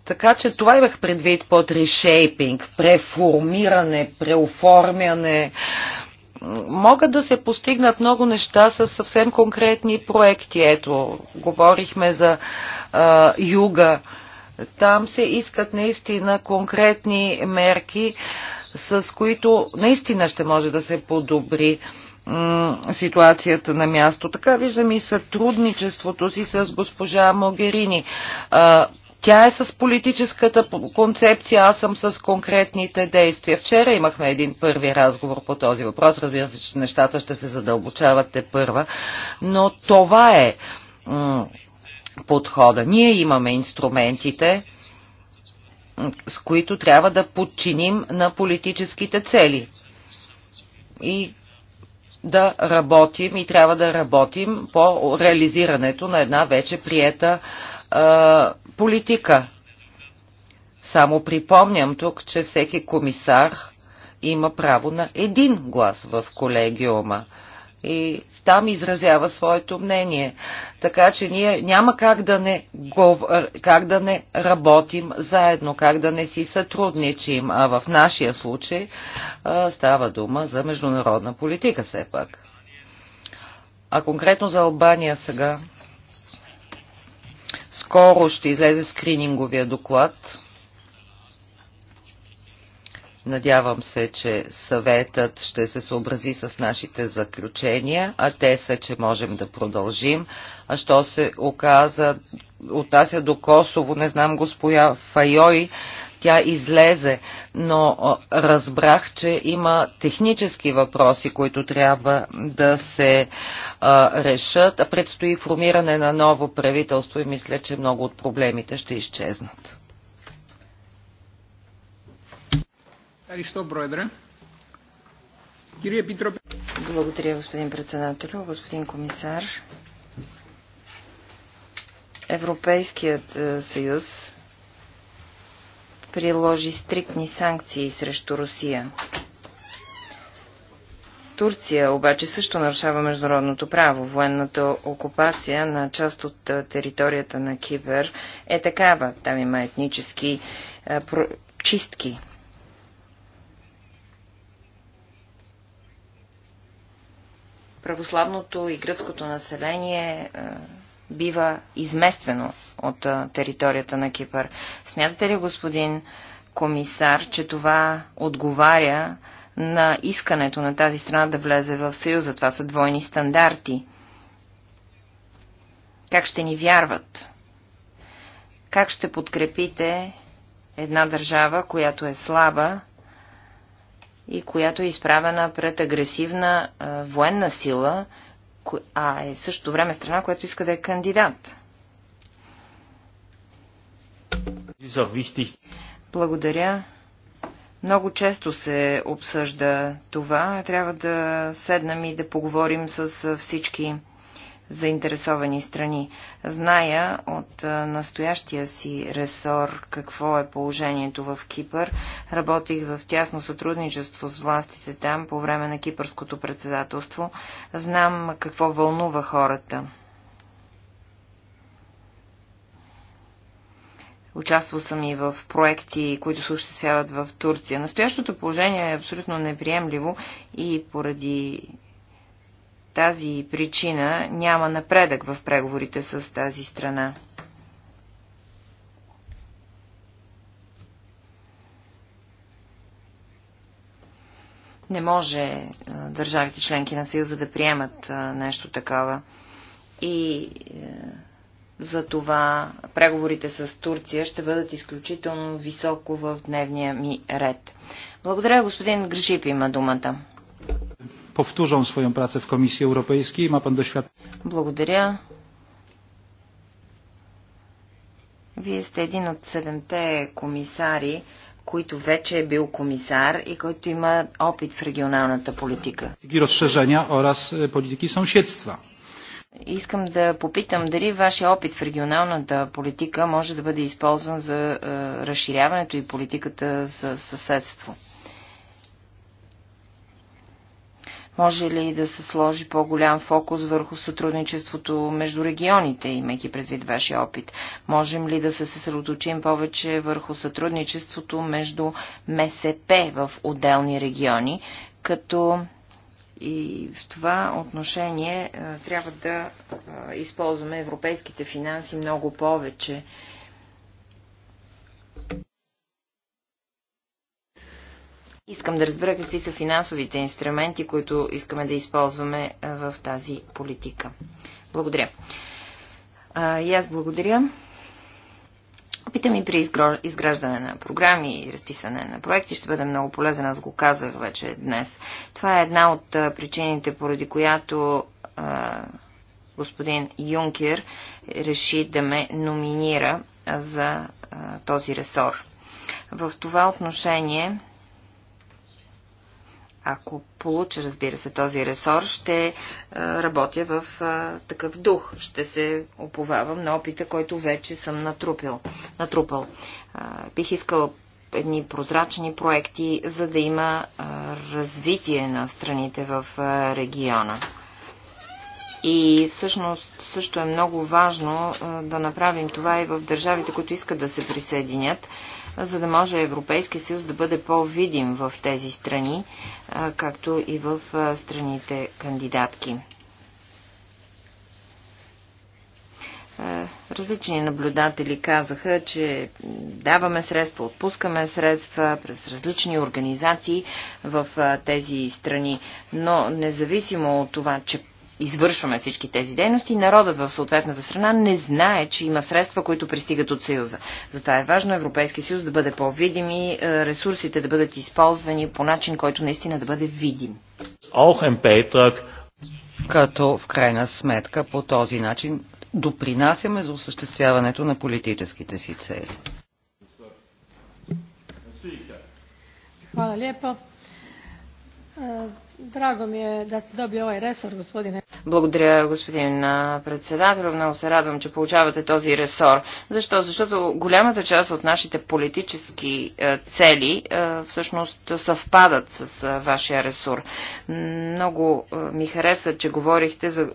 Така че това имах предвид под решейпинг, преформиране, преоформяне. Могат да се постигнат много неща с съвсем конкретни проекти. Ето, говорихме за а, юга. Там се искат наистина конкретни мерки с които наистина ще може да се подобри ситуацията на място. Така виждам и сътрудничеството си с госпожа Могерини. Тя е с политическата концепция, аз съм с конкретните действия. Вчера имахме един първи разговор по този въпрос. Разбира се, че нещата ще се задълбочават те първа, но това е подхода. Ние имаме инструментите, с които трябва да подчиним на политическите цели. И да работим и трябва да работим по реализирането на една вече приета а, политика. Само припомням тук, че всеки комисар има право на един глас в колегиума. И там изразява своето мнение. Така че ние няма как да не, гов... как да не работим заедно, как да не си сътрудничим. А в нашия случай а, става дума за международна политика все пак. А конкретно за Албания сега. Скоро ще излезе скрининговия доклад Надявам се, че съветът ще се съобрази с нашите заключения, а те са, че можем да продължим. А що се оказа, отнася до Косово, не знам госпоя Файой, тя излезе, но разбрах, че има технически въпроси, които трябва да се а, решат. А предстои формиране на ново правителство и мисля, че много от проблемите ще изчезнат. Благодаря, господин председател, господин комисар. Европейският е, съюз приложи стриктни санкции срещу Русия. Турция обаче също нарушава международното право. Военната окупация на част от е, територията на Кипър е такава. Там има етнически е, чистки. православното и гръцкото население е, бива измествено от е, територията на Кипър. Смятате ли, господин комисар, че това отговаря на искането на тази страна да влезе в Съюза? Това са двойни стандарти. Как ще ни вярват? Как ще подкрепите една държава, която е слаба и която е изправена пред агресивна а, военна сила, а е същото време страна, която иска да е кандидат. Благодаря. Много често се обсъжда това. Трябва да седнем и да поговорим с всички заинтересовани страни. Зная от настоящия си ресор какво е положението в Кипър. Работих в тясно сътрудничество с властите там по време на кипърското председателство. Знам какво вълнува хората. Участвал съм и в проекти, които се осъществяват в Турция. Настоящото положение е абсолютно неприемливо и поради тази причина няма напредък в преговорите с тази страна. Не може държавите членки на Съюза да приемат нещо такова. И е, за това преговорите с Турция ще бъдат изключително високо в дневния ми ред. Благодаря, господин Гришип има думата powtórzą swoją pracę w Komisji Europejskiej. Ma Pan doświadczenie. Благодаря. Вие сте един от седемте комисари, който вече е бил комисар и който има опит в регионалната политика. Разширения е, политики съседства. Искам да попитам дали вашия опит в регионалната политика може да бъде използван за е, разширяването и политиката за съседство. Може ли да се сложи по-голям фокус върху сътрудничеството между регионите, имайки предвид вашия опит? Можем ли да се съсредоточим повече върху сътрудничеството между МСП в отделни региони, като и в това отношение трябва да използваме европейските финанси много повече Искам да разбера какви са финансовите инструменти, които искаме да използваме в тази политика. Благодаря. А, и аз благодаря. Опитам и при изграждане на програми и разписване на проекти ще бъде много полезен, аз го казах вече днес. Това е една от причините, поради която а, господин Юнкер реши да ме номинира за а, този ресор. В това отношение ако получа, разбира се, този ресор, ще е, работя в е, такъв дух. Ще се оповавам на опита, който вече съм натрупил, натрупал. Е, бих искал едни прозрачни проекти, за да има развитие на страните в региона. И всъщност също е много важно да направим това и в държавите, които искат да се присъединят, за да може Европейския съюз да бъде по-видим в тези страни, както и в страните кандидатки. Различни наблюдатели казаха, че даваме средства, отпускаме средства през различни организации в тези страни. Но независимо от това, че извършваме всички тези дейности, народът в съответната страна не знае, че има средства, които пристигат от Съюза. Затова е важно Европейския съюз да бъде по-видим и е, ресурсите да бъдат използвани по начин, който наистина да бъде видим. Като в крайна сметка по този начин допринасяме за осъществяването на политическите си цели. Hvala lijepo. Драго ми е да сте добили ovaj ресор, господине. Благодаря, господин председател. Много се радвам, че получавате този ресор. Защо? Защото голямата част от нашите политически цели всъщност съвпадат с вашия ресор. Много ми хареса, че говорихте за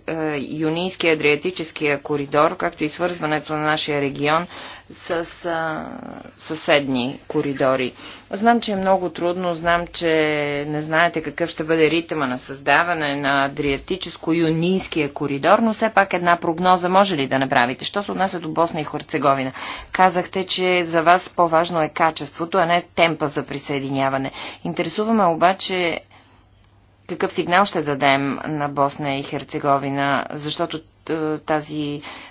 юнийския адриатическия коридор, както и свързването на нашия регион с съседни коридори. Знам, че е много трудно, знам, че не знаете какъв ще бъде ритъма на създаване на Адриатическо-Юнийския коридор, но все пак една прогноза може ли да направите? Що се отнася до Босна и Херцеговина? Казахте, че за вас по-важно е качеството, а не темпа за присъединяване. Интересуваме обаче какъв сигнал ще дадем на Босна и Херцеговина, защото е, тази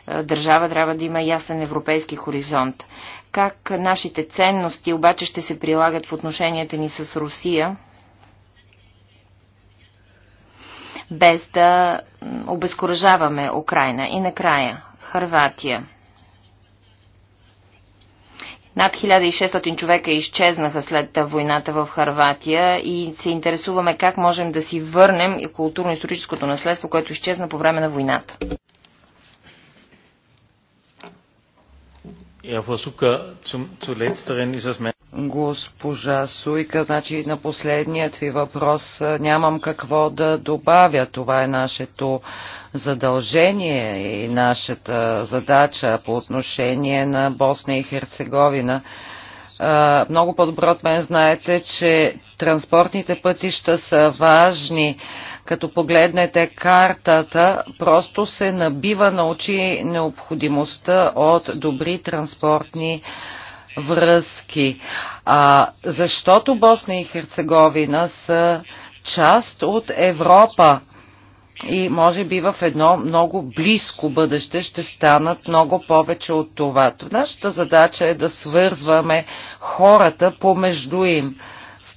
е, държава трябва да има ясен европейски хоризонт. Как нашите ценности обаче ще се прилагат в отношенията ни с Русия без да обезкуражаваме Украина. И накрая, Харватия. Над 1600 човека изчезнаха след войната в Харватия и се интересуваме как можем да си върнем културно-историческото наследство, което изчезна по време на войната. Госпожа Суйка, значи на последният ви въпрос нямам какво да добавя. Това е нашето задължение и нашата задача по отношение на Босна и Херцеговина. Много по-добро от мен знаете, че транспортните пътища са важни като погледнете картата, просто се набива на очи необходимостта от добри транспортни връзки. А, защото Босна и Херцеговина са част от Европа и може би в едно много близко бъдеще ще станат много повече от това. Нашата задача е да свързваме хората помежду им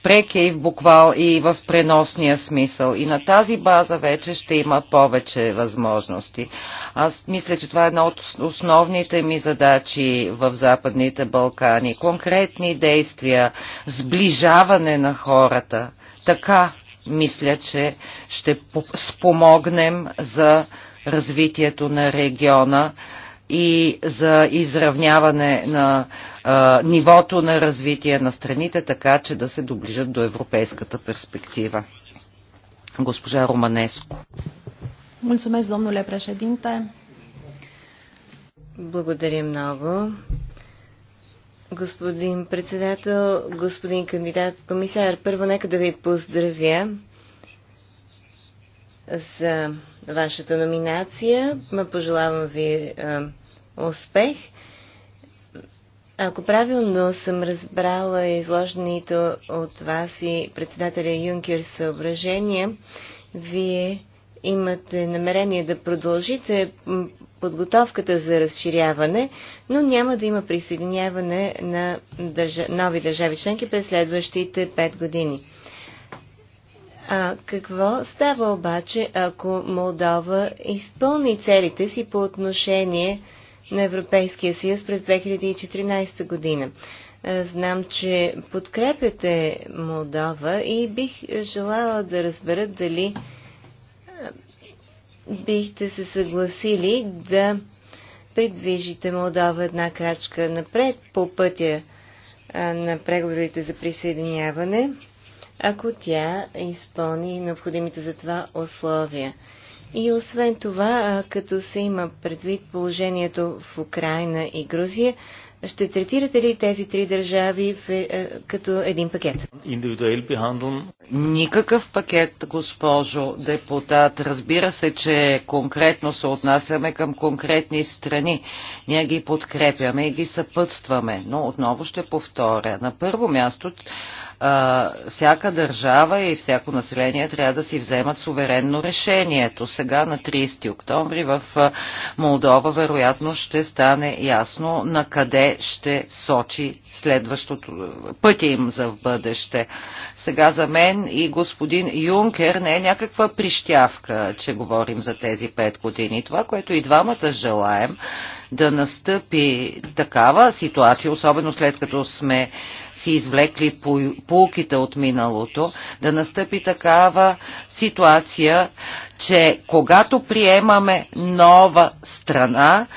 прекия и в буквал и в преносния смисъл. И на тази база вече ще има повече възможности. Аз мисля, че това е една от основните ми задачи в Западните Балкани. Конкретни действия, сближаване на хората. Така мисля, че ще спомогнем за развитието на региона и за изравняване на а, нивото на развитие на страните, така че да се доближат до европейската перспектива. Госпожа Романеско. Mulțumesc, domnule președinte. Благодаря много. Господин председател, господин кандидат комисар, първо нека да ви поздравя за вашата номинация. Пожелавам ви успех. Ако правилно съм разбрала изложените от вас и председателя Юнкер съображения, вие имате намерение да продължите подготовката за разширяване, но няма да има присъединяване на нови държави членки през следващите 5 години. А какво става обаче, ако Молдова изпълни целите си по отношение на Европейския съюз през 2014 година. Е, знам, че подкрепяте Молдова и бих желала да разбера дали е, бихте се съгласили да придвижите Молдова една крачка напред по пътя е, на преговорите за присъединяване, ако тя изпълни необходимите за това условия. И освен това, като се има предвид положението в Украина и Грузия, ще третирате ли тези три държави в, е, е като един пакет? Никакъв пакет, госпожо депутат. Разбира се, че конкретно се отнасяме към конкретни страни. Ние ги подкрепяме и ги съпътстваме. Но отново ще повторя. На първо място а, всяка държава и всяко население трябва да си вземат суверенно решението. Сега на 30 октомври в Молдова вероятно ще стане ясно на къде ще сочи следващото пътя им за в бъдеще. Сега за мен и господин Юнкер не е някаква прищявка, че говорим за тези пет години. Това, което и двамата желаем, да настъпи такава ситуация, особено след като сме си извлекли пулките от миналото, да настъпи такава ситуация, че когато приемаме нова страна,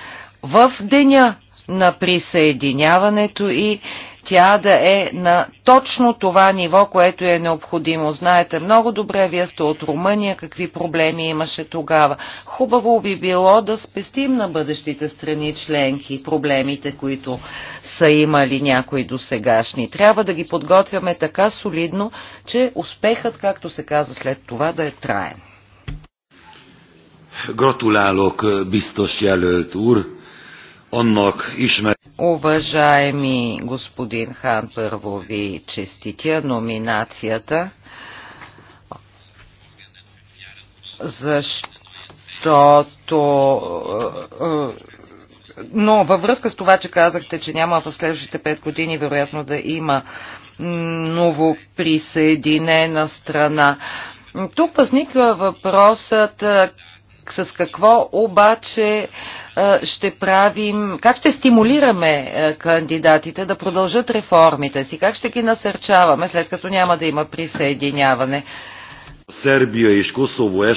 в деня на присъединяването и тя да е на точно това ниво, което е необходимо. Знаете много добре, вие сте от Румъния, какви проблеми имаше тогава. Хубаво би било да спестим на бъдещите страни членки проблемите, които са имали някои досегашни. Трябва да ги подготвяме така солидно, че успехът, както се казва след това, да е траен. Gratulálok, biztos jelölt úr! Уважаеми господин Хан, първо ви честитя номинацията, защото е, е, но във връзка с това, че казахте, че няма в следващите 5 години вероятно да има ново присъединена страна. Тук възниква въпросът е, с какво обаче е, ще правим, как ще стимулираме е, кандидатите да продължат реформите си, как ще ги насърчаваме, след като няма да има присъединяване. Сърбия и Косово е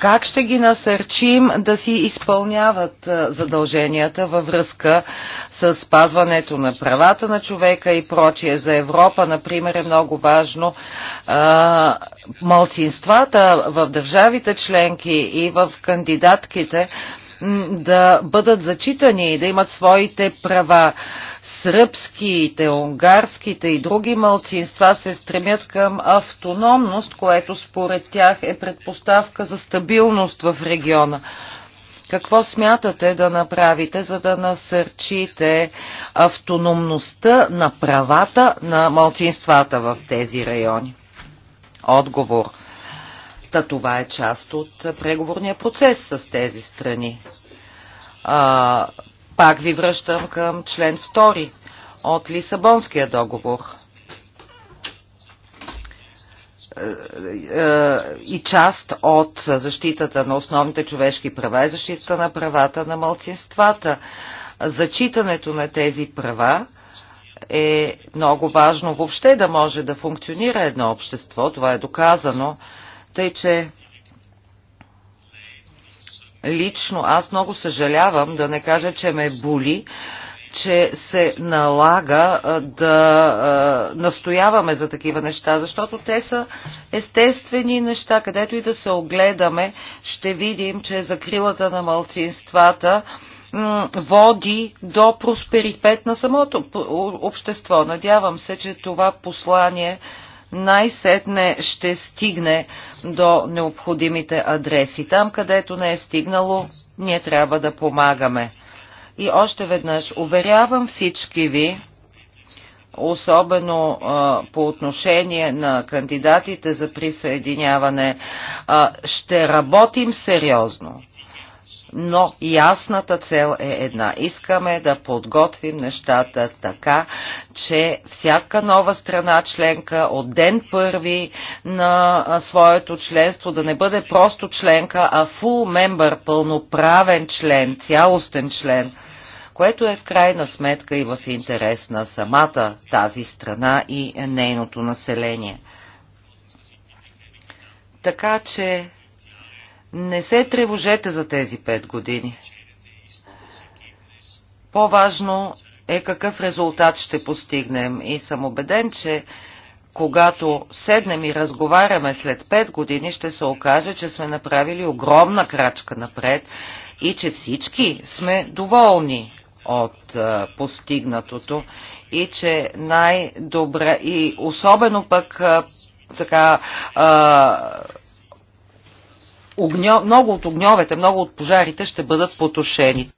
как ще ги насърчим да си изпълняват е, задълженията във връзка с спазването на правата на човека и прочие? За Европа, например, е много важно а, е, малцинствата в държавите членки и в кандидатките да бъдат зачитани и да имат своите права сръбските, унгарските и други малцинства се стремят към автономност, което според тях е предпоставка за стабилност в региона. Какво смятате да направите, за да насърчите автономността на правата на малцинствата в тези райони? Отговор. Та това е част от преговорния процес с тези страни. А, пак ви връщам към член 2 от Лисабонския договор. Е, е, и част от защитата на основните човешки права е защитата на правата на малцинствата. Зачитането на тези права е много важно въобще да може да функционира едно общество. Това е доказано. Тъй, че лично аз много съжалявам, да не кажа, че ме боли, че се налага да настояваме за такива неща, защото те са естествени неща. Където и да се огледаме, ще видим, че закрилата на малцинствата води до просперитет на самото общество. Надявам се, че това послание най-сетне ще стигне до необходимите адреси. Там, където не е стигнало, ние трябва да помагаме. И още веднъж, уверявам всички ви, особено а, по отношение на кандидатите за присъединяване, а, ще работим сериозно но ясната цел е една. Искаме да подготвим нещата така, че всяка нова страна членка от ден първи на своето членство да не бъде просто членка, а full member, пълноправен член, цялостен член което е в крайна сметка и в интерес на самата тази страна и нейното население. Така че не се тревожете за тези пет години. По-важно е какъв резултат ще постигнем и съм убеден, че когато седнем и разговаряме след 5 години, ще се окаже, че сме направили огромна крачка напред и че всички сме доволни от постигнатото и че най-добре и особено пък така а, огньо, много от огньовете, много от пожарите ще бъдат потушени.